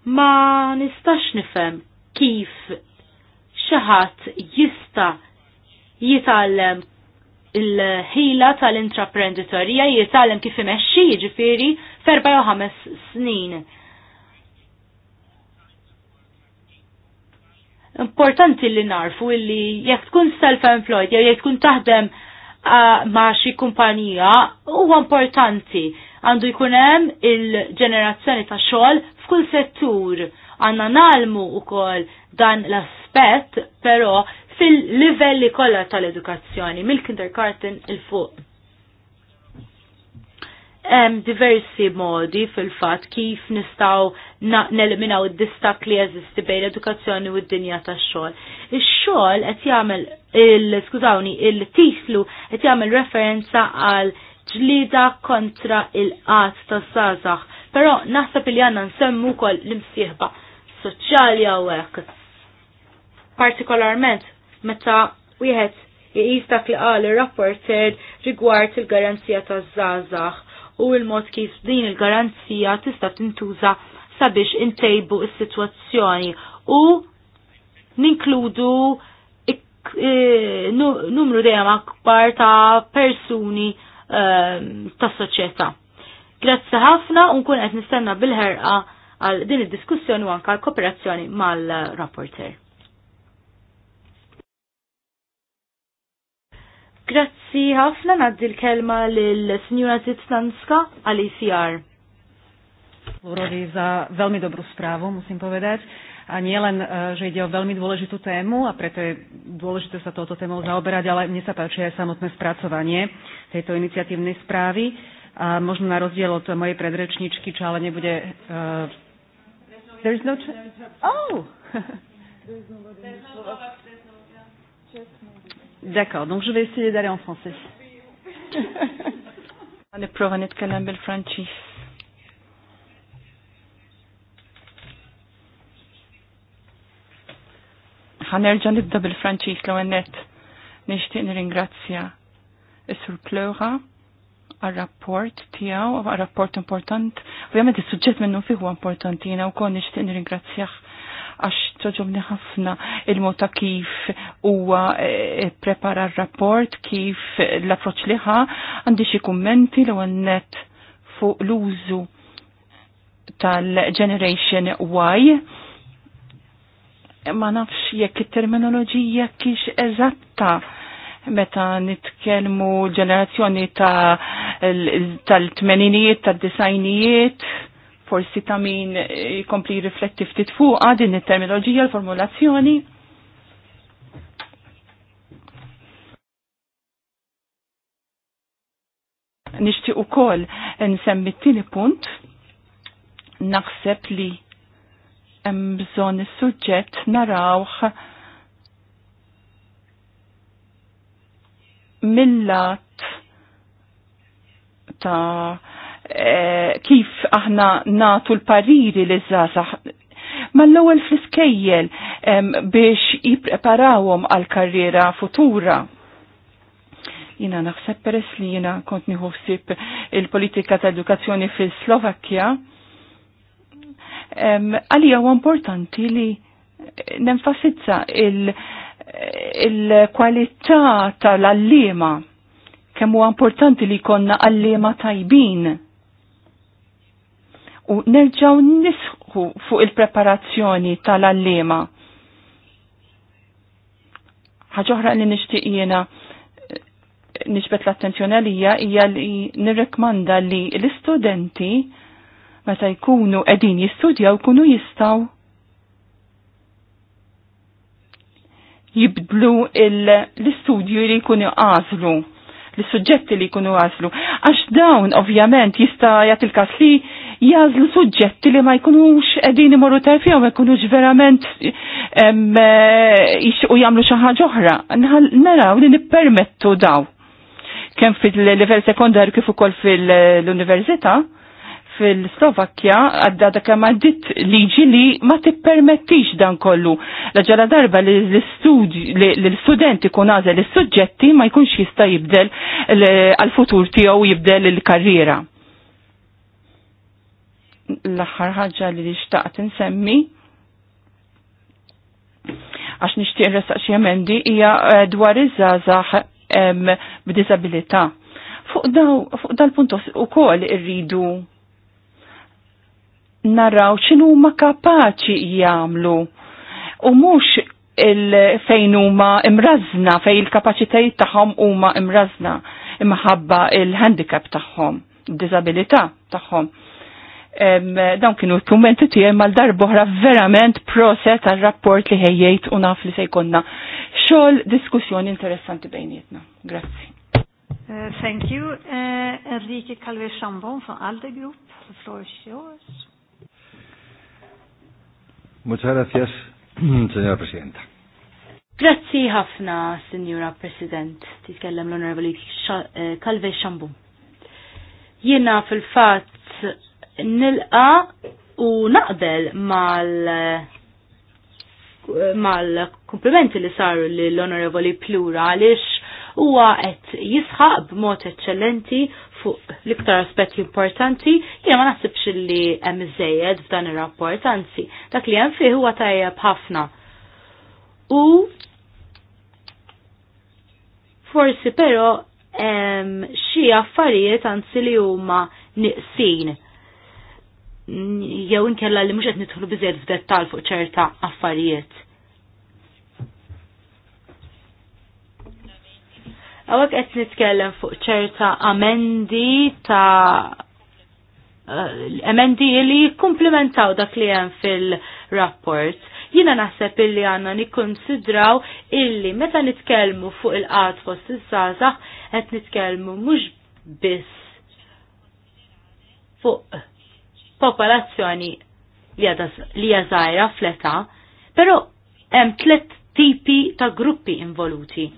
S4: ma nistax nifhem kif xi ħadd jista' jitgħallem il-ħila tal-intraprenditorija jitalem kif imexxi jiġifieri ferba jew ħames snin. Importanti li narfu illi jekk tkun self-employed jew jekk tkun taħdem ma' xi kumpanija huwa importanti għandu jkun hemm il-ġenerazzjoni ta' xogħol f'kull settur għandna nalmu wkoll dan l-aspett, però fil-livelli kollha tal-edukazzjoni, mill-kindergarten il-fuq. Hemm diversi modi fil-fatt kif nistgħu neliminaw id-distak li jeżisti bejn l-edukazzjoni u d-dinja tax-xogħol. Ix-xogħol qed jagħmel il-skużawni il tislu qed jagħmel referenza għal ġlida kontra il-qat tas-sażaħ, però naħseb li għandna nsemmu wkoll l-imsieħba soċjali hawnhekk partikolarment meta wieħed jqis dak li qal ir-rapporter rigward il-garanzija taż-żgħażagħ u l-mod kif din il-garanzija tista' tintuża sabiex intejbu is-sitwazzjoni u ninkludu e, numru dejjem akbar ta' persuni ehm, ta' soċjetà. Grazzi ħafna u nkun qed nistenna bil-ħerqa għal din id-diskussjoni u anke l-kooperazzjoni mal-rapporter. Grazzi ħafna naddi l-kelma l-Sinjura Zitzanska għal-ICR. Urodi za velmi dobru spravu, musim povedat. A nie len, že ide o veľmi dôležitú tému a preto
S1: je dôležité sa touto témou zaoberať, ale mne sa páči aj samotné spracovanie tejto iniciatívnej správy. A možno na rozdiel od mojej predrečničky, čo ale nebude... Uh,
S2: there's no... Oh! There's no oh! there's no... There's
S1: no... There's no... There's no...
S2: D'accord, donc je vais essayer d'aller en français. Niprofa nitkellem bil-Franċis. Ħanerġa' nibda bil-Franċis l net nixtieq nirringrazzja is-Sur Plewra għal-rapport tijaw, għal-rapport important. Ovvjament il-sujġet minnu fih huwa importanti jiena wkoll nixtieq nirringrazzjah għax toġobni ħafna il mota kif huwa e, e, prepara r-rapport, kif l-approċ liħa, għandi xi kummenti l għannet fuq l-użu tal-Generation Y. Ma nafx jekk it-terminoloġija kiex eżatta meta nitkellmu ġenerazzjoni tal-tmeninijiet, tal-disajnijiet, forsi ta' min jkompli rifletti ftit għadin din it-terminoloġija l-formulazzjoni. Nixtieq ukoll nsemmi t-tieni punt naħseb li hemm bżonn sujġet suġġett millat ta' Eh, kif aħna natu l-pariri li zazax ma l-ewwel fl-iskejjel biex jippreparawhom għal karriera futura. Jina naħseb peress li jina kont nieħu il-politika ta' edukazzjoni fil-Slovakkja. Għalija huwa importanti li nenfasizza il-kwalità il tal-allima kemm huwa importanti li jkollna allima tajbin u nerġaw nisħu fuq il-preparazzjoni tal allema Ħaġoħra li nixtieq jiena eh, nixbet l-attenzjoni għalija hija li nirrekmanda li l-istudenti meta jkunu qegħdin jistudjaw kunu jistgħu jibdlu l-istudju li jkunu għażlu l-suġġetti li jkunu għażlu. Għax dawn ovvjament jista' jagħti il-każ li jazlu suġġetti li ma jkunux edin imorru terfija ma jkunux verament eh, u jamlu xaħġa Nara Naraw li nippermettu daw. Kem fil-level sekondar kif ukoll fil-università, fil-Slovakkja għadda kemm għaddit liġi li ma tippermettix dan kollu. l ġara darba li l studenti kun għażel is-suġġetti ma jkunx jista' jibdel għal-futur tiegħu jibdel il-karriera l-aħħar ħaġa li xtaqt insemmi għax nixtieq resaq xi emendi hija eh, dwar iż żazax b'diżabilità. Fuq dal-punt ukoll irridu naraw xinu ma kapaċi jagħmlu u mhux fejn huma imrazna, fejn il-kapaċitajiet tagħhom huma imrazna imħabba il-handicap tagħhom, id-diżabilità tagħhom dawn kienu t-tumenti tijem mal darboħra verament proset għal rapport li ħejjejt u naf li sejkonna. Xol diskussjoni interessanti bejnietna. Grazzi. Uh, thank you. Uh, Enrique Calvé Chambon from ALDE Group. The floor is yours.
S1: Muchas gracias, señora Presidenta.
S4: Grazzi ħafna, Signora President. Titkellem l-Onorevoli eh, Calvé Chambon. Jena fil-fat nilqa u naqbel mal mal komplimenti li saru li l-onorevoli Plura għaliex huwa qed jisħaq b'mod eċċellenti fuq l-iktar aspetti importanti, jiena ma naħsibx li hemm iżejjed f'dan ir-rapport, anzi dak li hemm fih huwa tajjeb ħafna. U forsi però xi affarijiet anzi li huma niqsin jew inkella li mhux qed nidħlu biżejjed f'dettall fuq ċerta affarijiet. Għawek qed nitkellem fuq ċerta amendi ta' emendi eh, li jikkumplimentaw dak li hemm fil-rapport. Jina naħseb illi għanna nikkonsidraw illi meta nitkellmu fuq il-qad fost il żgħażagħ qed nitkellmu mhux biss fuq popolazzjoni li jazajra fl-età, però hemm tliet tipi ta' gruppi involuti.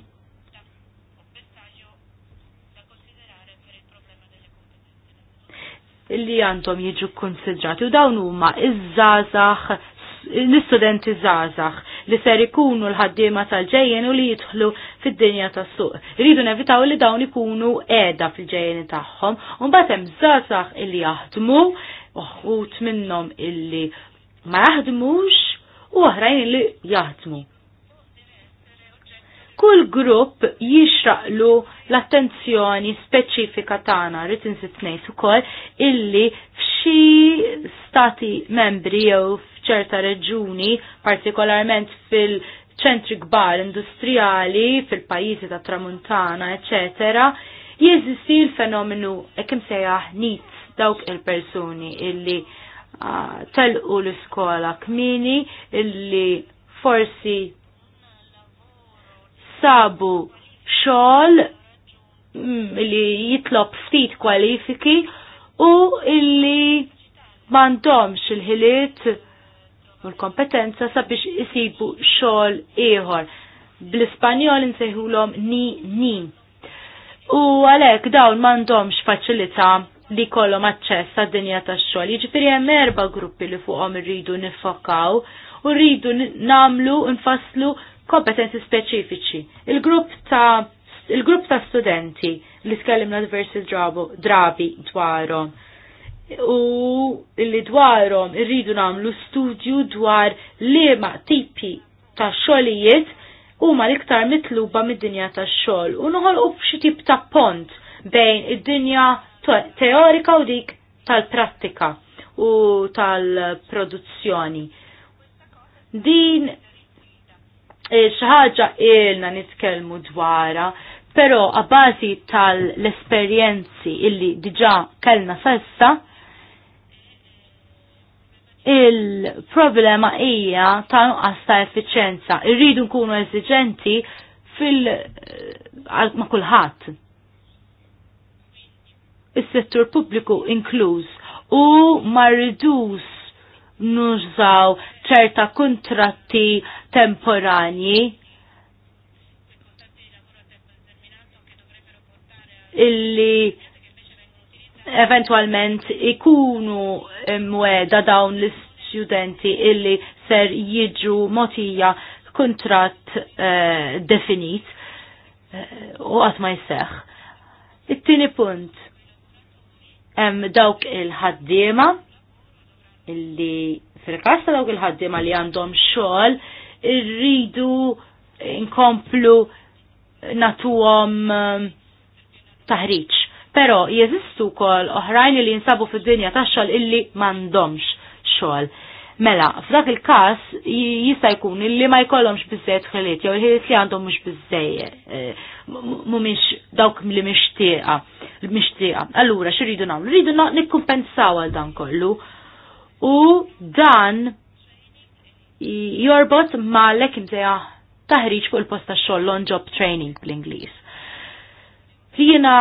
S4: li għandhom jiġu konsidrati u dawn huma iż-żazax, l-istudenti żazax li ser ikunu l-ħaddiema tal-ġejjen u li jidħlu fid-dinja tas-suq. Rridu nevitaw li dawn ikunu qiegħda fil-ġejjeni tagħhom, u mbagħad hemm żazax li jaħdmu uħut minnom illi ma jahdmux u oħrajn illi jaħdmu. Kull grupp jixraqlu l-attenzjoni speċifika tagħna rrid insit u ukoll illi f'xi stati membri jew f'ċerta reġuni, partikolarment fil- ċentri kbar industrijali fil-pajjiżi ta' tramuntana, eccetera, jeżisti l-fenomenu ekkim sejjaħ nit dawk il-persuni illi uh, telqu l-iskola kmini illi forsi sabu xogħol mm, illi jitlob ftit kwalifiki u illi m'għandhomx il-ħiliet u l-kompetenza sabiex isibu xogħol ieħor. Bl-Ispanjol insejħulhom ni ni. U għalhekk dawn m'għandhomx faċilità li kollom aċċess għad-dinja tax-xogħol. Iġifiri hemm erba' gruppi li fuqhom rridu niffokaw u rridu namlu nfasslu kompetenzi speċifiċi. Il-grupp ta' il-grupp ta' studenti li tkellimna diversi drabu, drabi dwarhom. U li dwarhom irridu namlu studju dwar liema tipi ta' xogħlijiet huma l-iktar mitluba mid-dinja tax-xogħol u noħolqu b'xi tip ta' pont bejn id-dinja teorika u dik tal-prattika u tal-produzzjoni. Din eh, xaħġa ilna nitkelmu dwara, pero għabazi tal-esperienzi illi diġa kellna sessa, il-problema hija ta' nuqqas ta' efficienza. Irridu nkunu eżiġenti fil- eh, ma' kulħadd is-settur pubbliku inkluż u ma rridux nużaw ċerta kontratti temporanji illi eventualment ikunu mweda dawn l-studenti illi ser jiġu motija kontrat uh, eh, definit eh, u uh, għatma jseħ. It-tini punt, hemm dawk il-ħaddiema illi fil-każ ta' dawk il-ħaddiema li għandhom xogħol irridu inkomplu natuhom taħriġ. Però jeżistu kol oħrajn li jinsabu fid-dinja tax-xogħol illi m'għandhomx xogħol. Mela, f'dak il-kas jista' jkun li ma jkollhomx biżejjed ħiliet jew il-ħiliet li għandhom mhux biżejjed eh, mhumiex dawk li mixtieqa mixtieqa. Allura x'iridu nagħmlu? Rridu nikkumpensaw għal dan kollu. U dan jorbot ma lek imdejja taħriġ fuq il-posta xogħol on job training bl-Ingliż. Jiena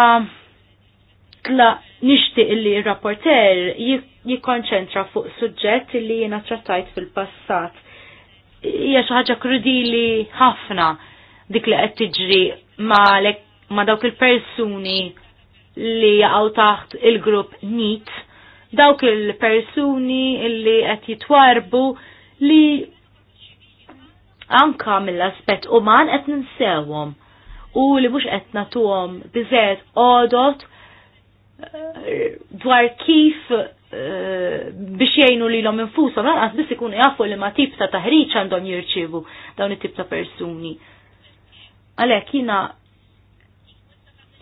S4: tla nixtieq li r-rapporter jik jikkonċentra fuq suġġett li jiena trattajt fil-passat. Hija xi ħaġa krudili ħafna dik li qed tiġri ma, ma dawk il-persuni li jaqgħu taħt il-grupp Nit, dawk il-persuni li qed jitwarbu li anka mill-aspett uman qed ninsewhom u li mhux qed nagħtuhom biżejjed għodot eh, dwar kif Eh, biex jajnu li l-om infusom, għas bis ikun jafu li ma tip ta' taħriċ għandhom jirċivu dawn it-tip ta' persuni. Għalek, jina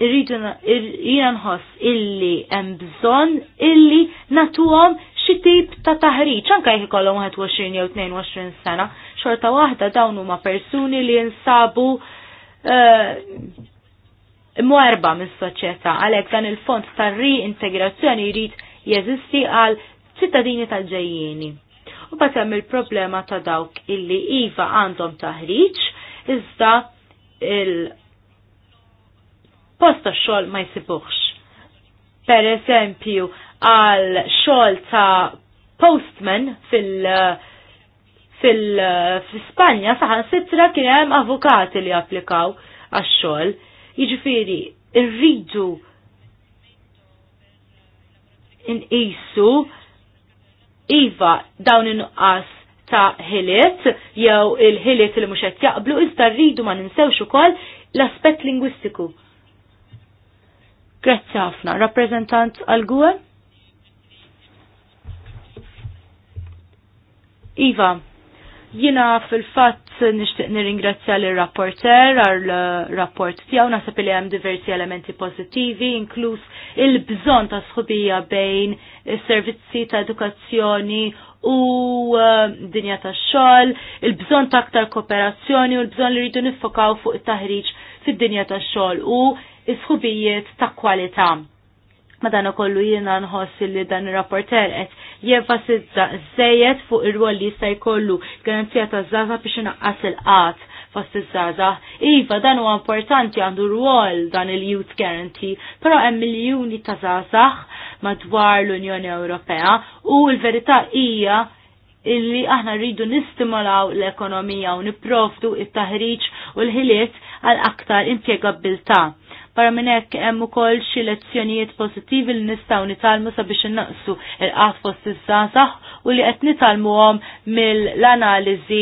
S4: jina nħoss illi hemm bżonn illi natuhom xi tip ta' taħriġ anke jekk ikollhom 21 jew 22 sena, xorta waħda dawn huma persuni li jinsabu uh, mwerba mis-soċjetà għalhekk dan il-fond tar-reintegrazzjoni jrid jeżisti għal ċittadini tal-ġejjieni. U batem il-problema ta' dawk illi iva għandhom taħriġ, iżda il-posta xol ma jisibuħx. Per eżempju, għal xol ta' postman fil- fil-Spanja saħan sitra kien hemm avukati li applikaw għax-xogħol. Jiġifieri rridu inqisu iva dawn inqas ta' ħiliet jew il-ħiliet li mhux qed jaqblu iżda rridu ma ninsewx ukoll l-aspett lingwistiku. Grazzi ħafna. Rappreżentant għal Iva, Jina fil-fatt nishtiq nir-ingrazzja l-rapporter għal-rapport tijaw, nasab li għam diversi elementi pozitivi, inklus il-bżon ta' sħubija bejn servizzi ta' edukazzjoni u eh, dinja ta' xol, il-bżon ta' aktar kooperazzjoni u l-bżon li rridu nifokaw fuq it-taħriġ fid-dinja ta' xol u sħubijiet ta' kwalità Madan kollu jiena nħoss li dan ir-rapporter qed jenfasizza żejjed fuq ir-rwol li jista' jkollu garanzija taż zaza biex naqqas il qat fost iż-żaza. Iva, dan huwa importanti għandu rwol dan il-Youth Guarantee, però hemm miljuni ta' żazax madwar l-Unjoni Ewropea u l-verità hija illi aħna rridu nistimolaw l-ekonomija u niprofdu it-taħriġ u l-ħiliet għal aktar impjegabilità. Barra minn hekk hemm ukoll xi lezzjonijiet pożittivi li nistgħu nitalmu sabiex innaqsu il-qaf fost iż-żgħażagħ u li qed nitalmuhom mill-analiżi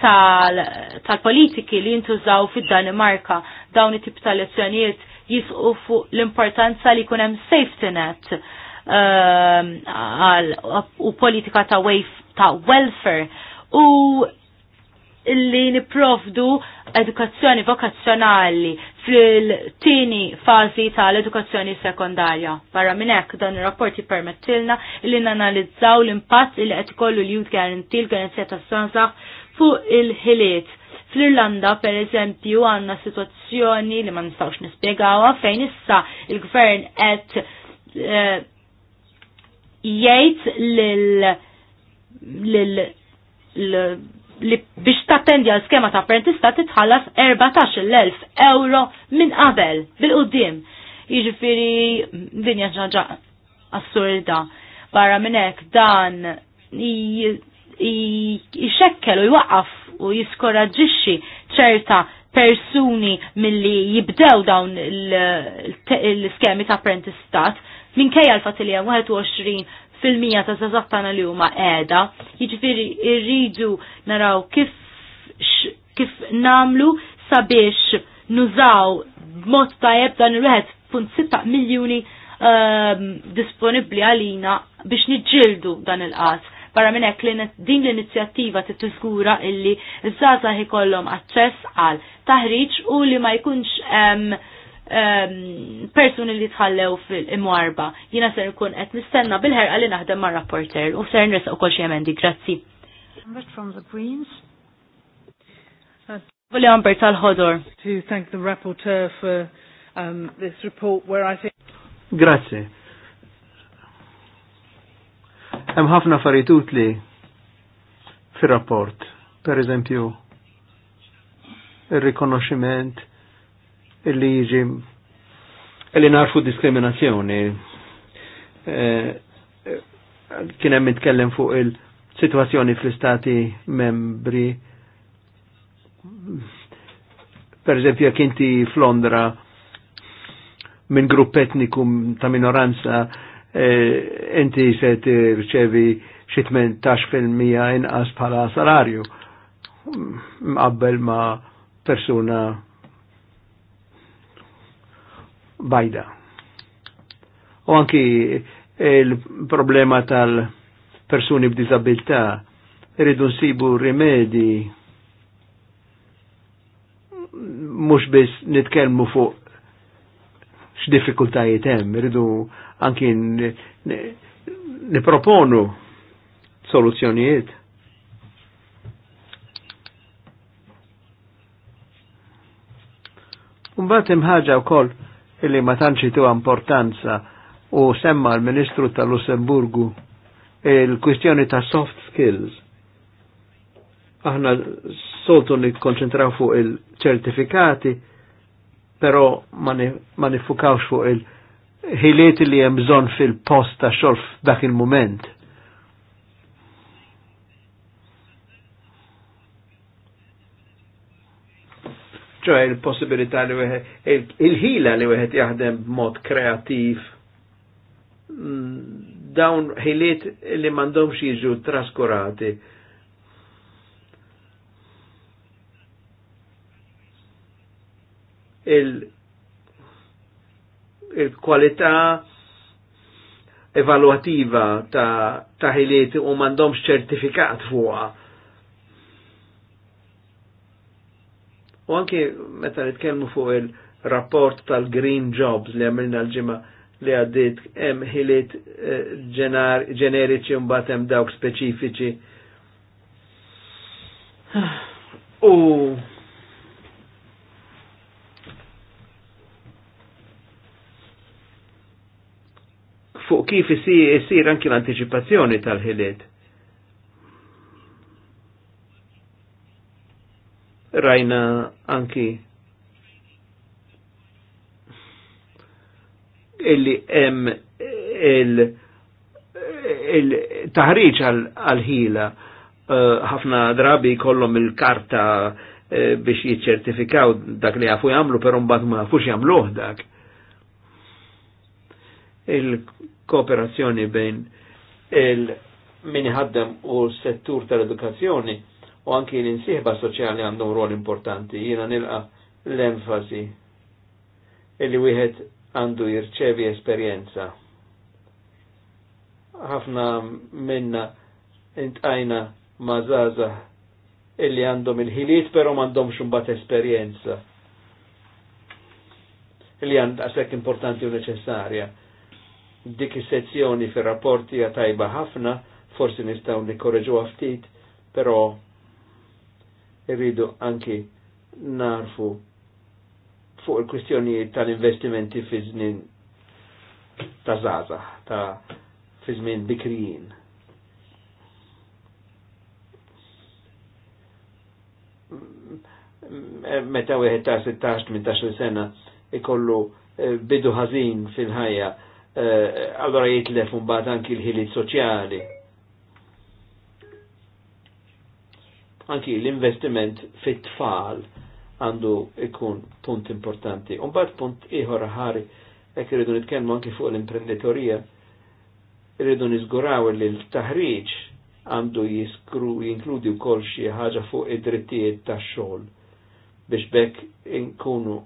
S4: tal-politiki li jintużaw fid-Danimarka dawn it-tip ta' lezzjonijiet jisqu fuq l-importanza li jkun hemm safety net ehm, u politika ta' ta' welfare u illi niprofdu edukazzjoni vokazzjonali fil-tini fazi tal-edukazzjoni sekondarja. Barra minn hekk dan ir-rapport jippermettilna li nanalizzaw l-impatt li qed ikollu l-Youth Guarantee l-Garanzija tas-Sansaħ fuq il-ħiliet. Fl-Irlanda, per eżempju, għanna situazzjoni li ma nistawx nispiegawa fejn issa il-gvern qed eh, jgħid lil lil li biex tattendja l skema ta' apprentista titħallas 14.000 euro minn qabel bil-qudiem. Jiġifieri dinja ġaġa assurda. Barra minn hekk dan jixekkel u jwaqqaf u jiskoraġġixxi ċerta persuni milli jibdew dawn l-skemi ta' apprentistat minkejja l fatilija 21 fil-mija ta' zazattana li huma qiegħda. Jiġifieri rridu naraw kif kif namlu sabiex nużaw b'mod tajjeb dan il sitta miljuni ehm, disponibbli għalina biex niġġildu dan il-qas. Barra minn hekk din l-inizjattiva tiżgura illi iż-żgħażagħ ikollhom aċċess għal taħriġ u li ma jkunx ehm, persuni li tħallew fil-imwarba. Jina ser kun qed nistenna bil-ħerqa li naħdem ma' rapporter u ser u kol xie emendi. Grazzi.
S2: Għalli the Greens.
S4: tal-ħodor.
S1: To thank the rapporteur for um, this report where I think.
S2: Grazie.
S3: Hemm ħafna affarijiet li fil rapport Per eżempju, il-rikonoximent, illi jiġi illi narfu diskriminazzjoni. Eh, kien hemm nitkellem fuq il-sitwazzjoni fl-istati membri. Per eżempju, jekk inti f'Londra minn grupp etniku ta' minoranza eh, inti se tirċevi xi 18% inqas bħala salarju mqabbel ma' persuna bajda. U anki il-problema tal-persuni b'disabilità rridu nsibu rimedi mhux biss nitkellmu fuq x'diffikultajiet hemm, irridu anki niproponu soluzzjonijiet. bat hemm u wkoll illi ma tantx tu importanza u semma l-Ministru tal-Lussemburgu il-kwistjoni ta' soft skills. Aħna soltu nikkonċentraw fuq il-ċertifikati, pero ma nifukawx fuq il-ħiliet li hemm bżonn fil-post ta' xolf dak il-moment. ċoħe il-possibilità li weħe, il-ħila li wieħed jaħdem b'mod kreativ mm, dawn ħiliet li m'għandhomx jiġu traskurati. Il-kwalità il evaluativa ta' ħiliet u m'għandhomx ċertifikat fuqha U anki meta nitkellmu fuq il-rapport tal-Green Jobs li għamilna l-ġimgħa li għaddit hemm ħiliet eh, ġeneriċi u mbagħad hemm dawk speċifiċi.
S1: U
S3: fuq kif isir anki l-antiċipazzjoni tal-ħiliet. Rajna anki illi hemm il- il-taħriġ għal-ħila eh, ħafna drabi kollom il-karta eh, biex jiċċertifikaw dak li jafu jamlu, per mbagħad ma jafux jagħmluh dak. Il-kooperazzjoni bejn il mini ħaddem u s-settur tal-edukazzjoni u anki l-insieħba soċjali għandhom rol importanti, jina nilqa l-enfasi illi wieħed għandu jirċevi esperjenza. Ħafna minna intqajna mażaza illi għandhom il-ħiliet però m'għandhomx xumbat esperjenza. Illi għandha għasek importanti u neċessarja. Dik is-sezzjoni fir-rapporti hija tajba ħafna, forsi nistgħu nikkoreġuha ftit, però irridu anki narfu fuq il-kwistjonijiet tal-investimenti fi żmien ta' zaza, ta' fi żmien bikrijin. Meta wieħed ta' 16-18 sena ikollu eh, bidu ħażin fil-ħajja, eh, allora jitlef mbagħad anki l-ħiliet soċjali. anki l-investiment fit-tfal għandu ikun punt importanti. Umbat punt iħor ħari, ekk rridu nitkellmu anki fuq l-imprenditorija, rridu nizguraw li l-taħriġ għandu jinkludi wkoll xi ħaġa fuq id-drittijiet tax-xogħol biex bekk inkunu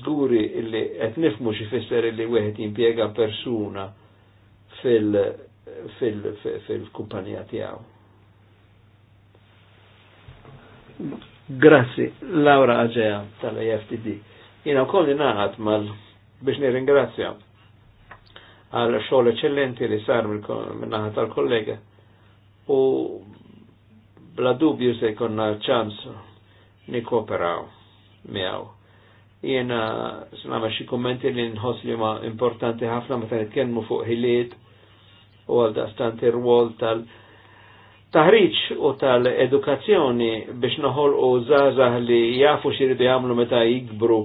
S3: żguri li qed nifmu xi fisser li wieħed jimpjega persuna fil-kumpanija fil, fil, fil tiegħu Grazzi, Laura Aġea tal-AFTD. Jina u kolli naħat mal biex nir-ingrazzja għal xogħol eccellenti li sar minnaħat tal-kollega. U bla dubju se jkonna ċans nikoperaw miaw. Jena s-nama xie kommenti li nħos li ma importanti ħafna meta kenmu fuq ħiliet u għal dastanti r-wol tal- taħriċ u tal-edukazzjoni biex noħol u zazah li jafu xiridu jamlu meta jikbru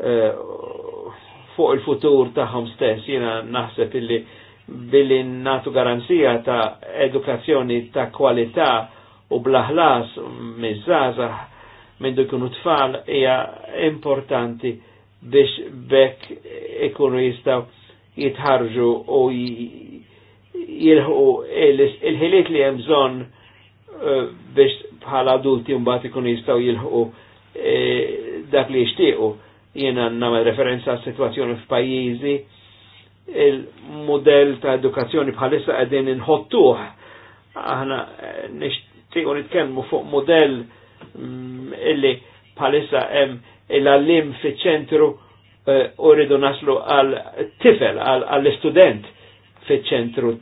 S3: eh, fuq il-futur taħħom stess, jina naħseb illi billi natu garanzija ta' edukazzjoni ta' kwalità u blaħlas mizzaza minn dukunu tfal hija importanti biex bekk ikunu jistaw jitħarġu u jilħu il-ħiliet li hemm bżonn eh, biex bħala adulti mbagħad ikun jistgħu jilħu eh, dak li jixtiequ. Jiena nagħmel referenza għas sitwazzjoni f'pajjiżi il-modell ta' edukazzjoni bħalissa qegħdin inħottuh. Aħna nixtiequ nitkellmu fuq modell mm, illi bħalissa hemm il-għallim fiċ-ċentru eh, u rridu naslu għal tifel, għal student fil ċentru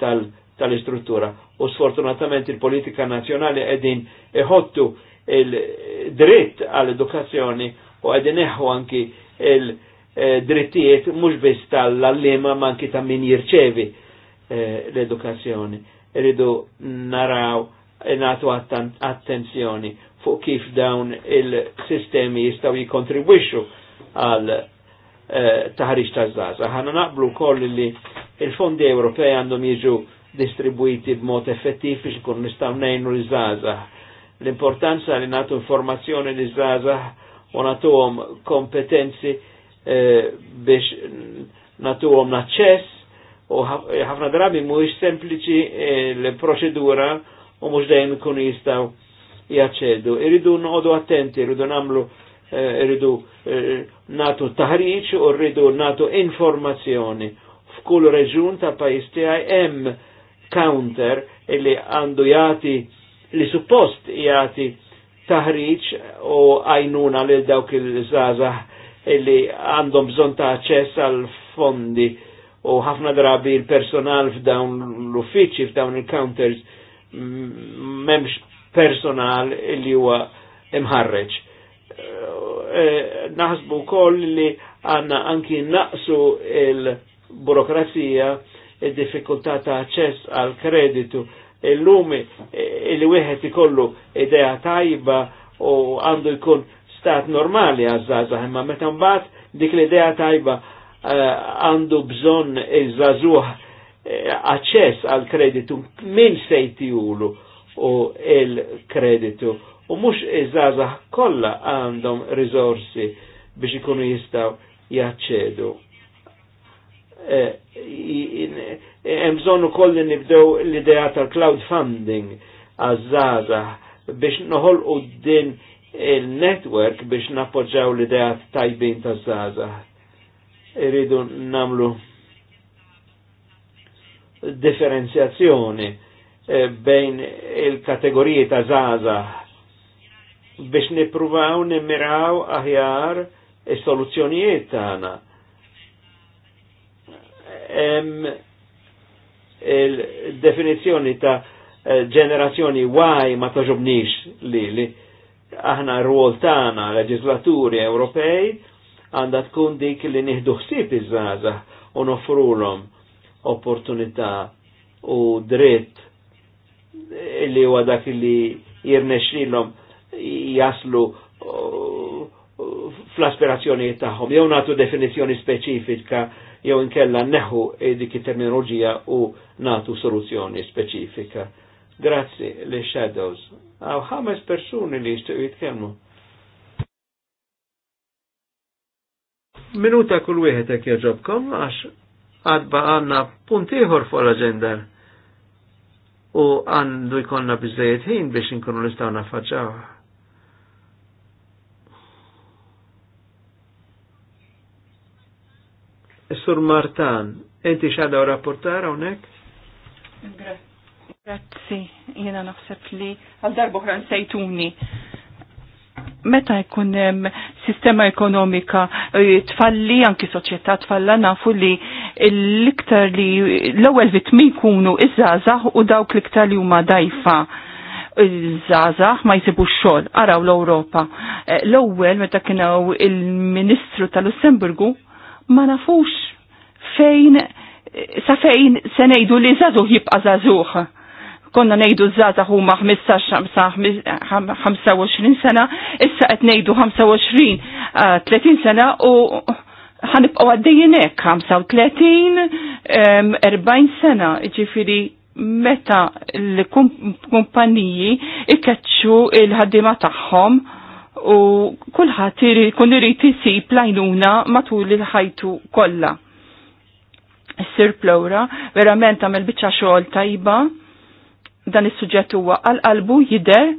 S3: tal-istruttura. u sfortunatament il-politika nazjonali edin iħottu il-dritt għall-edukazzjoni u għedin eħu anki il-drittijiet mux biss tal-allima ma anki ta' min jirċevi eh, l-edukazzjoni. Ridu naraw natu attenzjoni fuq kif dawn il-sistemi jistaw jikontribwixu għal taħriċ eh, taħriġ ta' zaza. Ħana naqblu koll li il-fondi Ewropej għandhom jiġu distribuiti b'mod effettiv biex ikun nistgħu ngħinu l żgħażagħ L-importanza li nagħtu informazzjoni l żgħażagħ u nagħtuhom kompetenzi eh, biex nagħtuhom naċċess u eh, ħafna drabi mhuwiex sempliċi eh, l-proċedura u mhux dejjem ikunu jistgħu jaċċedu. Iridu noqogħdu attenti, iridu nagħmlu irridu natu taħriċ u rridu natu informazzjoni f'kull reġun ta' pajis tiegħi hemm counter illi għandu jati li suppost jati taħriċ u għajnuna lil dawk il-żaza illi għandhom bżon ta' ċess għal fondi u ħafna drabi il-personal f'dawn l-uffiċi f'dawn il-counters memx personal illi huwa imħarreċ. Eh, eh, naħsbu koll li għanna anki naqsu il- burokrazija, il-diffikultà ta' aċċess għal kreditu, il lumi e, il wieħed ikollu idea tajba u għandu jkun stat normali għazzaza, ma metan bat dik l-idea tajba e, għandu bżon iż-żażuħ e, aċċess għal kreditu minn sejti ulu u il-kreditu u mux iż-żaza kollha għandhom risorsi biex ikunu jistaw jaċċedu Eh, eh, hemm bżonn ukoll li nibdew l-idea tal-crowdfunding għaż-żaża biex noħolqu din il-network biex nappoġġaw l-idea tajbin ta' zaza. Irridu namlu differenzjazzjoni eh, bejn il-kategoriji ta' zaza biex nipruvaw nimmiraw aħjar is-soluzzjonijiet tagħna il-definizjoni ta' eh, ġenerazzjoni Y ma taġobnix li li aħna rwol tagħna leġislaturi Ewropej għandha tkun dik li nieħdu ħsieb iż-żgħażagħ u nofrulhom opportunità u dritt li huwa dak li jirnexxilhom jaslu uh, fl-aspirazzjonijiet tagħhom. Jew nagħtu definizzjoni speċifika jew inkella neħu eh, dik terminoloġija u natu soluzzjoni speċifika. Grazzi li shadows. Għaw ħames persuni li jistgħu jitkellmu. Minuta kull wieħed hekk jaġobkom għax għadba għanna punt ieħor fuq l-aġenda u għandu jkollna biżejjed ħin biex inkunu nistgħu naffaġġaw. Sur Martan, enti xadaw rapportar għonek?
S2: Grazzi, jena naħseb li għal-darbohra nsejtuni. Meta jkun sistema ekonomika e, tfalli, anki soċjetà tfalla nafu li l-iktar li l-ewwel vitmi jkunu iż-żgħażagħ u dawk l-iktar li huma dajfa iż-żgħażagħ ma jsibux xogħol. Araw l-Ewropa. E, l-ewwel meta kienew il-Ministru tal-Lussemburgu ma nafux fejn sa fejn se nejdu li zazu jibqa zazuħ. Konna nejdu zazuh huma 15-25 sena, issa qed nejdu 25-30 sena u ħanibqa għaddejjinek 35-40 sena, ġifiri meta l kumpanniji ikkaċċu il-ħaddima tagħhom u kulħadd kun irid isib lajnuna matul il-ħajtu kollha. Sir Plowra verament għamel biċċa xogħol tajba dan is-suġġett huwa għal qalbu jidher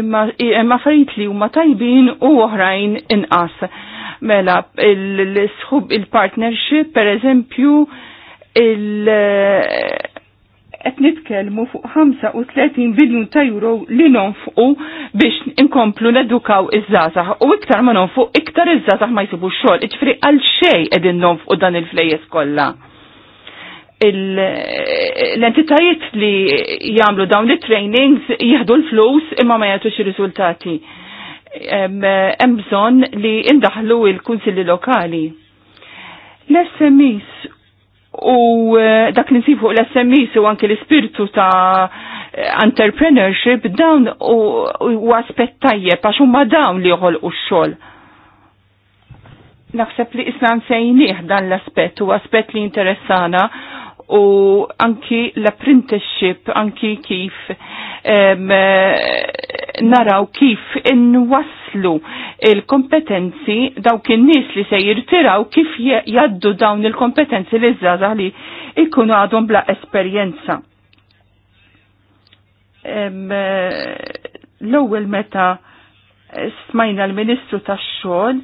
S2: imma imma farit li huma tajbin u oħrajn inqas. Mela il-sħub il-partnership per eżempju il-, il qed nitkellmu fuq 35 biljun ta' euro li nonfqu biex inkomplu nedukaw iż-żgħażagħ u iktar ma nonfuq iktar iż-żgħażagħ ma jsibu xogħol, iġifieri għal xejn qegħdin nonfqu dan il-flejjes kollha. L-entitajiet li jagħmlu dawn it-trainings jieħdu l-flus imma ma jagħtux ir-riżultati. Hemm bżonn li indaħlu il-kunsilli lokali. l smis u eh, dak li nsibu l-SMEs u anki l-ispirtu ta' eh, entrepreneurship dawn u, u aspett tajjeb għax huma dawn li uħol u xogħol. Naħseb li isna nsejnieh dan l-aspett u aspett li interessana u anki l-apprenticeship, anki kif eh, naraw kif inwaslu il-kompetenzi dawk in-nies li se jirtiraw kif jaddu dawn il-kompetenzi li żgħażagħ li jkunu għadhom bla esperjenza. Eh, l-ewwel meta smajna l-Ministru tax-xogħol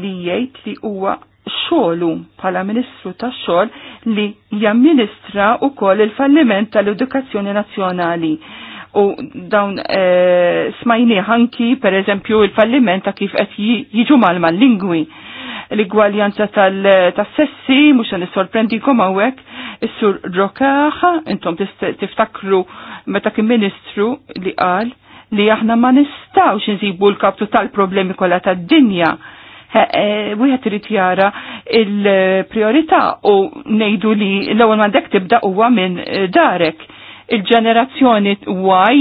S2: li jgħid li huwa xogħlu bħala Ministru tax-xogħol li jamministra wkoll il-falliment tal-Edukazzjoni Nazzjonali u dawn e, smajni ħanki per eżempju il-falliment ta' kif qed jiġu malma lingwi l-igwaljanza tal-sessi, mux għan sorprendikom għawek, s-sur Rokaħ, intom tiftakru meta kien ministru li qal li aħna ma nistawx nżibu l-kaptu tal-problemi kollha tad-dinja. E, wieħed irid jara il-priorità u ngħidu li l-ewwel m'għandek tibda huwa minn eh, darek il-ġenerazzjoni waj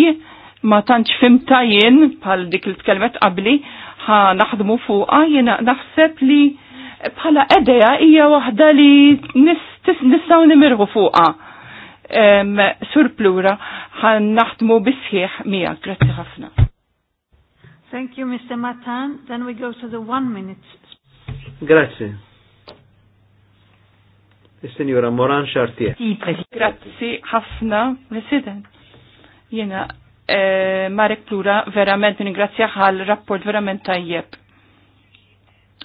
S2: ma tantx fimta jien bħal dik li tkellmet qabli ħa naħdmu fuqha jiena naħseb li bħala edeja hija waħda li nistgħu nimirħu fuqha. Sur plura ħan naħdmu bisħieħ miegħek. Grazzi ħafna.
S1: Thank you, Mr. Matan. Then we
S2: go to the one minute.
S3: Grazie il-Senjura Moran Xartier.
S2: Grazzi ħafna, President. Jena, eh, Marek Plura, verament ningrazzja għal rapport verament tajjeb.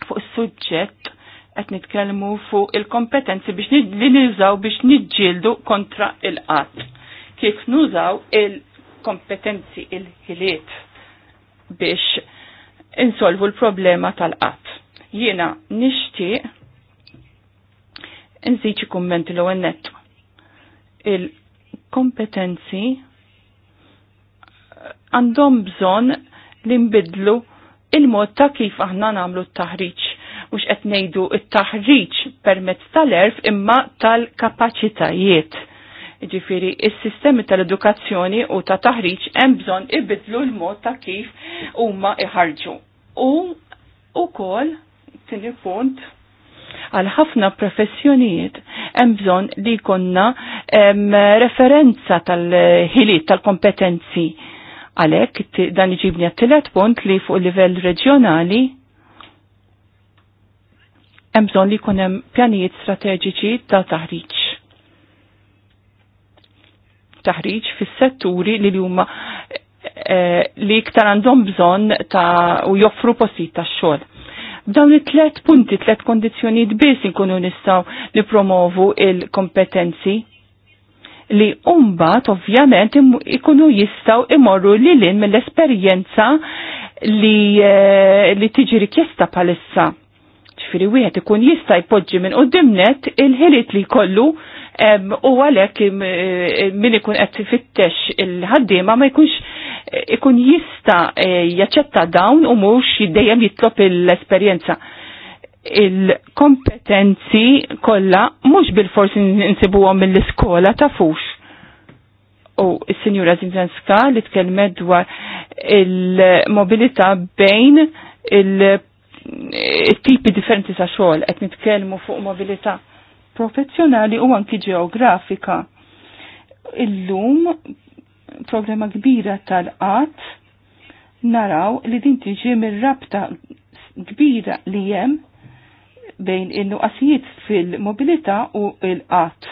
S2: Fuq is-suġġett qed nitkellmu fuq il-kompetenzi biex li nużaw biex niġġieldu kontra il-qatt. Kif nużaw il-kompetenzi il-ħiliet biex insolvu l-problema tal-qatt. Jiena nixtieq Nżid kummenti l net. Il-kompetenzi għandhom bżonn li nbidlu il-mod ta' kif aħna nagħmlu t-taħriġ mux qed ngħidu it-taħriġ permezz tal-erf imma tal-kapaċitajiet. Ġifiri, is-sistemi tal-edukazzjoni u ta' taħriġ hemm bżonn ibidlu l-mod ta' kif huma iħarġu. U ukoll tini punt għal ħafna professjonijiet hemm bżonn li jkollna referenza tal-ħiliet tal-kompetenzi. Għalhekk dan iġibni għat-tielet punt li fuq livell reġjonali hemm bżonn li jkun hemm pjanijiet strateġiċi ta' taħriġ. Taħriġ fis-setturi li huma eh, li iktar għandhom bżonn ta' u joffru postijiet tax-xogħol Dawn it-tlet punti, tlet kondizjoniet biss inkunu nistaw promovu il-kompetenzi li umbat ovvjament ikunu jistaw imorru li lin mill-esperjenza li, eh, li tiġi rikjesta palissa. Ġifiri wieħed ikun jista' jpoġġi minn qudiemnet il-ħiliet li kollu u għalhekk eh, min ikun qed fittex il-ħaddiema ma jkunx ikun jista eh, jaċetta dawn u mhux dejjem jitlob l-esperjenza. Il-kompetenzi kollha mhux bil-forsi insibuhom mill-iskola tafux. U s-Sinjura Zinzanska li tkellmet dwar il-mobilità bejn il-tipi differenti sa' xogħol qed nitkellmu fuq mobilità professjonali u anki ġeografika illum problema kbira tal-qat naraw li din tiġi mir-rabta kbira li jem bejn il nuqasijiet fil-mobilità u l-qat.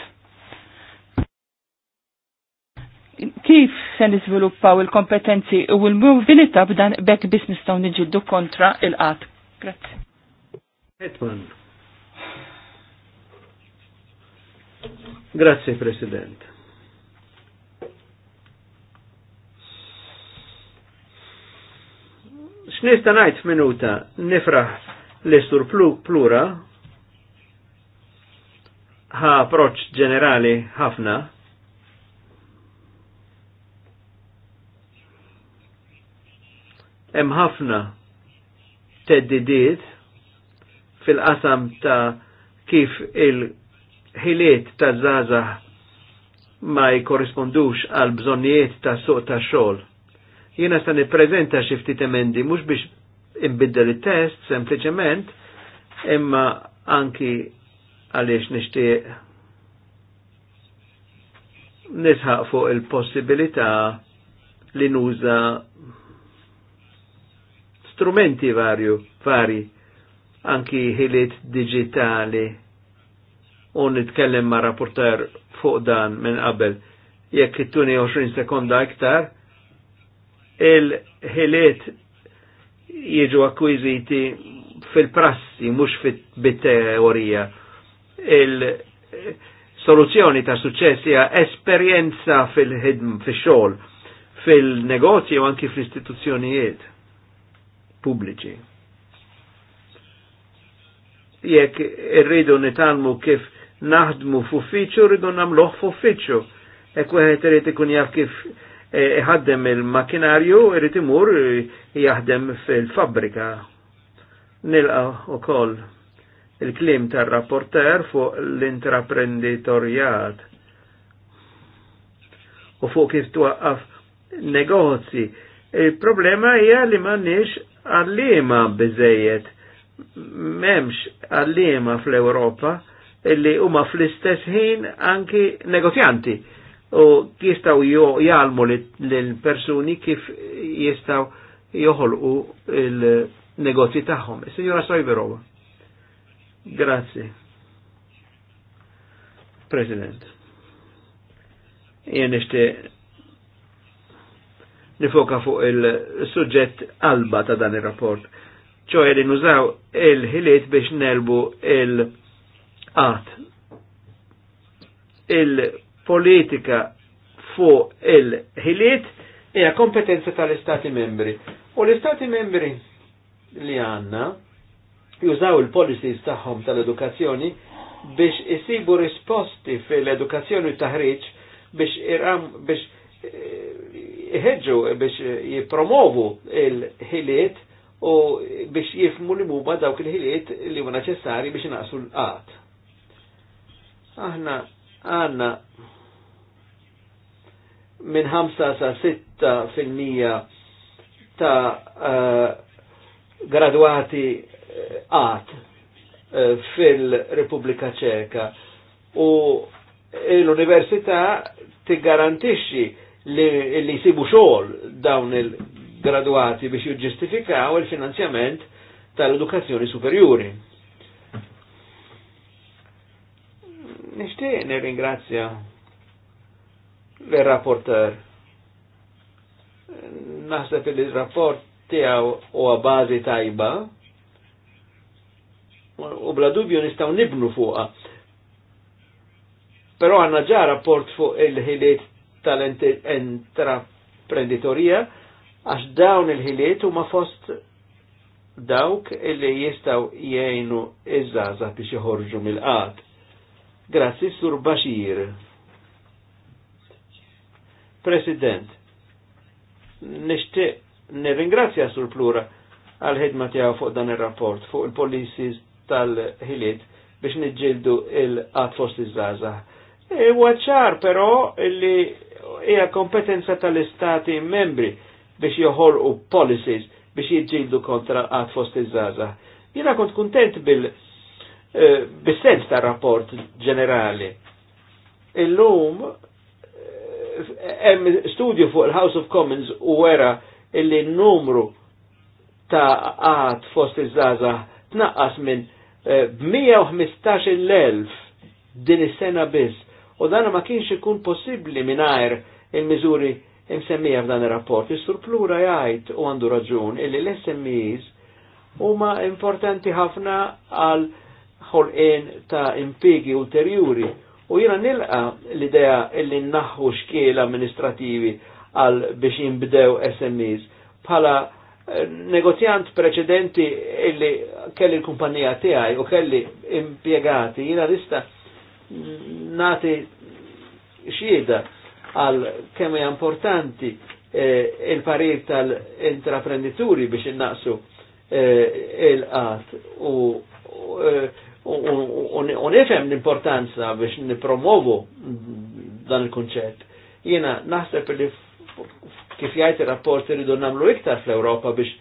S2: Kif se niżviluppaw il-kompetenzi u l mobilita b'dan back business ta' niġiddu kontra il-qat? Grazzi.
S3: Hetman. Grazie President. X'nista' ngħid minuta nifraħ l-istur plura ħa proċ ġenerali ħafna hemm ħafna teddidiet fil-qasam ta' kif il-ħiliet ta' zaza ma jkorrispondux għal bżonnijiet ta' suq ta' xogħol Jiena sa nippreżenta xi ftit emendi mhux biex inbiddel it-test sempliċement, imma anki għaliex nixtieq nisħaq fuq il-possibilità li nuża strumenti varju, vari, anki ħiliet digitali u nitkellem ma' rapporter fuq dan minn qabel. Jekk ittuni 20 sekonda iktar, il-ħiliet jieġu akkwiziti fil-prassi, mux fil teorija Il-soluzzjoni ta' suċess hija esperjenza fil-ħidm, fil xol fil negozji u anki fil istituzzjonijiet pubbliċi. Jekk irridu nitalmu kif naħdmu f'uffiċċju, rridu namluħ f'uffiċċju. Hekk wieħed irid ikun jaf kif E, iħaddem il-makinarju irrit imur jaħdem fil-fabbrika. Nilqa ukoll il-klim tar-rapporter fuq l-intraprenditorjat u fuq kif twaqqaf negozji. Il-problema hija li m'għandniex għallima biżejjed memx għallima fl-Europa illi huma fl-istess ħin anki negozjanti u jistaw jgħalmu l-persuni kif jistaw joħolqu il-negozji tagħhom. Signora Sojverova. Grazie. President. Jien nixti nifoka fuq il-suġġett alba ta' dan ir-rapport. ċoħe li nużaw il-ħiliet biex nelbu il-qat. il politika fuq il-ħiliet hija kompetenza tal-Istati membri. U l-Istati membri li għanna jużaw il-policies tagħhom tal-edukazzjoni biex isibu risposti fil-edukazzjoni taħriġ biex iram biex eh, iħedġu biex eh, jipromovu il-ħiliet u biex jifmu li mumma dawk il-ħiliet li huma neċessari biex naqsu l-qat. Aħna għanna minn 5 sa 6 fil-mija ta' eh, graduati eh, għat eh, fil-Repubblika Ċeka u l-Università tigarantixxi li, li jsibu xogħol dawn il-graduati biex jiġġustifikaw il-finanzjament tal-edukazzjoni superjuri. Nixtieq nirringrazzja l-rapporter. Naħseb li l-rapport tiegħu huwa bażi tajba u bla dubju nistgħu nibnu fuqha. Però għandna ġara rapport fuq il-ħiliet tal-intraprenditorija għax dawn il-ħiliet huma fost dawk illi jistaw jgħinu iż-żaza biex joħorġu mill-qad. Grazzi Sur Bashir. President, nishtiq nirringrazzja sur plura għal-ħidma tijaw fuq dan ir-rapport fuq il-policies tal-ħiliet biex niġġieldu il atfosti fost iż e però li hija kompetenza tal-istati membri biex joħolqu policies biex jiġġieldu kontra qatt fost iż-żgħażagħ. Jiena kont kontent bil- eh, bis-sens rapport ġenerali. Illum hemm studju fuq il-House of Commons u wera illi numru ta' għad fost iż-żaza tnaqqas minn eh, b-115.000 din is-sena biss. U dan ma kienx ikun possibbli mingħajr il-miżuri imsemmija f'dan ir-rapport. Is-sur plura jgħid u għandu raġun illi l-SMEs huma importanti ħafna għal ħolqien ta' impigi ulterjuri U jina nilqa l-idea illi naħħu xkiel amministrativi għal biex jimbdew SMEs bħala eh, negozjant preċedenti illi kelli l-kumpanija tiegħi u kelli impiegati jina rista nati xieda għal kemm hija importanti eh, il-parir tal-intraprendituri biex innaqsu eh, il-qat u, u nifem l-importanza biex nipromovu dan il-kunċett. Jena naħseb li kif jajti rapporti rapport iridu nagħmlu iktar fl europa biex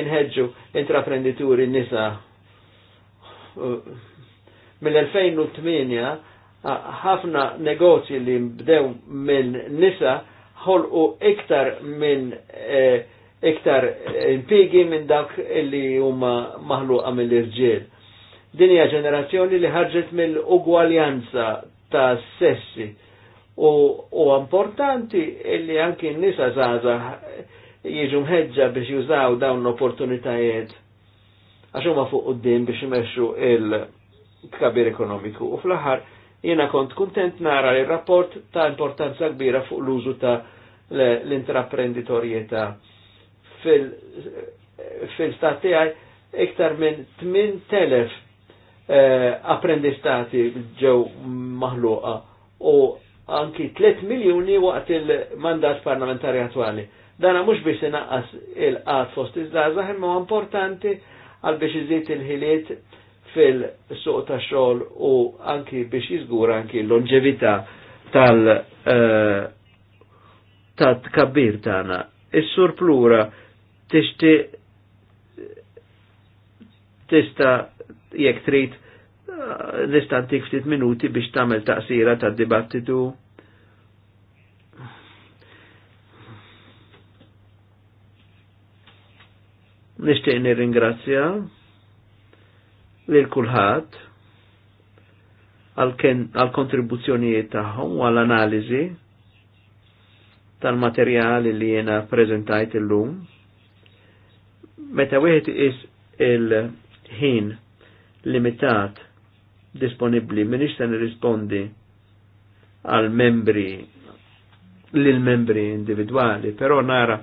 S3: inħedġu intraprendituri nisa mill-2008 ħafna negozji li bdew minn nisa ħolqu iktar minn e, iktar impigi minn dak li huma maħluqa mill-irġiel Din hija ġenerazzjoni li ħarġet mill-ugwaljanza ta' sessi u, u importanti illi anki n-nisa żgħażagħ jiġu mħeġġa biex jużaw dawn l-opportunitajiet għax huma fuq quddiem biex imexxu il-kabir ekonomiku. U fl-aħħar jiena kont kontent nara li rapport ta' importanza kbira fuq l-użu ta' l intraprenditorieta fil-stat fil iktar minn 8000 Eh, apprendistati ġew maħluqa u anki 3 miljoni waqt il-mandat parlamentari attwali. Dana mux biex inaqqas il-qat fost iż-żgħażagħ imma importanti għal biex iżid il-ħiliet fil-suq ta' xogħol u anki biex jiżgura anki l-longevità tal uh, eh, ta' tkabbir tagħna. Is-sur plura tista' jekk trid nistantik eh, ftit minuti biex tagħmel taqsira tad-dibattitu. Nixtieq nirringrazzja lil kulħadd għal kontribuzzjonijiet tagħhom u għal analiżi tal-materjali li jena prezentajt il-lum. Meta wieħed is il-ħin limitat disponibli minix se nirrispondi għal membri lil membri individuali, però nara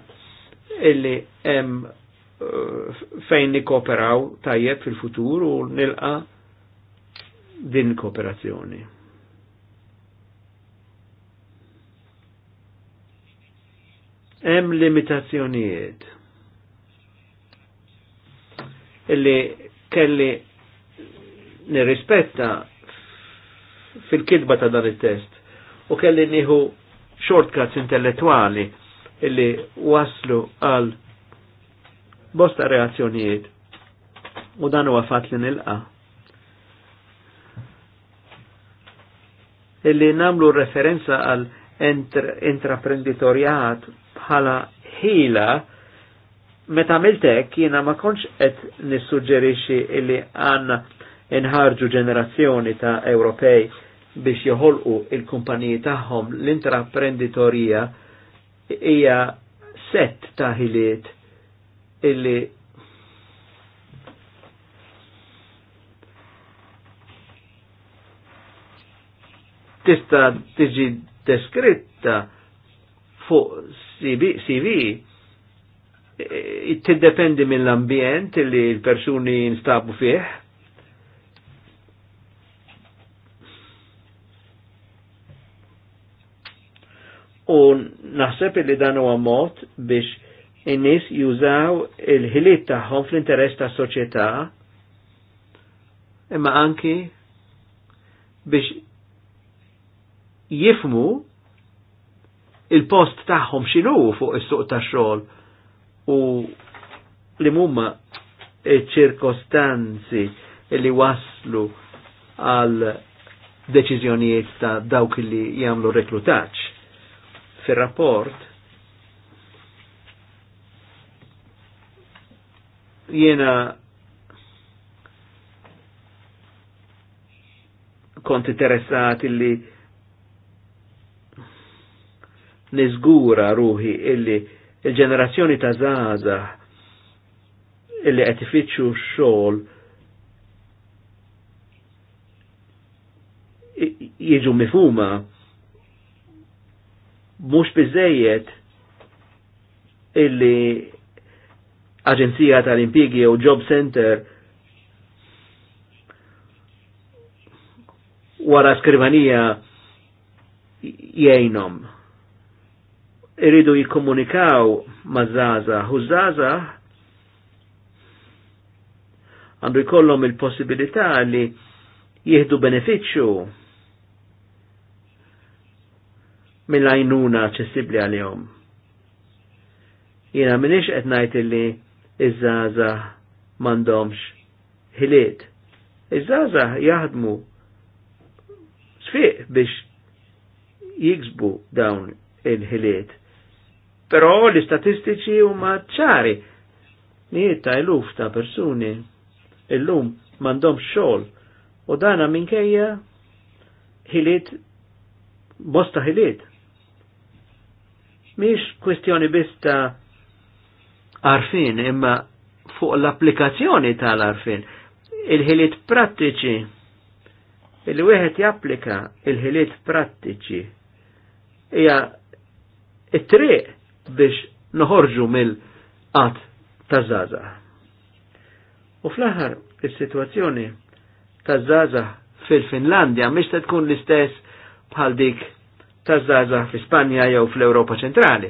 S3: illi hemm eh, fejn nikoperaw tajjeb fil-futur u nilqa din kooperazzjoni. Hemm limitazzjonijiet illi kelli nirrispetta fil-kidba ta' dan il-test u kelli nieħu shortcuts intellettuali illi waslu għal bosta reazzjonijiet u dan huwa fatt li nilqa. Illi namlu referenza għal intraprenditorjat bħala ħila meta għamiltek jiena ma konċ qed nissuġġerixxi illi għandna inħarġu ġenerazzjoni ta' Ewropej biex joħolqu il-kumpaniji tagħhom l-intraprenditorija hija set ta' ħiliet illi tista tiġi deskritta fuq CV, It e, e, tiddependi mill-ambjent li l-persuni jinstabu fih u naħseb li dan huwa mod biex in-nies jużaw il-ħiliet tagħhom fl-interess tas-soċjetà imma anki biex jifmu il-post tagħhom xinu fuq is-suq tax-xogħol u li mumma ċirkostanzi li waslu għal deċiżjonijiet ta' dawk li jagħmlu reklutaġġ fil-rapport jena kont interessat illi nizgura ruħi illi il-ġenerazzjoni ta' zaza illi qed ifittxu xogħol jiġu mifhuma mhux biżejjed illi Aġenzija tal-Impjegi u Job Center wara skrivanija jajnom. Iridu jikkomunikaw ma' Zaza, u Zaza għandu jkollhom il-possibilità li jieħdu beneficju mill-għajnuna ċessibli għal-jom. Jena minix etnajt illi iż-żaza mandomx ħiliet. Iż-żaza jaħdmu sfiq biex jiksbu dawn il-ħiliet. Però l-istatistiċi huma ċari. Nijiet ta' iluf ta' persuni illum mandom xogħol u dana minkejja ħiliet bosta ħiliet miex kwestjoni biss ta' arfin, imma fuq l-applikazzjoni tal-arfin, il-ħiliet prattiċi, il-wieħed japplika il-ħiliet prattiċi, hija it-triq biex noħorġu mill-qat ta' zaza. U fl-aħħar is-sitwazzjoni ta' zaza fil-Finlandja mhix tkun l-istess bħal dik ta' zaza fi Spanja jew fl-Europa ċentrali.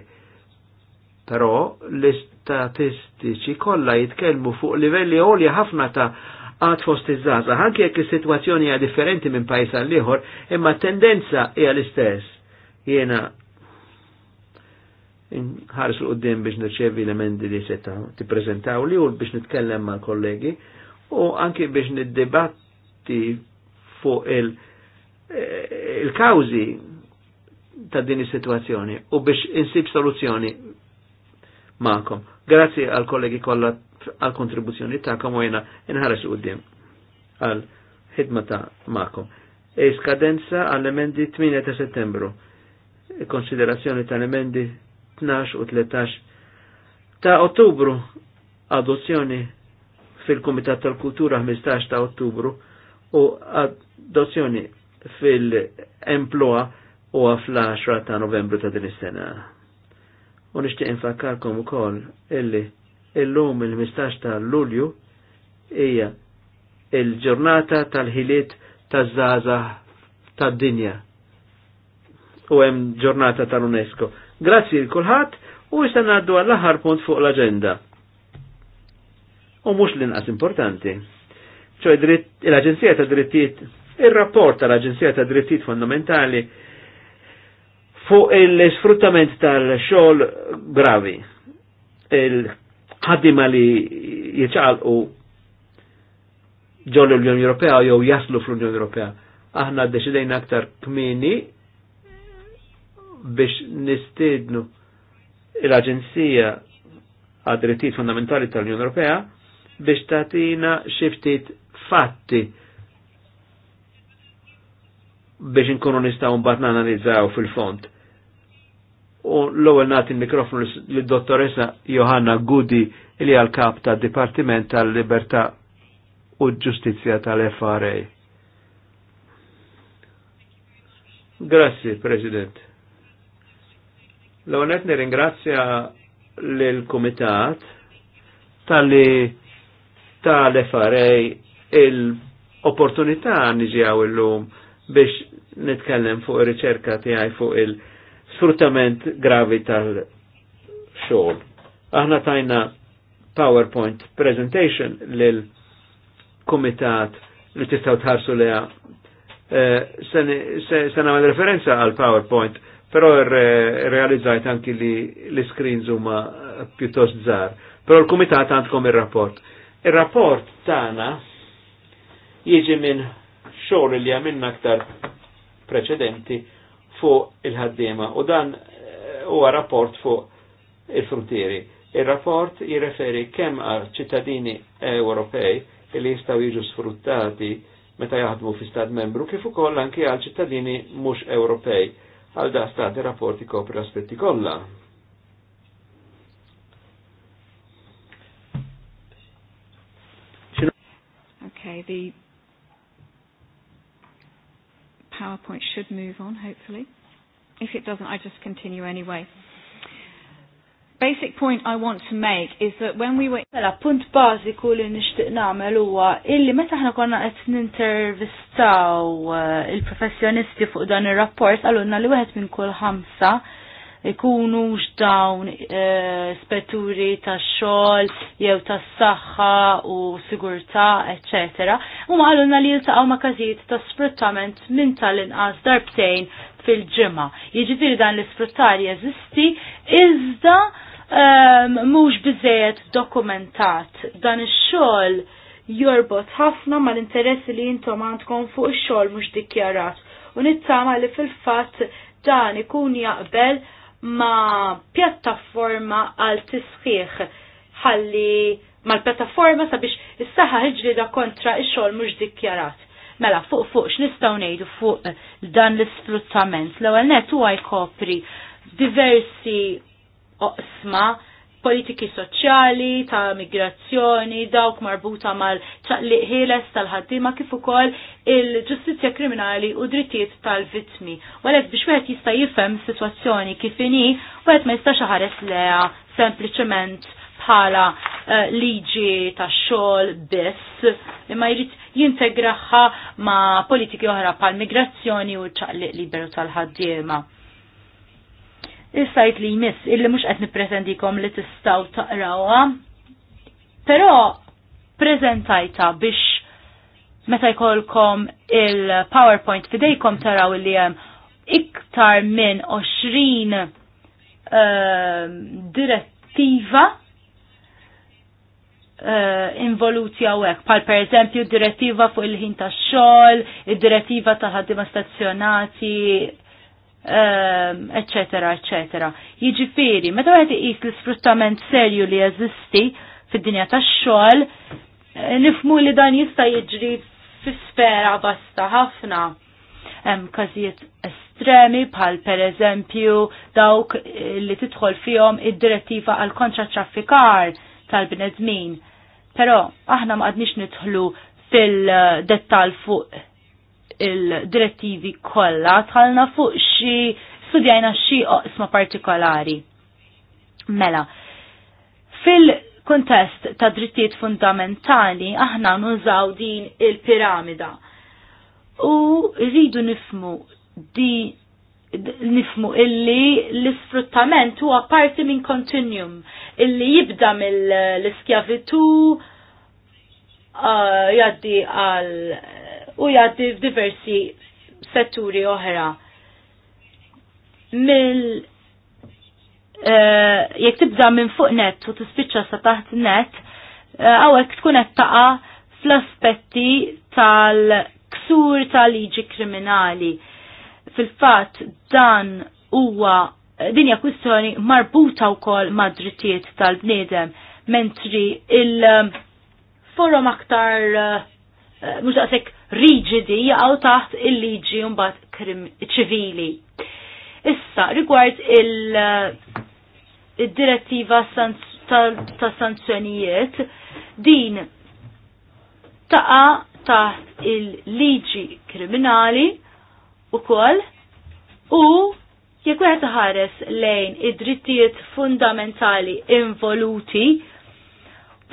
S3: Però l-istatistiċi kollha jitkellmu fuq livelli għolja ħafna ta' għad fost iż-żaza, anke jekk is-sitwazzjoni hija differenti minn pajjiż għal ieħor, imma t tendenza hija l-istess. Jiena nħares l qudiem biex nirċevi l-emendi li seta tippreżentaw li u biex nitkellem mal kollegi u anke biex niddibatti fuq
S1: il-kawzi
S3: il eh, ta' din is-sitwazzjoni u biex insib soluzzjoni ma'kom. Grazzi għal kollegi kollha għal kontribuzzjoni ta'kom u jena inħares quddiem għal ħidma ta' ma'kom. E skadenza għall emendi 8 ta' settembru. E konsiderazzjoni tal emendi 12 u 13 ta' ottubru adozzjoni fil-Kumitat tal-Kultura 15 ta' ottubru u adozzjoni fil-Emploa u fl-10 ta' novembru ta' din is-sena. U nixtieq infakkarkom ukoll illi illum il-15 ta' Lulju hija il-ġurnata tal-ħiliet taż-żaża tad-dinja. U hemm ġurnata tal-UNESCO. Grazzi l kulħadd u issa ngħaddu għall-aħħar punt fuq l-aġenda. U mhux l-inqas importanti. ċoj l-Aġenzija ta' Drittijiet, ir rapport tal-Aġenzija ta' Drittijiet Fondamentali fuq il-sfruttament tal-xol gravi. Il-ħaddima li jieċalqu ġol l-Unjoni Ewropea jew jaslu fl-Unjoni Ewropea. Aħna deċidejn aktar kmini biex nistednu l-Aġenzija għad drittijiet fundamentali tal-Unjoni Ewropea biex tatina xiftit fatti biex nkunu nistaw mbagħad nanalizzaw fil-font. U l-ewwel nagħti l-mikrofonu lid-dottoressa Johanna Gudi li għal kap ta' Dipartiment tal-Libertà u Ġustizzja tal-FRA. Grazzi, President. L-ewwel qed nirringrazzja lill kumitat tal-li tal-FRA il-opportunità niġi għaw il-lum biex nitkellem fuq ir-riċerka tiegħi fuq il-sfruttament gravi tal-xogħol. Aħna tajna PowerPoint presentation lil komitat li tistaw tħarsu leha. Eh, se nagħmel referenza għal PowerPoint, però realizzajt anki li l-screens huma pjuttost żgħar. Però l-kumitat għandkom ir-rapport. Ir-rapport tagħna jiġi minn xogħol li għamilna aktar preċedenti fuq il-ħaddiema u dan eh, huwa rapport fuq il-frontieri. Il-rapport jirreferi kemm għal ċittadini Ewropej li jistgħu jiġu sfruttati meta jaħdmu fi stat membru kif ukoll anke għal ċittadini mhux Ewropej għal da stati ir-rapport ikopri aspetti kollha.
S1: Okay, the PowerPoint should
S4: move on, hopefully. If it doesn't, I just continue anyway. Basic point I want to make is that when we were... Mela, punt bażiku li nixtieq nagħmel huwa illi meta aħna konna qed nintervistaw eh, il-professjonisti fuq dan ir-rapport għalunna li wieħed minn kull ħamsa ikunu x'dawn e, spetturi ta' xogħol jew tas saħħa u sigurtà, etc. U maħalluna li jiltaqgħu ma' każijiet ta' sfruttament minn tal-inqas darbtejn fil-ġimgħa. Jiġifieri dan l-isfruttar jeżisti iżda ehm, mhux biżejjed dokumentat dan ix-xogħol jorbot ħafna mal-interessi li jintom għandkom fuq ix-xogħol mhux dikjarat u nittama li fil-fatt dan ikun jaqbel ma' pjattaforma għal tisħiħ ħalli mal-pjattaforma sabiex is-saħħa ħġrida kontra ix-xogħol mhux dikjarat. Mela fuq fuq x'nistgħu ngħidu fuq dan l-isfruttament. L-ewwel net huwa jkopri diversi oqsma politiki soċjali, ta' migrazzjoni, dawk marbuta mal-ċaqliq ħieles tal-ħaddima kif ukoll il-ġustizzja kriminali u drittijiet tal-vittmi. Walek biex wieħed jista' jifhem sitwazzjoni kif inhi, wieħed ma jistax ħares leha sempliċement bħala uh, liġi ta' xogħol biss, imma jrid jintegraħħa ma' politiki oħra bħal migrazzjoni u ċaqliq liberu tal-ħaddiema il-sajt li jmiss, illi mux qed nipretendikom li tistaw taqrawa, pero prezentajta biex meta jkollkom il-PowerPoint fidejkom taraw li hemm iktar minn 20 uh, ehm, direttiva uh, involuti għawek, pal per eżempju direttiva fuq il-ħin ta' xol, il-direttiva ta' ħaddima stazzjonati, Ehm, etc., etc. Jiġifieri, meta wieħed iqis l-isfruttament serju li jeżisti fid-dinja tax-xogħol, eh, nifmu li dan jista' jiġri fis-sfera basta ħafna. Hemm każijiet estremi bħal pereżempju dawk eh, li tidħol fihom id-direttiva għal kontra traffikar tal-bnedmin. Però aħna ma qadniex nidħlu fil-dettal eh, fuq il-direttivi kollha talna fuq xi studjajna xi oqsma partikolari. Mela, fil-kontest ta' drittijiet fundamentali aħna nużaw din il-piramida. U rridu nifmu di nifmu illi l-isfruttament huwa parti minn kontinjum illi jibda mill-iskjavitu uh, jaddi għal u jgħaddi f'diversi setturi oħra. Mill eh, jek jekk tibda minn fuq net u tispiċċa sa taħt net, hawnhekk eh, tkun qed taqa' fl-aspetti tal-ksur tal-liġi kriminali. Fil-fatt dan huwa dinja kwistjoni marbuta wkoll ma' drittijiet tal-bniedem, mentri il-forum eh, aktar uh, mhux daqsek riġidi jaqgħu taħt il-liġi mbagħad ċivili. Issa rigward il-direttiva eh, ta' sanzjonijiet din taqa taħt il-liġi kriminali ukoll u jekk wieħed ħares lejn id-drittijiet fundamentali involuti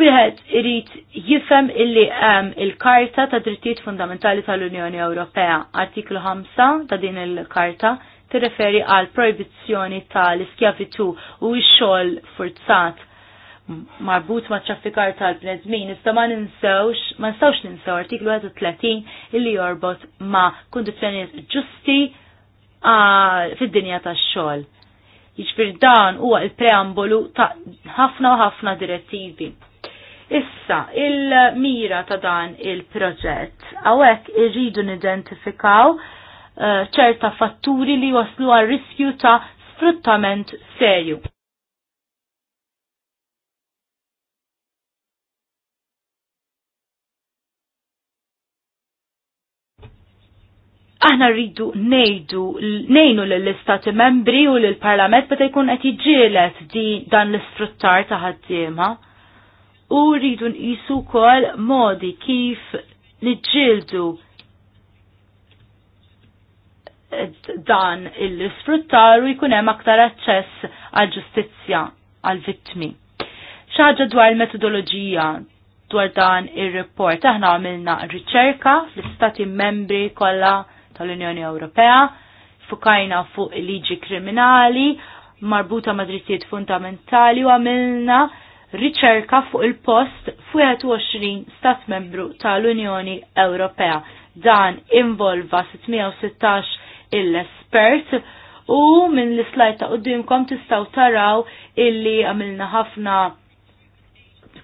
S4: wieħed irid jifhem illi hemm il-Karta ta' Drittijiet Fundamentali tal-Unjoni Ewropea, artiklu 5 ta' din il-Karta tirreferi għal proibizzjoni tal-iskjavitu u x-xogħol forzat marbut ma' ċaffikar tal-bnedmin, iżda ma' ninsewx, ma' ninsewx ninsew artiklu 31 illi jorbot ma' kondizjoniet ġusti fid-dinja tax-xogħol. Jiġifieri dan huwa il-preambolu ta' ħafna u ħafna direttivi. Issa, il-mira ta' dan il-proġett, għawek irridu nidentifikaw eh, ċerta uh, fatturi li waslu għal riskju ta' sfruttament serju. aħna rridu nejdu, nejnu l-istati membri u l-parlament bada jkun qed jiġielet dan l-istruttar ta' ħaddiema u rridu nqisu wkoll modi kif niġġieldu dan il-sfruttar u jkun hemm aktar aċċess għal ġustizzja għal vittmi. ċaġa dwar il-metodoloġija dwar dan ir-report. Aħna għamilna riċerka fl-istati membri kollha tal-Unjoni Ewropea, fukajna fuq il liġi kriminali, marbuta ma' drittijiet fundamentali u għamilna riċerka fuq il-post 20 stat membru tal-Unjoni Ewropea. Dan involva 616 il-espert u minn l slajt ta' uddimkom tistaw taraw illi għamilna ħafna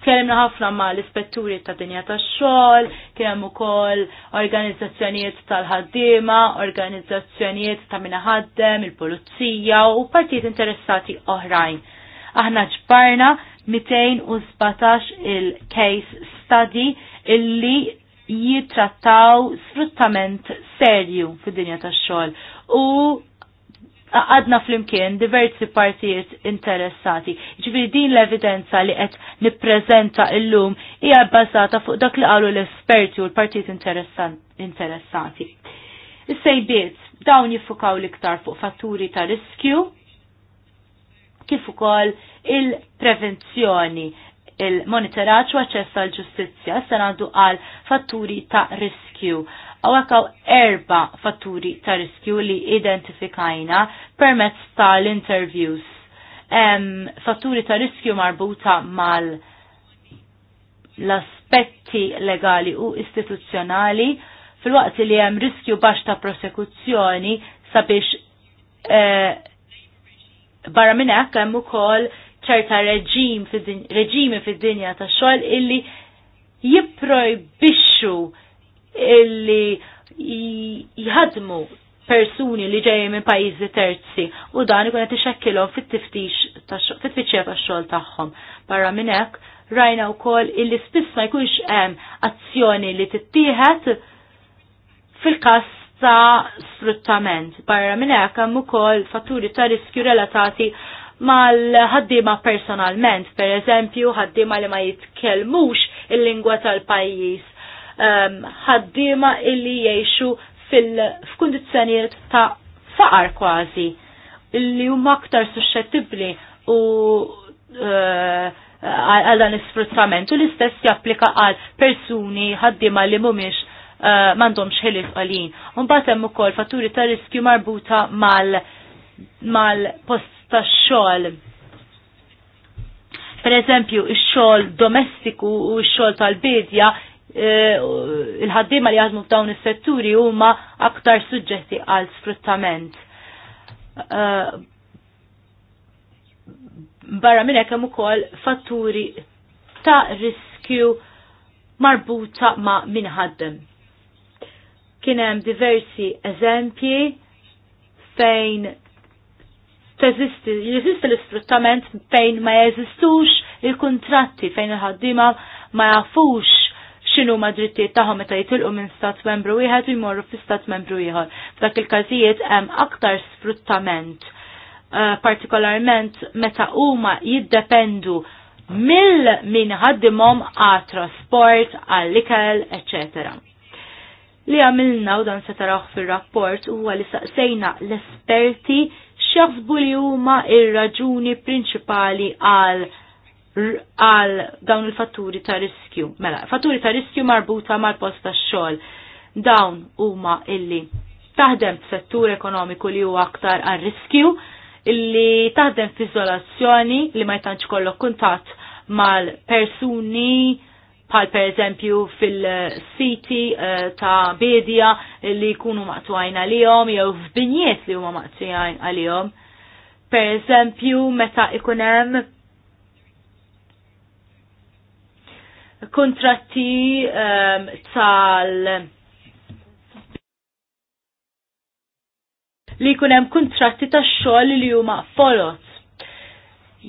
S4: Kellimna ħafna ma l-ispetturi ta' dinja ta' xogħol, kien hemm ukoll organizzazzjonijiet tal-ħaddiema, organizzazzjonijiet ta' min ħaddem, il-pulizija u partijiet interessati oħrajn. Aħna ġbarna 217 il-case study illi jitrattaw sfruttament serju fid-dinja tax-xogħol u għadna flimkien diversi partijiet interessati. Ġifiri din l-evidenza li qed nippreżenta illum hija bbażata fuq dak li qalu l-esperti u l-partijiet interessati. Is-sejbiet dawn jiffukaw l-iktar fuq fatturi ta' riskju, kif ukoll il-prevenzjoni il-monitoraċ u għacċess għal ġustizzja se għandu għal fatturi ta' riskju. Għawakaw erba fatturi ta' riskju li identifikajna permezz tal-interviews. Fatturi ta' riskju marbuta mal l-aspetti legali u istituzzjonali fil-waqt li hemm riskju baxx ta' prosekuzzjoni sabiex eh, barra minn hekk hemm ukoll ċerta reġim reġimi fid-dinja tax-xogħol illi jipprojbixxu illi jħadmu persuni li ġejjin minn pajjiżi terzi u dan ikun qed ixekkilhom fit-tiftix fit-tfittxija tax-xogħol tagħhom. Barra minn hekk rajna wkoll illi spiss ma jkunx hemm azzjoni li tittieħed fil-każ ta' sfruttament. Barra minn hekk hemm ukoll fatturi ta' riskju relatati mal ħaddiema personalment, per eżempju, ħaddiema li ma jitkellmux il-lingwa tal-pajjiż, ehm, ħaddiema um, illi jgħixu fil-fkundizzjonijiet ta' faqar kważi, illi huma aktar suscettibbli u uh, għal dan isfruttament u l-istess japplika għal persuni ħaddiema li mhumiex Uh, m'għandhomx ħilis għalin. Mbagħad hemm ukoll fatturi ta' riskju marbuta mal mal-post tax-xogħol. Per eżempju, ix-xogħol domestiku u x-xogħol tal-bidja uh, il-ħaddiema li jaħdmu f'dawn is-setturi huma aktar suġġetti għal sfruttament. Uh, barra minn hekk hemm ukoll fatturi ta' riskju marbuta ma' minħaddem. Kien hemm diversi eżempji fejn teżisti, jeżisti l-isfruttament fejn ma jeżistux il-kontratti fejn il-ħaddima ma jafux xinu ma drittijiet tagħhom meta jitilqu minn stat membru wieħed u jmorru fi stat membru ieħor. F'dak il-każijiet hemm aktar sfruttament, eh, partikolarment meta huma jiddependu mill min ħaddimhom għat trasport, għal ikel, eċetera li għamilna u dan se fil-rapport huwa li saqsejna l-esperti xafbu li huma il raġuni prinċipali għal għal dawn il-fatturi ta' riskju. Mela, fatturi ta' riskju marbuta mal-post ta' xogħol. Dawn huma illi taħdem f'settur ekonomiku li huwa aktar għal riskju, illi taħdem f-izolazzjoni li ma jtanċ kollok kuntatt mal-persuni pal per eżempju fil-siti eh, ta' bedja li jkunu maqtwajn għalihom jew f'binjiet li huma maqtwajn għalihom. Per eżempju meta ikunem hemm kontratti um, tal li kunem hemm kuntratti tax-xogħol li huma folot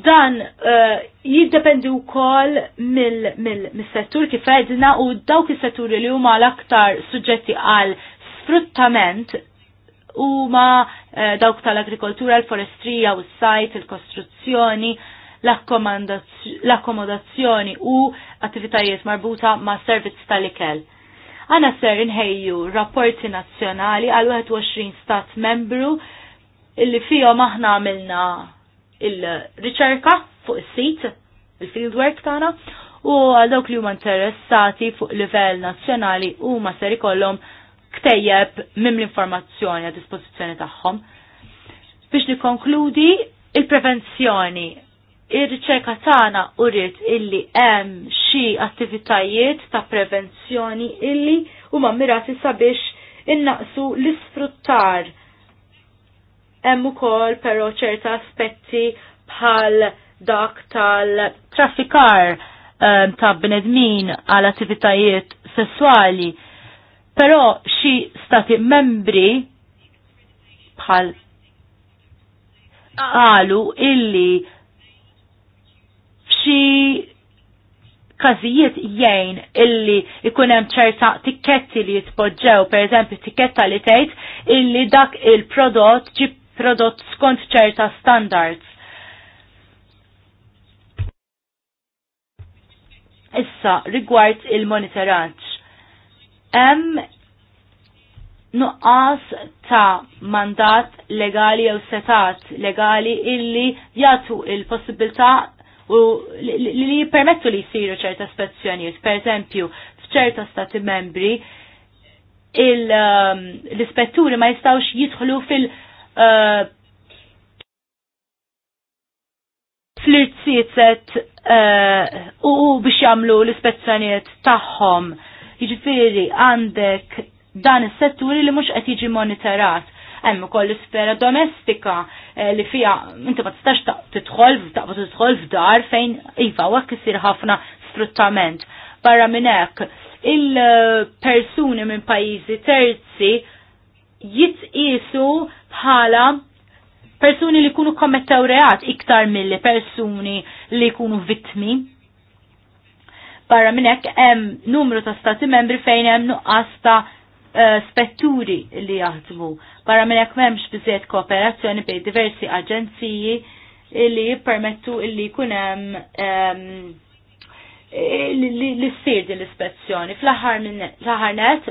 S4: Dan uh, jiddependi wkoll mill-settur mil, mil kif għedna u dawk is-setturi li huma l-aktar suġġetti għal sfruttament huma uh, dawk tal-agrikoltura, l-forestrija u s-sajt, il-kostruzzjoni, l-akkomodazzjoni u attivitajiet marbuta ma' servizz tal-ikel. Għana ser inħejju rapporti nazzjonali għal 21 stat membru illi fihom aħna għamilna il-riċerka fuq is-sit, il-fieldwork tagħna, u għal dawk li huma interessati fuq livell nazzjonali huma ser ikollhom ktejjeb mim l-informazzjoni a dispożizzjoni tagħhom. Biex nikkonkludi il-prevenzjoni ir-riċerka tagħna uriet illi hemm xi attivitajiet ta' prevenzjoni illi huma mirati sabiex innaqsu l-isfruttar Hemm ukoll però ċerta aspetti bħal dak tal-traffikar um, ta' bnedmin għal attivitajiet sessuali. Però xi stati membri bħal għalu illi f'xi kazijiet jgħin illi ikun hemm ċerta tikketti li jitpoġġew, per eżempju tikketta li tgħid illi dak il-prodott ġib prodott skont ċerta standards. Issa, rigward il-monitoraġġ. Hemm nuqqas ta' mandat legali jew setat legali illi jagħtu il-possibilità u li jippermettu li jsiru ċerta spezzjonijiet. Per eżempju, f'ċerta stati membri um, l-ispetturi ma jistawx jidħlu fil- Uh, flirtsiet uh, u biex jagħmlu l-ispezzjonijiet tagħhom. Jiġifieri għandek dan is-setturi li mhux qed jiġi monitorat hemm ukoll l-isfera domestika eh, li fija inti ma tistax tidħol t tidħol f'dar fejn iva għak isir ħafna sfruttament. Barra minn hekk il-persuni minn pajjiżi terzi jitqisu bħala persuni li kunu kommettaw reat iktar mill persuni li kunu vittmi. Barra minnek hemm numru ta' stati membri fejn hemm nuqqas ta' uh, spetturi li jaħdmu. Barra minnek m'hemmx biżiet kooperazzjoni bejn diversi aġenziji li permettu li jkun hemm um, li ssir din l-ispezzjoni. Fl-aħħar net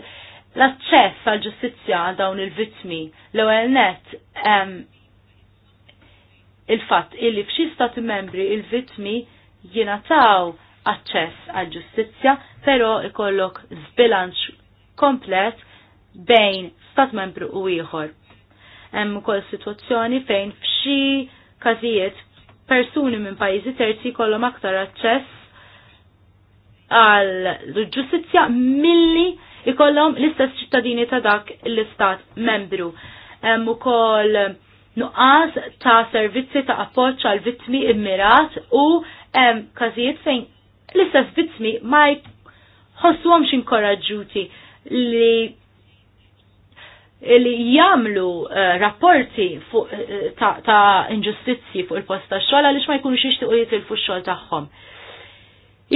S4: l-aċċess għal ġustizzja għal dawn il-vittmi l-ewwel net il-fatt illi f'xi stati membri il-vittmi jingħataw aċċess għal ġustizzja, però ikollok zbilanċ komplet bejn stat membru u ieħor. Hemm ukoll sitwazzjoni fejn f'xi każijiet persuni minn pajjiżi terzi kollhom aktar aċċess għal ġustizzja milli ikollhom l-istess ċittadini ta' dak l-istat membru. Hemm ukoll nuqqas ta' servizzi ta' appoġġ għal vittmi immirat u hemm każijiet fejn l-istess vittmi ma jħossuhomx inkoraġġuti li li jamlu uh, eh, rapporti fu, uh, eh, ta', ta inġustizzi fuq il-post ta' xogħol għaliex ma jkunux jixtiequ jitilfu x-xogħol tagħhom.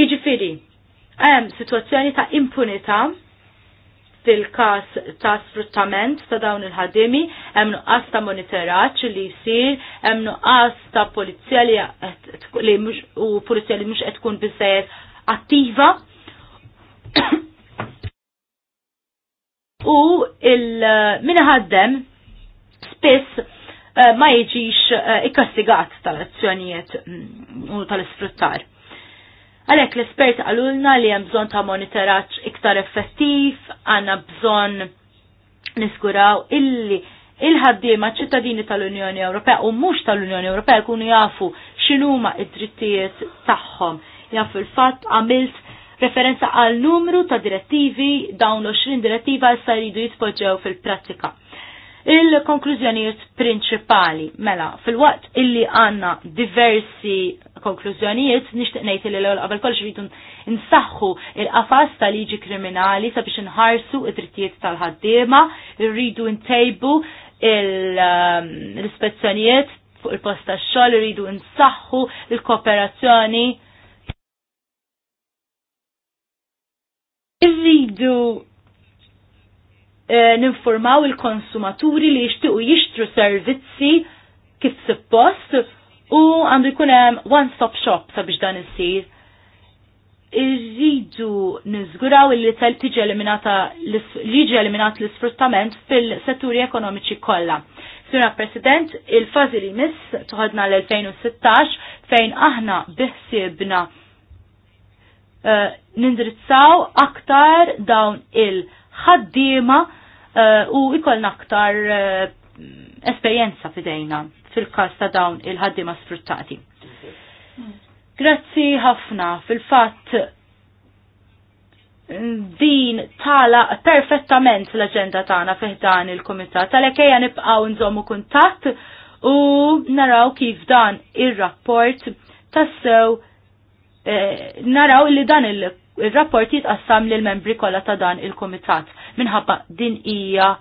S4: Jiġifieri, hemm sitwazzjoni ta' impunità fil-kas ta' sfruttament ta' dawn il-ħadimi, hemm qas ta' monitorat li jsir, hemm nuqqas ta' pulizija li u pulizija li mhux qed tkun biżejjed attiva. u il minħaddem spiss eh, ma jiġix eh, ikkastigat tal-azzjonijiet mm, u tal-isfruttar. Għalhekk l espert għalulna li hemm bżonn ta' monitoraġġ iktar effettiv, għanna bżonn niskuraw illi il-ħaddiema ċittadini tal-Unjoni Ewropea u mhux tal-Unjoni Ewropea jkunu jafu x'inhuma id-drittijiet tagħhom. Jafu l fatt għamilt referenza għal numru ta' direttivi dawn 20 direttiva issa jridu jitpoġġew fil-prattika. Il-konklużjonijiet prinċipali, mela, fil-waqt illi għanna diversi konklużjonijiet, nishtiq ngħid li l għol għabel kol rridu nsaxħu il-qafas tal-liġi kriminali sabiex inħarsu id-drittijiet tal-ħaddiema, rridu ntejbu um, l-ispezzjonijiet fuq il posta tax-xogħol, rridu nsaħħu il kooperazzjoni Irridu Eh, ninformaw il-konsumaturi li jixtiqu jixtru servizzi kif suppost u għandu jkun hemm one-stop shop sabiex dan isir. Irridu niżguraw li tal tiġi eliminata liġi eliminat l-isfruttament fil-setturi ekonomiċi kollha. Sura President, il-fazi li miss tuħadna l-2016 fejn aħna biħsibna nindrizzaw eh, nindirizzaw aktar dawn il- ħaddiema Eh, u ikollna aktar eh, esperjenza fidejna fil-każ ta' dawn il-ħaddiema sfruttati. Grazzi ħafna fil-fatt mm, din tala perfettament l-agenda tagħna fih dan il-kumitat għalhekk ejja nibqgħu nżommu kuntatt u naraw kif dan ir-rapport tassew eh, naraw li dan il-rapport jitqassam lil membri kollha ta' dan il-kumitat minħabba din hija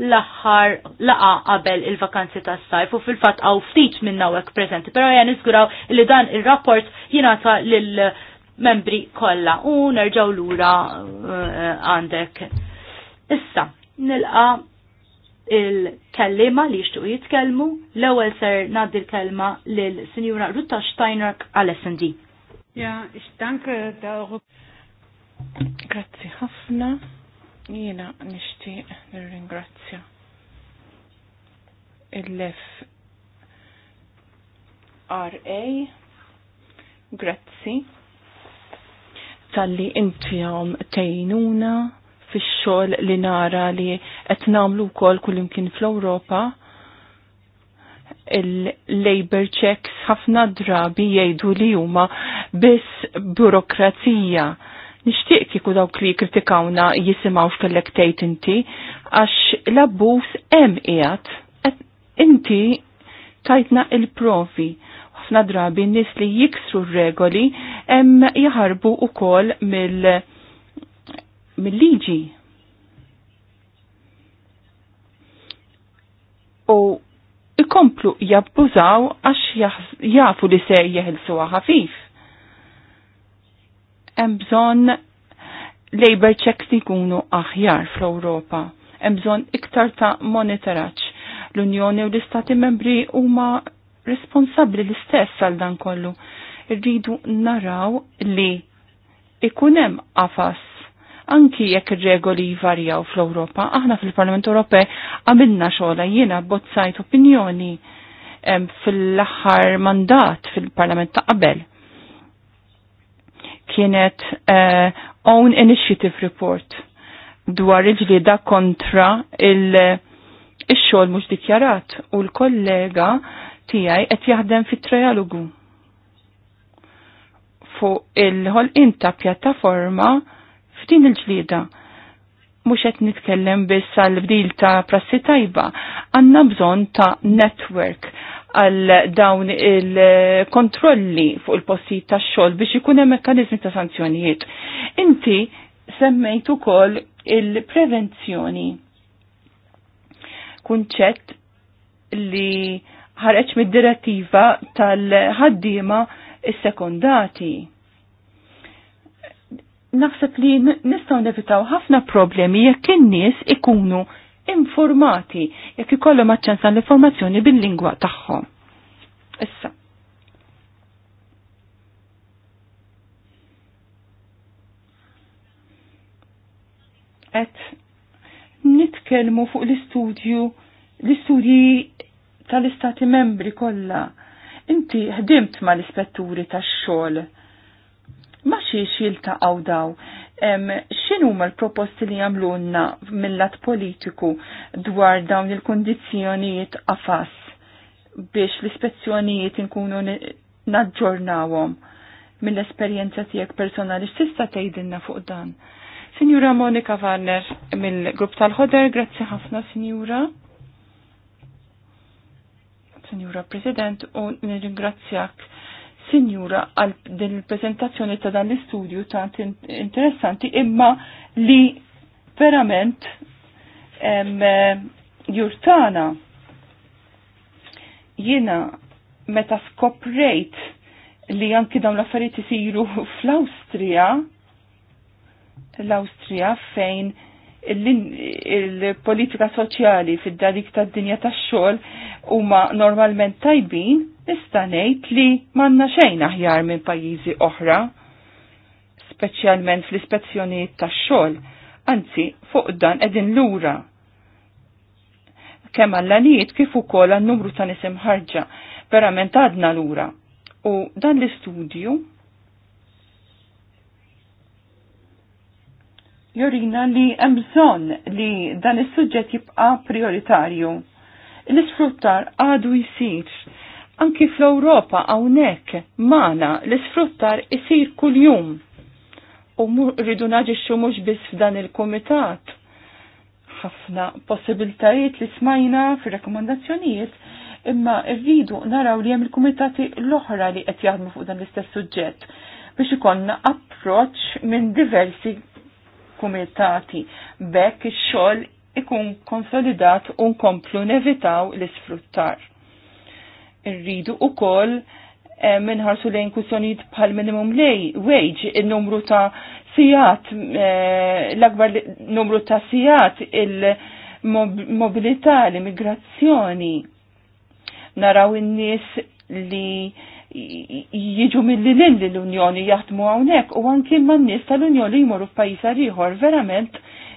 S4: l-aħħar laqa qabel il-vakanzi tas sajf u fil-fatt għaw ftit minn hawnhekk prezenti, però ja izguraw li dan ir-rapport jingħata lil membri kollha u l lura eh, għandek. Issa, nilqa il-kellima li jixtuq jitkellmu, l-ewwel ser ngħaddi l-kelma lil Sinjura Rutta Steiner għal SND.
S2: Ja, ich danke der Grazzi ħafna. Jiena nixtieq nirringrazzja il-lef RA. Grazzi tal-li intijom tejnuna fix xogħol li nara li qed nagħmlu wkoll kullimkien fl europa il-labor checks ħafna drabi jgħidu li huma biss burokrazija Nixtieq kieku dawk li kritikawna jisimaw x'kellek tgħid inti għax l-abbuż hemm qiegħed inti tajtna il-provi ħafna drabi nis li jiksru regoli hemm jaħarbu wkoll mill mill-liġi. U ikomplu jabbużaw għax jafu li se jeħilsuha ħafif hemm bżonn labor checks ikunu aħjar fl-Ewropa. Hemm bżonn iktar ta' monitoraċ. L-Unjoni u l-Istati membri huma responsabbli l-istess għal dan kollu. Irridu naraw li ikun hemm anki jekk ir-regoli jvarjaw fl-Ewropa, aħna fil-Parlament Ewropej għamilna xogħla jiena bozzajt opinjoni fil-aħħar mandat fil-Parlament ta' qabel kienet uh, Own Initiative Report dwar il-ġlida kontra il-xol mux dikjarat u l-kollega tijaj qed jaħdem fit trialogu fuq il ħol ta' pjattaforma f'din il-ġlida. Mux qed nitkellem biss għal bdil ta' prassi tajba, għanna bżon ta' network għal dawn il-kontrolli fuq il-postijiet ta' xogħol biex ikun hemm mekkaniżmi ta' sanzjonijiet. Inti semmejt ukoll il-prevenzjoni. Kunċett li ħareċ mid-direttiva tal-ħaddiema is-sekondati. Naħseb li nistgħu nevitaw ħafna problemi jekk in-nies ikunu informati jekk ikollhom aċċensa l-informazzjoni bil-lingwa tagħhom. Issa. Et nitkellmu fuq l-istudju l-istudji tal-istati membri kollha. Inti ħdimt mal-ispetturi tax-xogħol ma xiex jiltaqgħu daw xinu ma l-proposti li jamlunna mill-lat politiku dwar dawn il-kondizjonijiet għafas biex l-ispezzjonijiet inkunu naġġornawhom mill-esperjenza tiegħek personali x'tista' tgħidilna fuq dan. Sinjura Monika Vanner mill-Grupp tal-Ħoder, grazzi ħafna signora. Signora President, u nirringrazzjak Sinjura għal din il-prezentazzjoni ta' dan l-istudju tant interessanti imma li verament jurtana jina meta skoprejt li anki dawn l-affarijiet isiru fl-Awstrija, l-Awstrija fejn il-politika soċjali fid-dalik tad-dinja tax-xogħol huma normalment tajbin, nista' ngħid li m'għandna xejn aħjar minn pajjiżi oħra, speċjalment fl-ispezzjonijiet tax-xogħol, anzi fuq dan qegħdin lura. Kemm għall kif ukoll għan-numru ta' nisim ħarġa, verament għadna lura. U dan l-istudju jorina li hemm bżonn li dan is-suġġett jibqa' prioritarju. L-isfruttar għadu jsir. Anki fl-Ewropa hawnhekk mana l-isfruttar isir kuljum. U rridu naġixxu mhux biss f'dan il-kumitat. Ħafna possibiltajiet li smajna fir-rakkomandazzjonijiet imma rridu naraw li hemm il-kumitati l-oħra li qed jaħdmu fuq dan l-istess suġġett biex ikonna approċ minn diversi kumitati bekk ix-xogħol ikun konsolidat u nkomplu nevitaw l-isfruttar. Irridu ukoll eh, minħarsu lejn kussjonijiet bħal minimum lej, wage, il-numru ta' sijat, eh, l-akbar numru ta' sijat, l akbar numru ta l-immigrazzjoni. Naraw in-nies li jiġu mill-lin l-Unjoni jaħdmu hawnhekk u anki man-nies tal-Unjoni jmorru f'pajjiż ieħor verament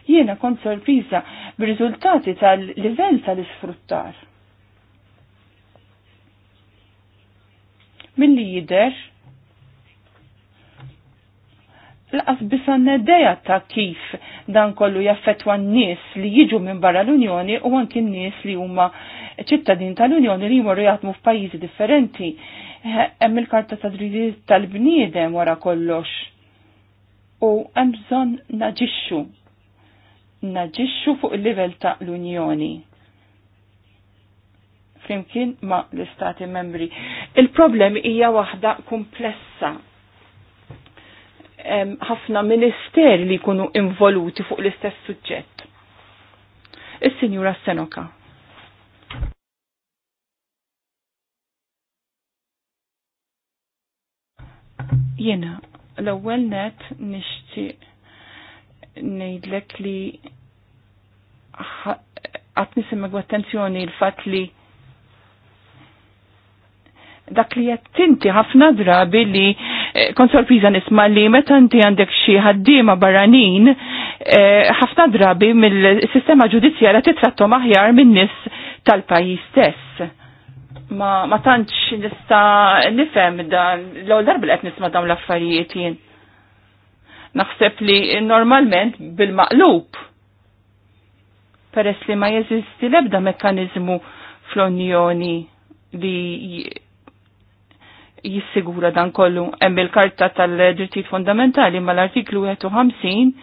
S2: jiena kont sorpriża bir-riżultati tal-livell tal-isfruttar. Milli jidher laqas bisan nedeja ta' kif dan kollu jaffetwa n-nies li jiġu minn barra l-Unjoni u anki n-nies li huma ċittadin tal-Unjoni li jmorru jaħdmu f'pajjiżi differenti hemm il-karta ta' drittijiet tal-bniedem wara kollox. U hemm bżonn naġixxu. Naġixxu fuq il-livell ta' l-Unjoni. Flimkien ma' l-Istati membri. Il-problem hija waħda komplessa ħafna minister li jkunu involuti fuq l-istess suġġett. Is-Sinjura Senoka. Jena, l-ewwel net nixti ngħidlek li qatt nisimgħu attenzjoni l-fatt li dak li qed tinti ħafna drabi li eh, kont sorpriża nisma' li meta inti għandek xi ħaddiema barranin eh, ħafna drabi mill-sistema ġudizzjara titrattom aħjar min-nies tal-pajjiż stess ma, ma tantx nista nifhem dan l-ewwel darba qed nisma' dawn l-affarijiet jien. Naħseb li normalment bil-maqlub peress li ma jeżisti l-ebda mekkaniżmu fl-Unjoni li jissigura dan kollu hemm il-Karta tal-Drittijiet Fundamentali mal-artiklu 51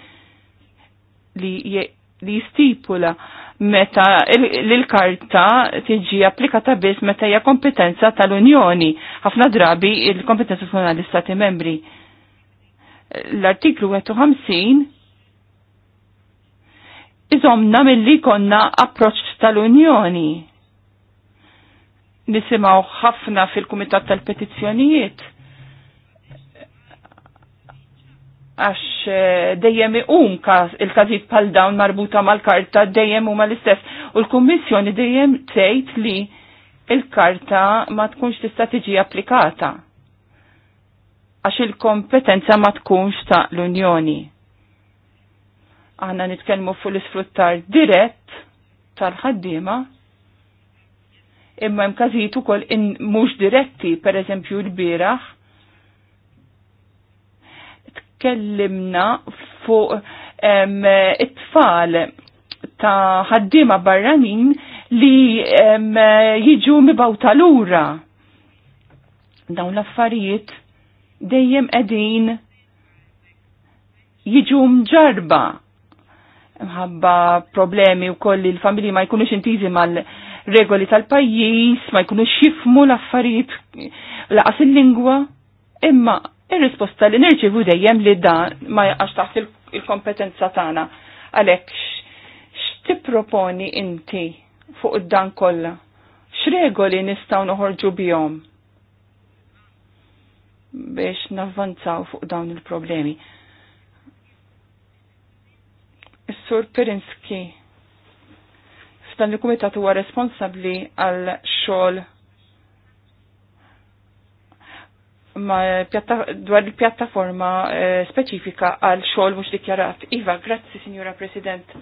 S2: li li jistipula meta l-karta tiġi applikata biss meta hija kompetenza tal-Unjoni. Ħafna drabi il-kompetenza tkun għall-Istati membri. L-artiklu 51 iżomna mill-li konna approċċ tal-Unjoni. Nisimaw ħafna fil-Kumitat tal-Petizzjonijiet għax eh, dejjem um kas il kazit pal dawn marbuta mal-karta dejjem huma l-istess. U l-Kummissjoni dejjem tgħid li il-karta ma tkunx tista' tiġi applikata għax il-kompetenza ma tkunx ta' l-Unjoni. Aħna nitkellmu fuq l-isfruttar dirett tal-ħaddiema imma hemm każijiet ukoll mhux diretti, pereżempju l-bieraħ kellimna fuq it-tfal ta' ħaddima barranin li jiġu mibawta lura. Dawn l-affarijiet dejjem qegħdin jiġu mġarba mħabba problemi u koll il-familji ma jkunux intizi mal-regoli tal-pajis, ma jkunux jifmu l-affarijiet laqas il-lingwa, imma Ir-risposta li nirċivu dejjem li da ma għax taħt il-kompetenza tagħna. Għalhekk x'tipproponi inti fuq dan kollha? X'regoli nistgħu noħorġu bihom biex navvanzaw fuq dawn il-problemi? Is-Sur Perinski f'dan il-kumitat huwa responsabbli għal xogħol ma dwar il-pjattaforma eh, speċifika għal xogħol mhux dikjarat. Iva, grazzi Signora President.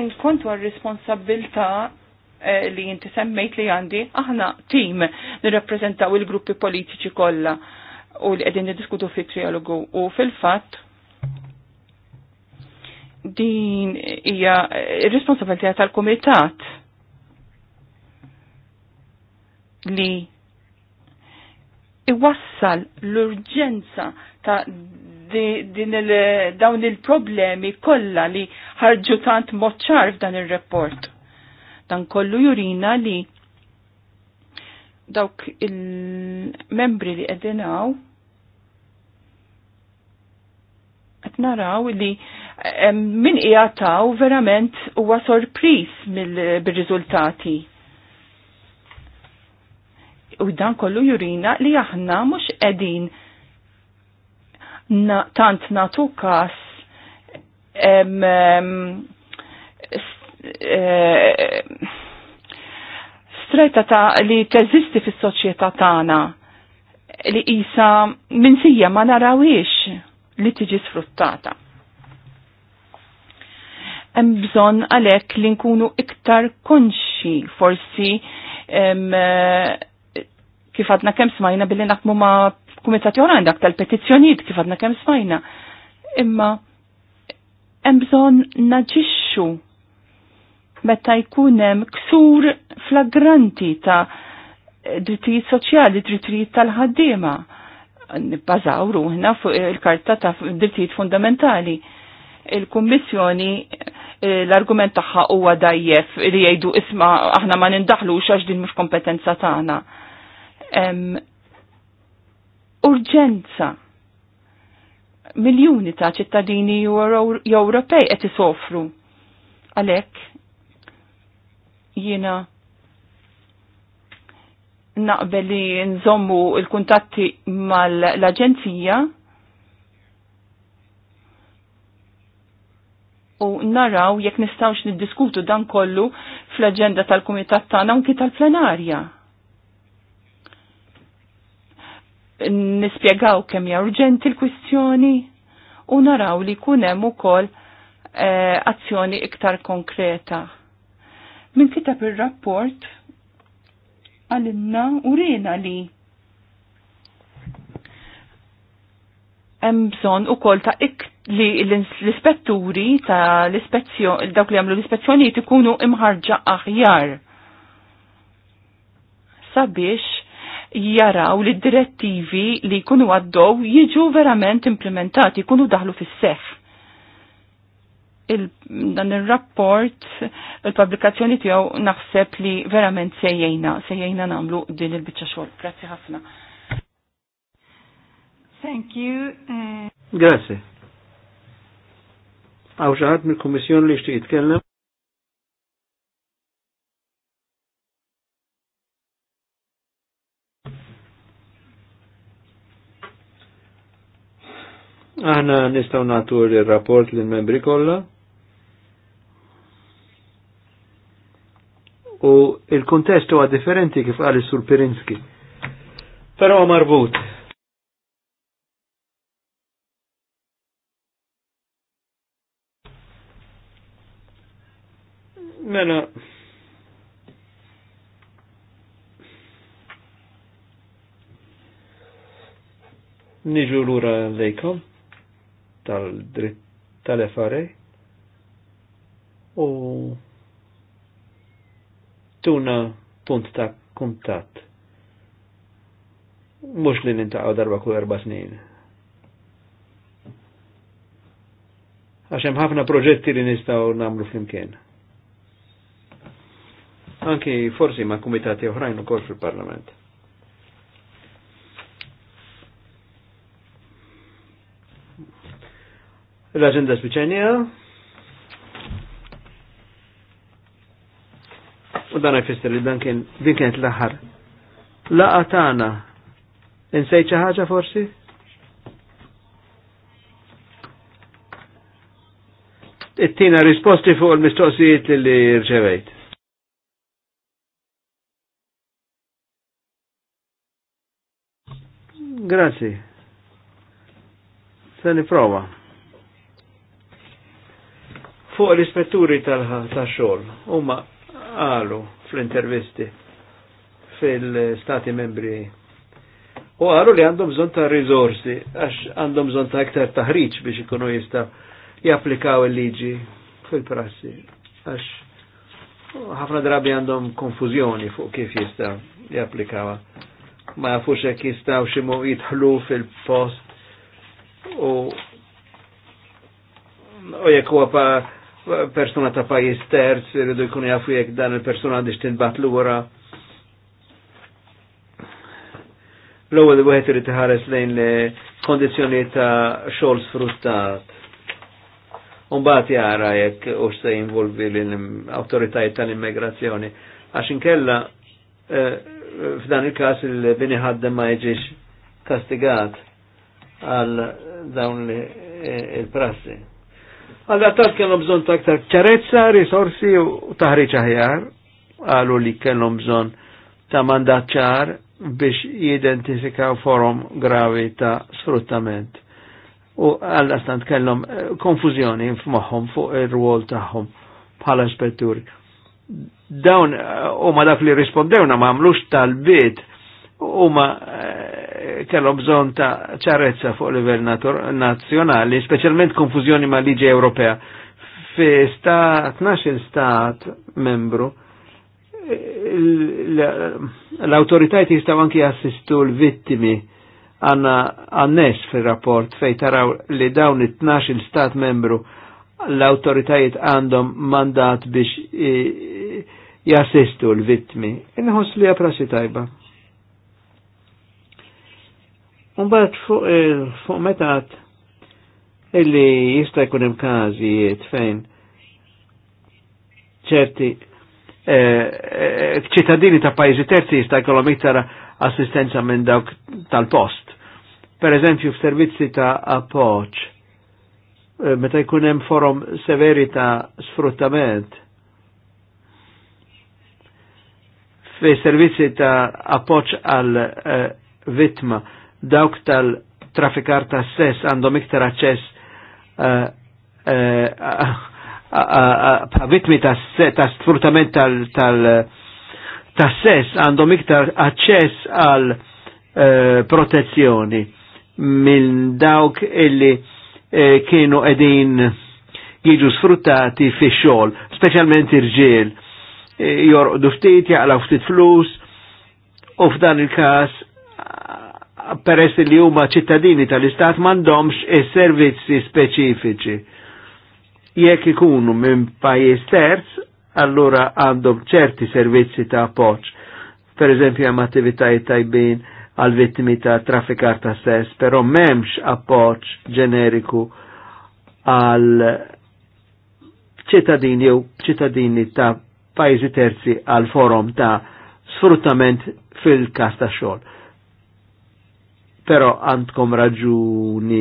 S2: Inkont għal responsabilta eh, li jinti semmejt li għandi, aħna tim nirrappreżentaw il-gruppi politiċi kollha u li qegħdin niddiskutu fit trialogu u fil-fatt din hija eh, responsabilità tal-kumitat li iwassal l-urġenza ta' din il dawn il-problemi kollha li ħarġu tant moċċar f'dan ir-rapport. Dan kollu jurina li dawk il-membri li qegħdinaw qed naraw li eh, min qiegħataw verament huwa sorpriż mill-riżultati u dan kollu jurina li aħna mhux qegħdin na, tant natu kas em, em, eh, stretta ta' li teżisti fis soċjetà tagħna li qisha minsija ma narawiex li tiġi sfruttata. Hemm bżonn għalhekk li nkunu iktar konxi forsi em, kif għadna kemm smajna billi naqmu ma' kumitat joħra għandak tal-petizzjonijiet kif għadna kemm smajna. Imma hemm bżonn naġixxu meta jkun hemm ksur flagranti ta' drittijiet soċjali, drittijiet tal-ħaddiema. Nibbażaw ruħna fuq il-karta ta' drittijiet fundamentali. Il-Kummissjoni l-argument tagħha huwa dajjef li jgħidu isma' aħna ma nindaħlux għax din mhux kompetenza tagħna urġenza miljuni ta' ċittadini Ewropej qed isofru. Għalhekk jiena naqbel li nżommu l kuntatti mal-aġenzija u naraw jekk nistgħux niddiskutu dan kollu fl-aġenda tal-kumitat tagħna anki tal-plenarja. nispjegaw kemm hija urġenti l-kwistjoni u naraw li jkun hemm ukoll eh, azzjoni iktar konkreta. Min kitab ir-rapport għalinna u rina li hemm bżonn ukoll ta' ik li l-ispetturi ta' l-ispezzjoni dawk li jagħmlu l-ispezzjonijiet ikunu imħarġa aħjar sabiex jaraw li direttivi li jkunu għaddow jiġu verament implementati, jkunu daħlu fis-seħħ. dan il-rapport, il-publikazzjoni tiegħu naħseb li verament sejjejna, sejjejna namlu din il-biċċa xogħol. Grazzi ħafna. Thank you. Eh.
S3: Grazie. Grazzi. Għaw xaħat mill-Kummissjoni li xti jitkellem? Aħna nistaw natur il-rapport l-membri kolla u il-kontestu għad differenti kif għalli sur Pirinski. Pero marbut. Mena, niġu l-ura lejkom tal-dritt tal-efare u tuna punt ta' kuntat. Mux li nintaqaw darba kull erba snin. Għaxem ħafna proġetti li nistaw namlu flimkien. Anki forsi ma' komitati oħrajn u kol fil-parlament. l-agenda spiċenja. U dan għajfisser li dan kien kienet l-aħħar. Laqa tagħna. Insejt forsi? it forsi? Ittina risposti fuq il-mistoqsijiet li rċevejt. Grazie. Se ne prova. Fuq l-ispetturi tal-xol, huma għalu fl-intervisti fil-stati membri u għalu li għandhom bżon ta' rizorsi, għax għandhom bżon ta' iktar taħriċ biex ikunu jista' japplikaw il-liġi fil-prassi, għax ħafna drabi għandhom konfuzjoni fuq kif jista' japplikawa. Ma jafux jekk jistaw ximu jitħlu fil-post u u jekk huwa persona ta' pajis terz, rridu jkun jafu jek dan il persona għandix tinbat l-ura. L-ewwel wieħed irid iħares lejn kondizzjoni ta' xogħol sfruttat. Umbagħad jara jekk u se jinvolvi l-awtoritajiet tal-immigrazzjoni għax inkella eh, f'dan il-każ il-bini ħaddem ma jiġix kastigat għal dawn eh, il-prassi. Għalla tant kienu bżon ta' aktar ċarezza, risorsi u taħriġ aħjar, għalu li kienu bżon ta' mandat ċar biex jidentifikaw forum gravi ta' sfruttament. U għalla stant kellhom eh, konfużjoni f'moħħom fuq ir-rwol tagħhom bħala spetturi. Dawn eh, u ma dak li rispondewna ma mlux tal-bit huma eh, kellhom bżonn ta' ċarezza fuq livell nazzjonali, speċjalment konfużjoni ma' liġi Ewropea. Fi stat, il stat membru, l-autoritajt jistaw anki jassistu l-vittimi għanna għannes fil-rapport fej taraw li dawn it-12 il-stat membru l autoritajt għandhom mandat biex
S1: eh,
S3: jassistu l-vittmi. Inħos li għaprasi tajba bat fuq eh, fu metat illi jista' jkun hemm tfejn fejn ċerti eh, eh, ċittadini ta' pajjiżi terzi jista' jkollhom iktar assistenza minn dawk tal-post. Per eżempju f'servizzi ta' appoġġ meta jkun hemm forum severi ta' sfruttament. Fi servizzi ta' appoġġ għal vittma dawk tal-trafikar ta' sess għandhom iktar aċċess eh, eh, vitmi ta' sfruttament tal-sess għandhom iktar aċċess għal eh, protezzjoni minn dawk illi kienu edin jiġu sfruttati fi xol, specialment irġiel, jorqdu ftit, jaqlaw ftit flus, u f'dan il-kas peress li huma ċittadini tal-istat mandomx is-servizzi speċifiċi. Jekk ikunu minn pajjiż terz, allura għandhom ċerti servizzi ta' appoġġ. Per eżempju hemm attivitajiet tajbin għal vittimi ta' traffikar ta' sess, però m'hemmx appoġġ ġeneriku għal ċittadini jew ċittadini ta' pajjiżi terzi għal forum ta' sfruttament fil kasta xogħol pero għandkom raġuni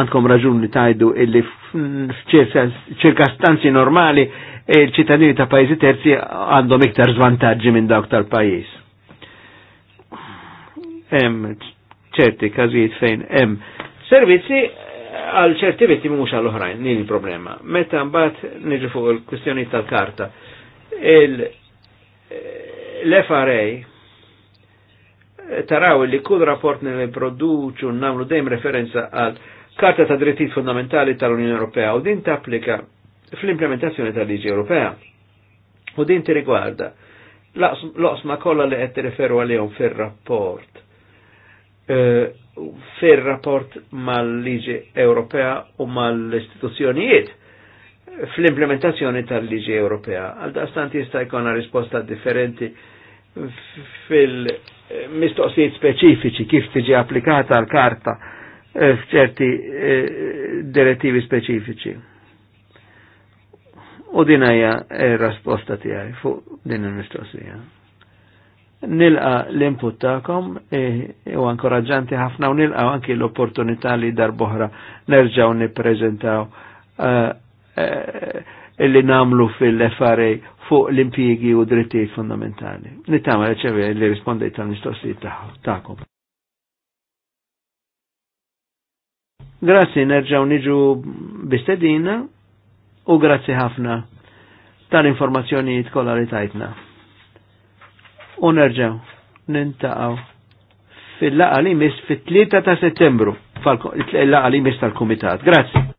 S3: għandkom raġuni tajdu illi f'ċirkastanzi normali il-ċittadini ta' pajjiżi terzi għandhom iktar zvantaġġi minn dawk tal-pajjiż. Hemm ċerti każijiet fejn hemm servizzi għal ċerti vitti mhux għal oħrajn, din il-problema. Meta mbagħad niġu fuq il-kwistjoni tal-karta. l fra taraw li kull rapport li produċu namlu dejjem referenza għal Karta ta' Drittijiet Fundamentali tal-Unjoni Ewropea u din tapplika fl-implementazzjoni tal-Liġi Ewropea. U din ti rigwarda l osma kollha li qed tirriferu għalihom fir-rapport. Eh, fir-rapport mal-Liġi Ewropea u mal-istituzzjonijiet fl-implementazzjoni tal-Liġi Ewropea. Għal daqstant jista' jkollna risposta differenti fil-mistoqsijiet speċifiċi kif tiġi applikata l-karta eh, f'ċerti eh, direttivi speċifiċi. U din hija r eh, rasposta tiegħi fuq din il-mistoqsija. Nilqa l-input tagħkom u ankoraġġanti ħafna u nilqa anki l-opportunità li darboħra nerġgħu nippreżentaw li namlu fil-FRA fuq l-impjiegi u drittijiet fundamentali. Nittama ċevi li rispondejt tal-mistoqsijiet tagħkom. Grazzi nerġaw niġu bistedina u grazzi ħafna tal-informazzjoni kollha li tajtna. U nerġaw nintaqgħu fil-laqa li mis fit-3 ta' settembru, fil-laqa li mis tal-Kumitat. Grazzi.